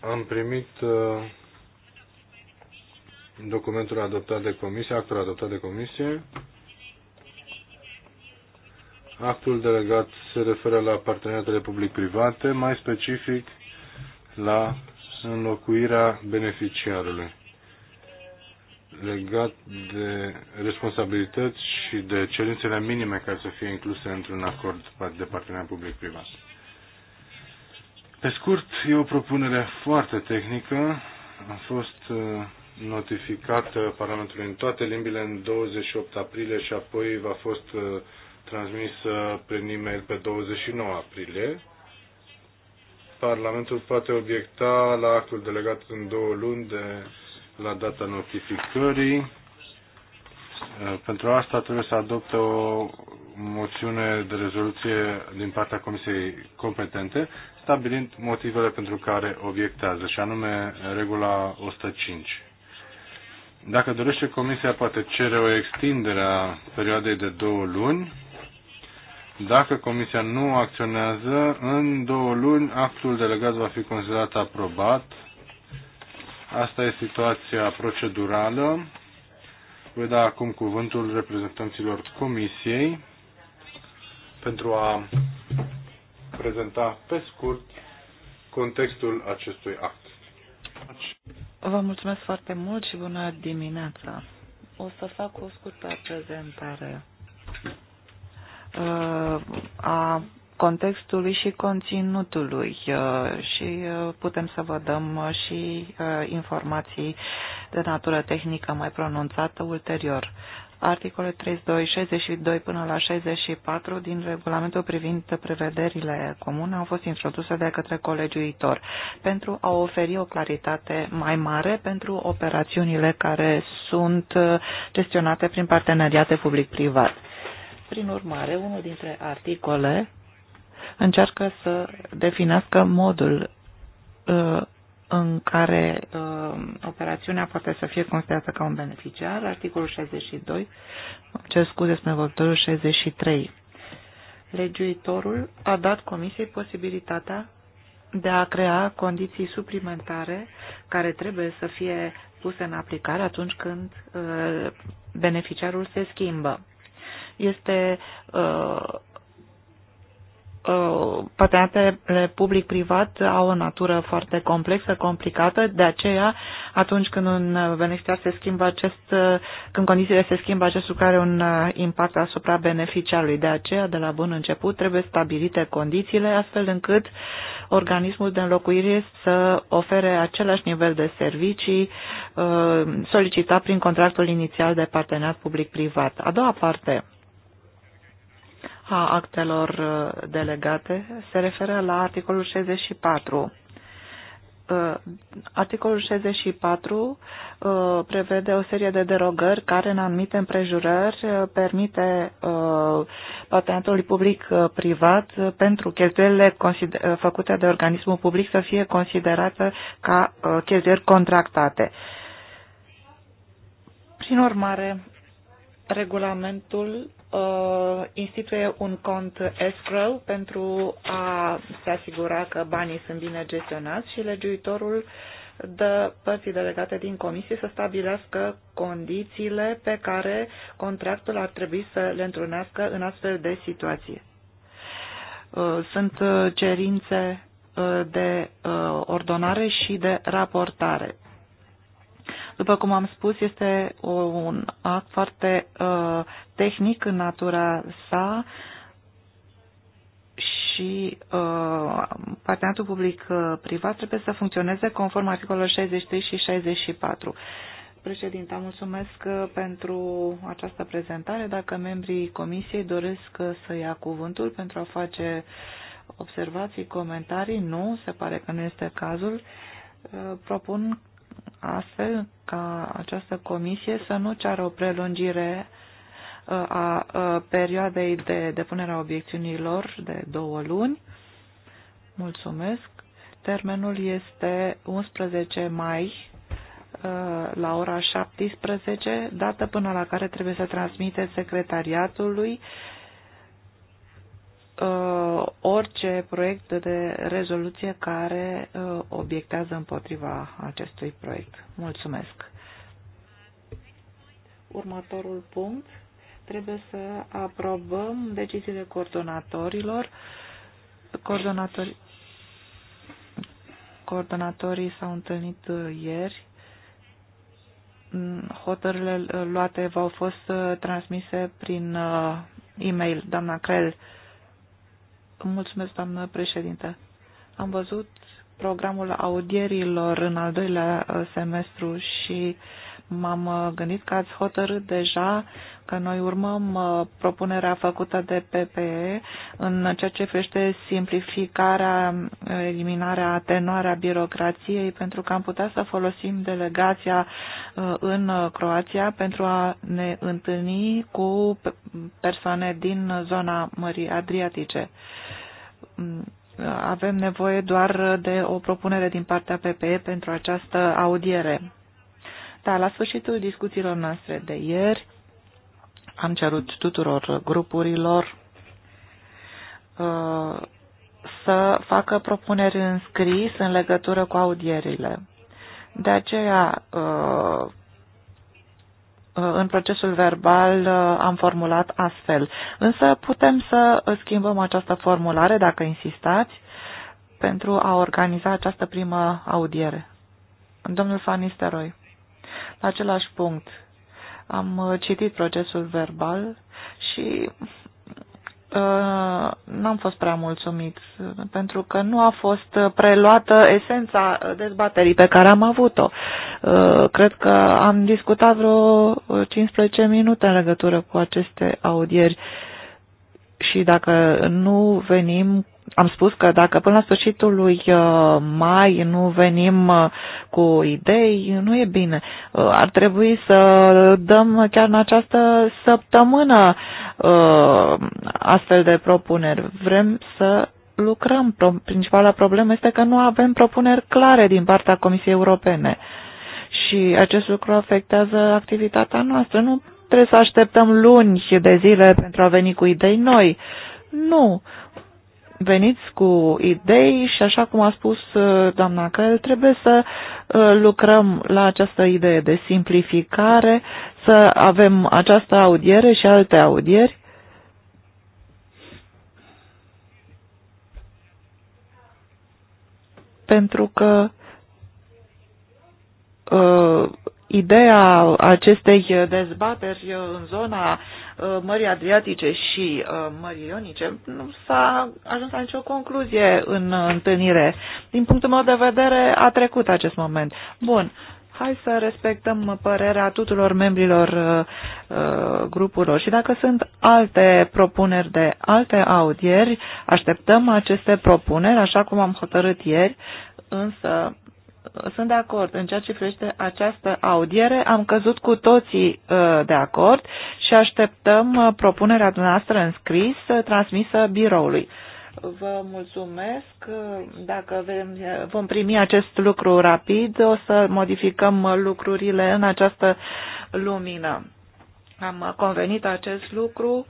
Am primit uh, documentul adoptat de comisie, actul adoptat de comisie. Actul delegat se referă la parteneriatele public-private, mai specific la înlocuirea beneficiarului legat de responsabilități și de cerințele minime care să fie incluse într-un acord de parteneriat public-privat. Pe scurt, e o propunere foarte tehnică. A fost uh, notificat Parlamentului în toate limbile în 28 aprilie și apoi va fost uh, transmisă prin e-mail pe 29 aprilie. Parlamentul poate obiecta la actul delegat în două luni de la data notificării. Uh, pentru asta trebuie să adopte o moțiune de rezoluție din partea Comisiei competente, stabilind motivele pentru care obiectează, și anume regula 105. Dacă dorește, Comisia poate cere o extindere a perioadei de două luni. Dacă Comisia nu acționează, în două luni actul delegat va fi considerat aprobat. Asta e situația procedurală. Voi da acum cuvântul reprezentanților Comisiei pentru a prezenta pe scurt contextul acestui act. Vă mulțumesc foarte mult și bună dimineața. O să fac o scurtă prezentare uh, a contextului și conținutului uh, și uh, putem să vă dăm și informații de natură tehnică mai pronunțată ulterior. Articolele 32, 62 până la 64 din regulamentul privind prevederile comune au fost introduse de către colegiuitor pentru a oferi o claritate mai mare pentru operațiunile care sunt gestionate prin parteneriate public-privat. Prin urmare, unul dintre articole încearcă să definească modul uh, în care uh, operațiunea poate să fie considerată ca un beneficiar, articolul 62, cer scuze, spre 63. Legiuitorul a dat Comisiei posibilitatea de a crea condiții suplimentare care trebuie să fie puse în aplicare atunci când uh, beneficiarul se schimbă. Este uh, Uh, parteneriatele public-privat au o natură foarte complexă, complicată, de aceea atunci când un beneficiar se schimbă acest, uh, când condițiile se schimbă, acest lucru are un uh, impact asupra beneficiarului. De aceea, de la bun început, trebuie stabilite condițiile astfel încât organismul de înlocuire să ofere același nivel de servicii solicitat prin contractul inițial de parteneriat public-privat. A doua parte a actelor uh, delegate se referă la articolul 64. Uh, articolul 64 uh, prevede o serie de derogări care, în anumite împrejurări, permite patentului public-privat pentru cheltuielile făcute de organismul public să fie considerată ca cheltuieli contractate. Prin urmare, regulamentul uh, instituie un cont escrow pentru a se asigura că banii sunt bine gestionați și legiuitorul dă părții delegate din comisie să stabilească condițiile pe care contractul ar trebui să le întrunească în astfel de situație. Uh, sunt uh, cerințe uh, de ordonare și de raportare după cum am spus, este un act foarte uh, tehnic în natura sa și uh, parteneriatul public-privat trebuie să funcționeze conform articolelor 63 și 64. Președinta, mulțumesc uh, pentru această prezentare. Dacă membrii comisiei doresc uh, să ia cuvântul pentru a face observații, comentarii, nu, se pare că nu este cazul. Uh, propun astfel ca această comisie să nu ceară o prelungire uh, a uh, perioadei de depunere a obiecțiunilor de două luni. Mulțumesc. Termenul este 11 mai uh, la ora 17, dată până la care trebuie să transmite secretariatului uh, orice proiect de rezoluție care uh, obiectează împotriva acestui proiect. Mulțumesc. Următorul punct. Trebuie să aprobăm deciziile coordonatorilor. Coordonatori... Coordonatorii s-au întâlnit uh, ieri mm, Hotările uh, luate v-au fost uh, transmise prin e-mail. Doamna Crel Mulțumesc, doamnă președinte. Am văzut programul audierilor în al doilea uh, semestru și uh, m-am uh, gândit că ați hotărât deja că noi urmăm uh, propunerea făcută de PPE în ceea ce privește simplificarea, uh, eliminarea, atenuarea birocrației, pentru că am putea să folosim delegația în Croația pentru a ne întâlni cu persoane din zona Mării Adriatice mm, avem nevoie doar de o propunere din partea PPE pentru această audiere. Da, la sfârșitul discuțiilor noastre de ieri am cerut tuturor grupurilor uh, să facă propuneri în scris în legătură cu audierile. De aceea, uh, uh, în procesul verbal uh, am formulat astfel. Însă putem să schimbăm această formulare, dacă insistați, pentru a organiza această primă audiere. Domnul Fanisteroi la același punct. Am uh, citit procesul verbal și uh, n-am fost prea mulțumit, pentru că nu a fost preluată esența uh, dezbaterii pe care am avut-o. Uh, cred că am discutat vreo 15 uh, minute în legătură cu aceste audieri și dacă nu venim am spus că dacă până la sfârșitul lui uh, mai nu venim uh, cu idei, nu e bine. Uh, ar trebui să dăm chiar în această săptămână astfel de propuneri. Vrem să lucrăm. Principala problemă este că nu avem propuneri clare din partea Comisiei Europene. Și acest lucru afectează activitatea noastră. Nu trebuie să așteptăm luni de zile pentru a veni cu idei noi. Nu, veniți cu idei și, așa cum a spus uh, doamna Căl, trebuie să uh, lucrăm la această idee de simplificare, să avem această audiere și alte audieri. Pentru că uh, ideea acestei dezbateri în zona uh, Mării Adriatice și uh, Mării Ionice nu s-a ajuns la nicio concluzie în uh, întâlnire. Din punctul meu de vedere a trecut acest moment. Bun, hai să respectăm părerea tuturor membrilor grupurilor și dacă sunt alte propuneri de alte audieri, așteptăm aceste propuneri, așa cum am hotărât ieri, însă sunt de acord. În ceea ce privește această audiere, am căzut cu toții uh, de acord și așteptăm uh, propunerea dumneavoastră în scris uh, transmisă biroului. Vă mulțumesc. Dacă vom primi acest lucru rapid, o să modificăm lucrurile în această lumină. Am convenit acest lucru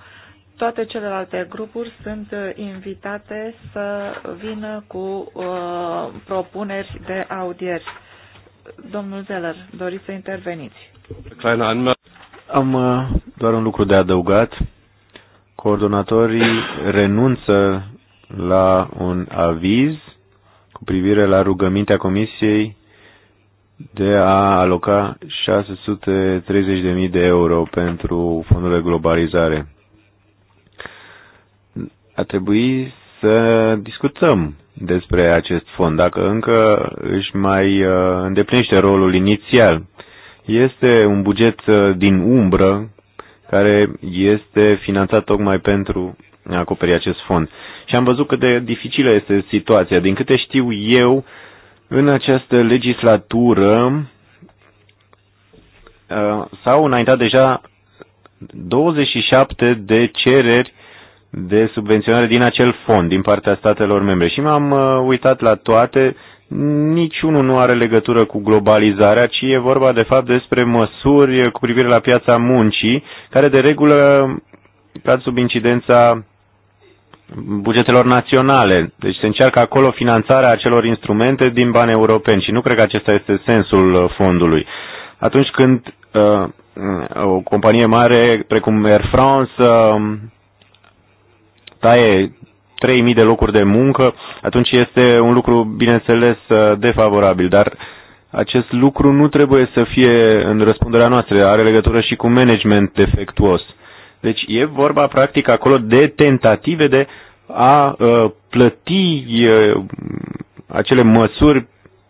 toate celelalte grupuri sunt uh, invitate să vină cu uh, propuneri de audieri. Domnul Zeller, doriți să interveniți? Am uh, doar un lucru de adăugat. Coordonatorii renunță la un aviz cu privire la rugămintea Comisiei de a aloca 630.000 de euro pentru fondurile globalizare a trebui să discutăm despre acest fond, dacă încă își mai uh, îndeplinește rolul inițial. Este un buget uh, din umbră care este finanțat tocmai pentru a acoperi acest fond. Și am văzut cât de dificilă este situația. Din câte știu eu, în această legislatură uh, s-au înaintat deja 27 de cereri de subvenționare din acel fond, din partea statelor membre. Și m-am uh, uitat la toate, niciunul nu are legătură cu globalizarea, ci e vorba de fapt despre măsuri cu privire la piața muncii, care de regulă cad sub incidența bugetelor naționale. Deci se încearcă acolo finanțarea acelor instrumente din bani europeni și nu cred că acesta este sensul uh, fondului. Atunci când uh, uh, o companie mare precum Air France uh, taie 3.000 de locuri de muncă, atunci este un lucru, bineînțeles, uh, defavorabil. Dar acest lucru nu trebuie să fie în răspunderea noastră, are legătură și cu management defectuos. Deci e vorba, practic, acolo de tentative de a uh, plăti uh, acele măsuri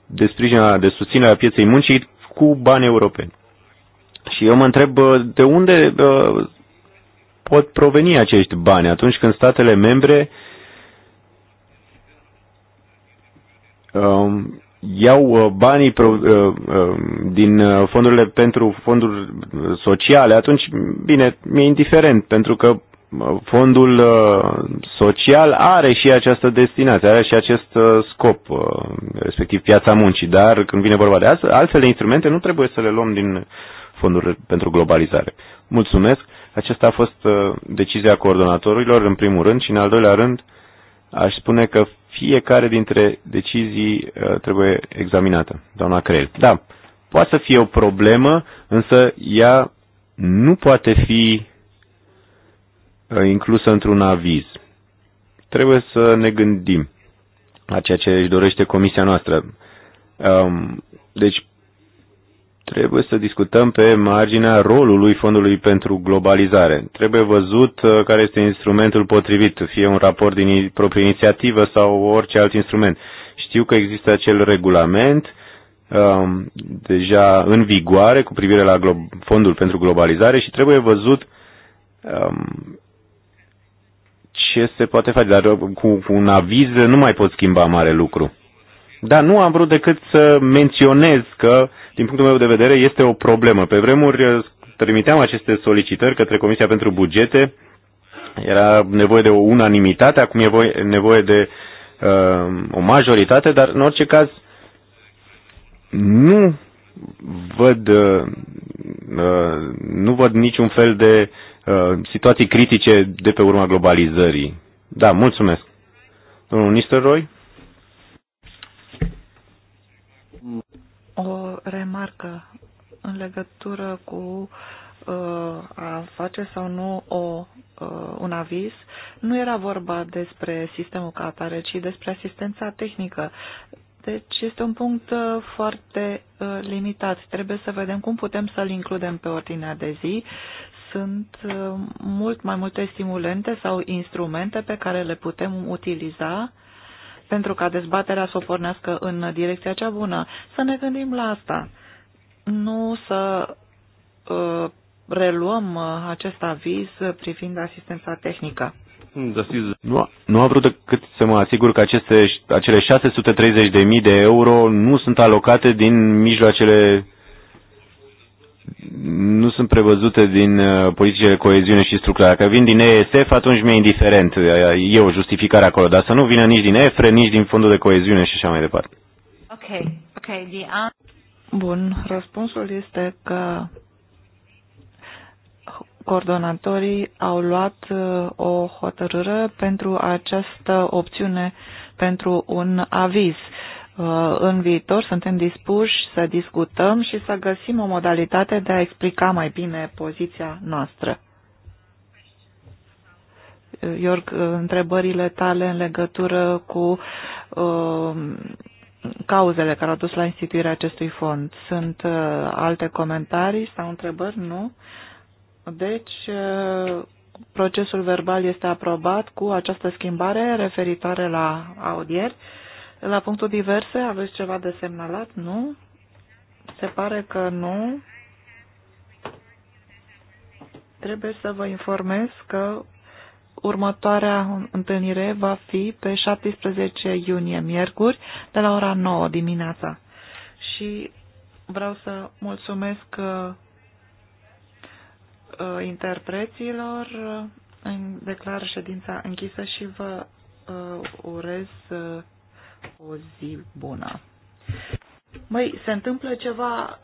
de sprijin, de susținere a pieței muncii cu bani europeni. Și eu mă întreb uh, de unde uh, pot proveni acești bani atunci când statele membre um, iau uh, banii pro, uh, uh, din uh, fondurile pentru fonduri sociale, atunci, bine, mi-e indiferent, pentru că uh, fondul uh, social are și această destinație, are și acest scop, respectiv piața muncii, dar când vine vorba de asta, altfel de instrumente nu trebuie să le luăm din fonduri pentru globalizare. Mulțumesc! Aceasta a fost uh, decizia coordonatorilor, în primul rând, și în al doilea rând, aș spune că fiecare dintre decizii uh, trebuie examinată, doamna Creel. Da, poate să fie o problemă, însă ea nu poate fi uh, inclusă într-un aviz. Trebuie să ne gândim la ceea ce își dorește comisia noastră. Um, deci, trebuie să discutăm pe marginea rolului Fondului pentru Globalizare. Trebuie văzut uh, care este instrumentul potrivit, fie un raport din proprie inițiativă sau orice alt instrument. Știu că există acel regulament um, deja în vigoare cu privire la Glo- Fondul pentru Globalizare și trebuie văzut um, ce se poate face, dar uh, cu un aviz nu mai pot schimba mare lucru. Dar nu am vrut decât să menționez că din punctul meu de vedere, este o problemă. Pe vremuri eh, trimiteam aceste solicitări către Comisia pentru Bugete, era nevoie de o unanimitate, acum e nevoie de uh, o majoritate, dar în orice caz nu văd, uh, nu văd niciun fel de uh, situații critice de pe urma globalizării. Da, mulțumesc. Domnul Nistelrooy? O remarcă în legătură cu uh, a face sau nu o, uh, un aviz, nu era vorba despre sistemul ca atare, ci despre asistența tehnică. Deci este un punct uh, foarte limitat. Trebuie să vedem cum putem să-l includem pe ordinea de zi. Sunt mult mai multe stimulente sau instrumente pe care le putem utiliza pentru ca dezbaterea să o pornească în direcția cea bună. Să ne gândim la asta. Nu să uh, reluăm uh, acest aviz privind asistența tehnică. Hmm, nu, nu am vrut decât să mă asigur că aceste, acele 630.000 de euro nu sunt alocate din mijloacele nu sunt prevăzute din uh, politicile coeziune și structurale. Dacă vin din ESF, atunci mi-e indiferent. Uh, e o justificare acolo, dar să nu vină nici din EFRE, nici din fondul de coeziune și așa mai departe. Ok, ok. The... Bun, răspunsul este că coordonatorii au luat uh, o hotărâre pentru această opțiune pentru un aviz. Uh, Uh, în viitor suntem dispuși să discutăm și să găsim o modalitate de a explica mai bine poziția noastră. Uh, Iorg, uh, întrebările tale în legătură cu cauzele care au dus la instituirea acestui fond. Sunt alte comentarii sau întrebări? Nu? Deci, procesul verbal este aprobat cu această schimbare referitoare la audieri. La punctul diverse aveți ceva de semnalat, nu? Se pare că nu. Trebuie să vă informez că următoarea întâlnire va fi pe 17 iunie, miercuri, de la ora 9 dimineața. Și vreau să mulțumesc uh, interpreților, declar ședința închisă și vă uh, urez uh, o zi bună. Măi, se întâmplă ceva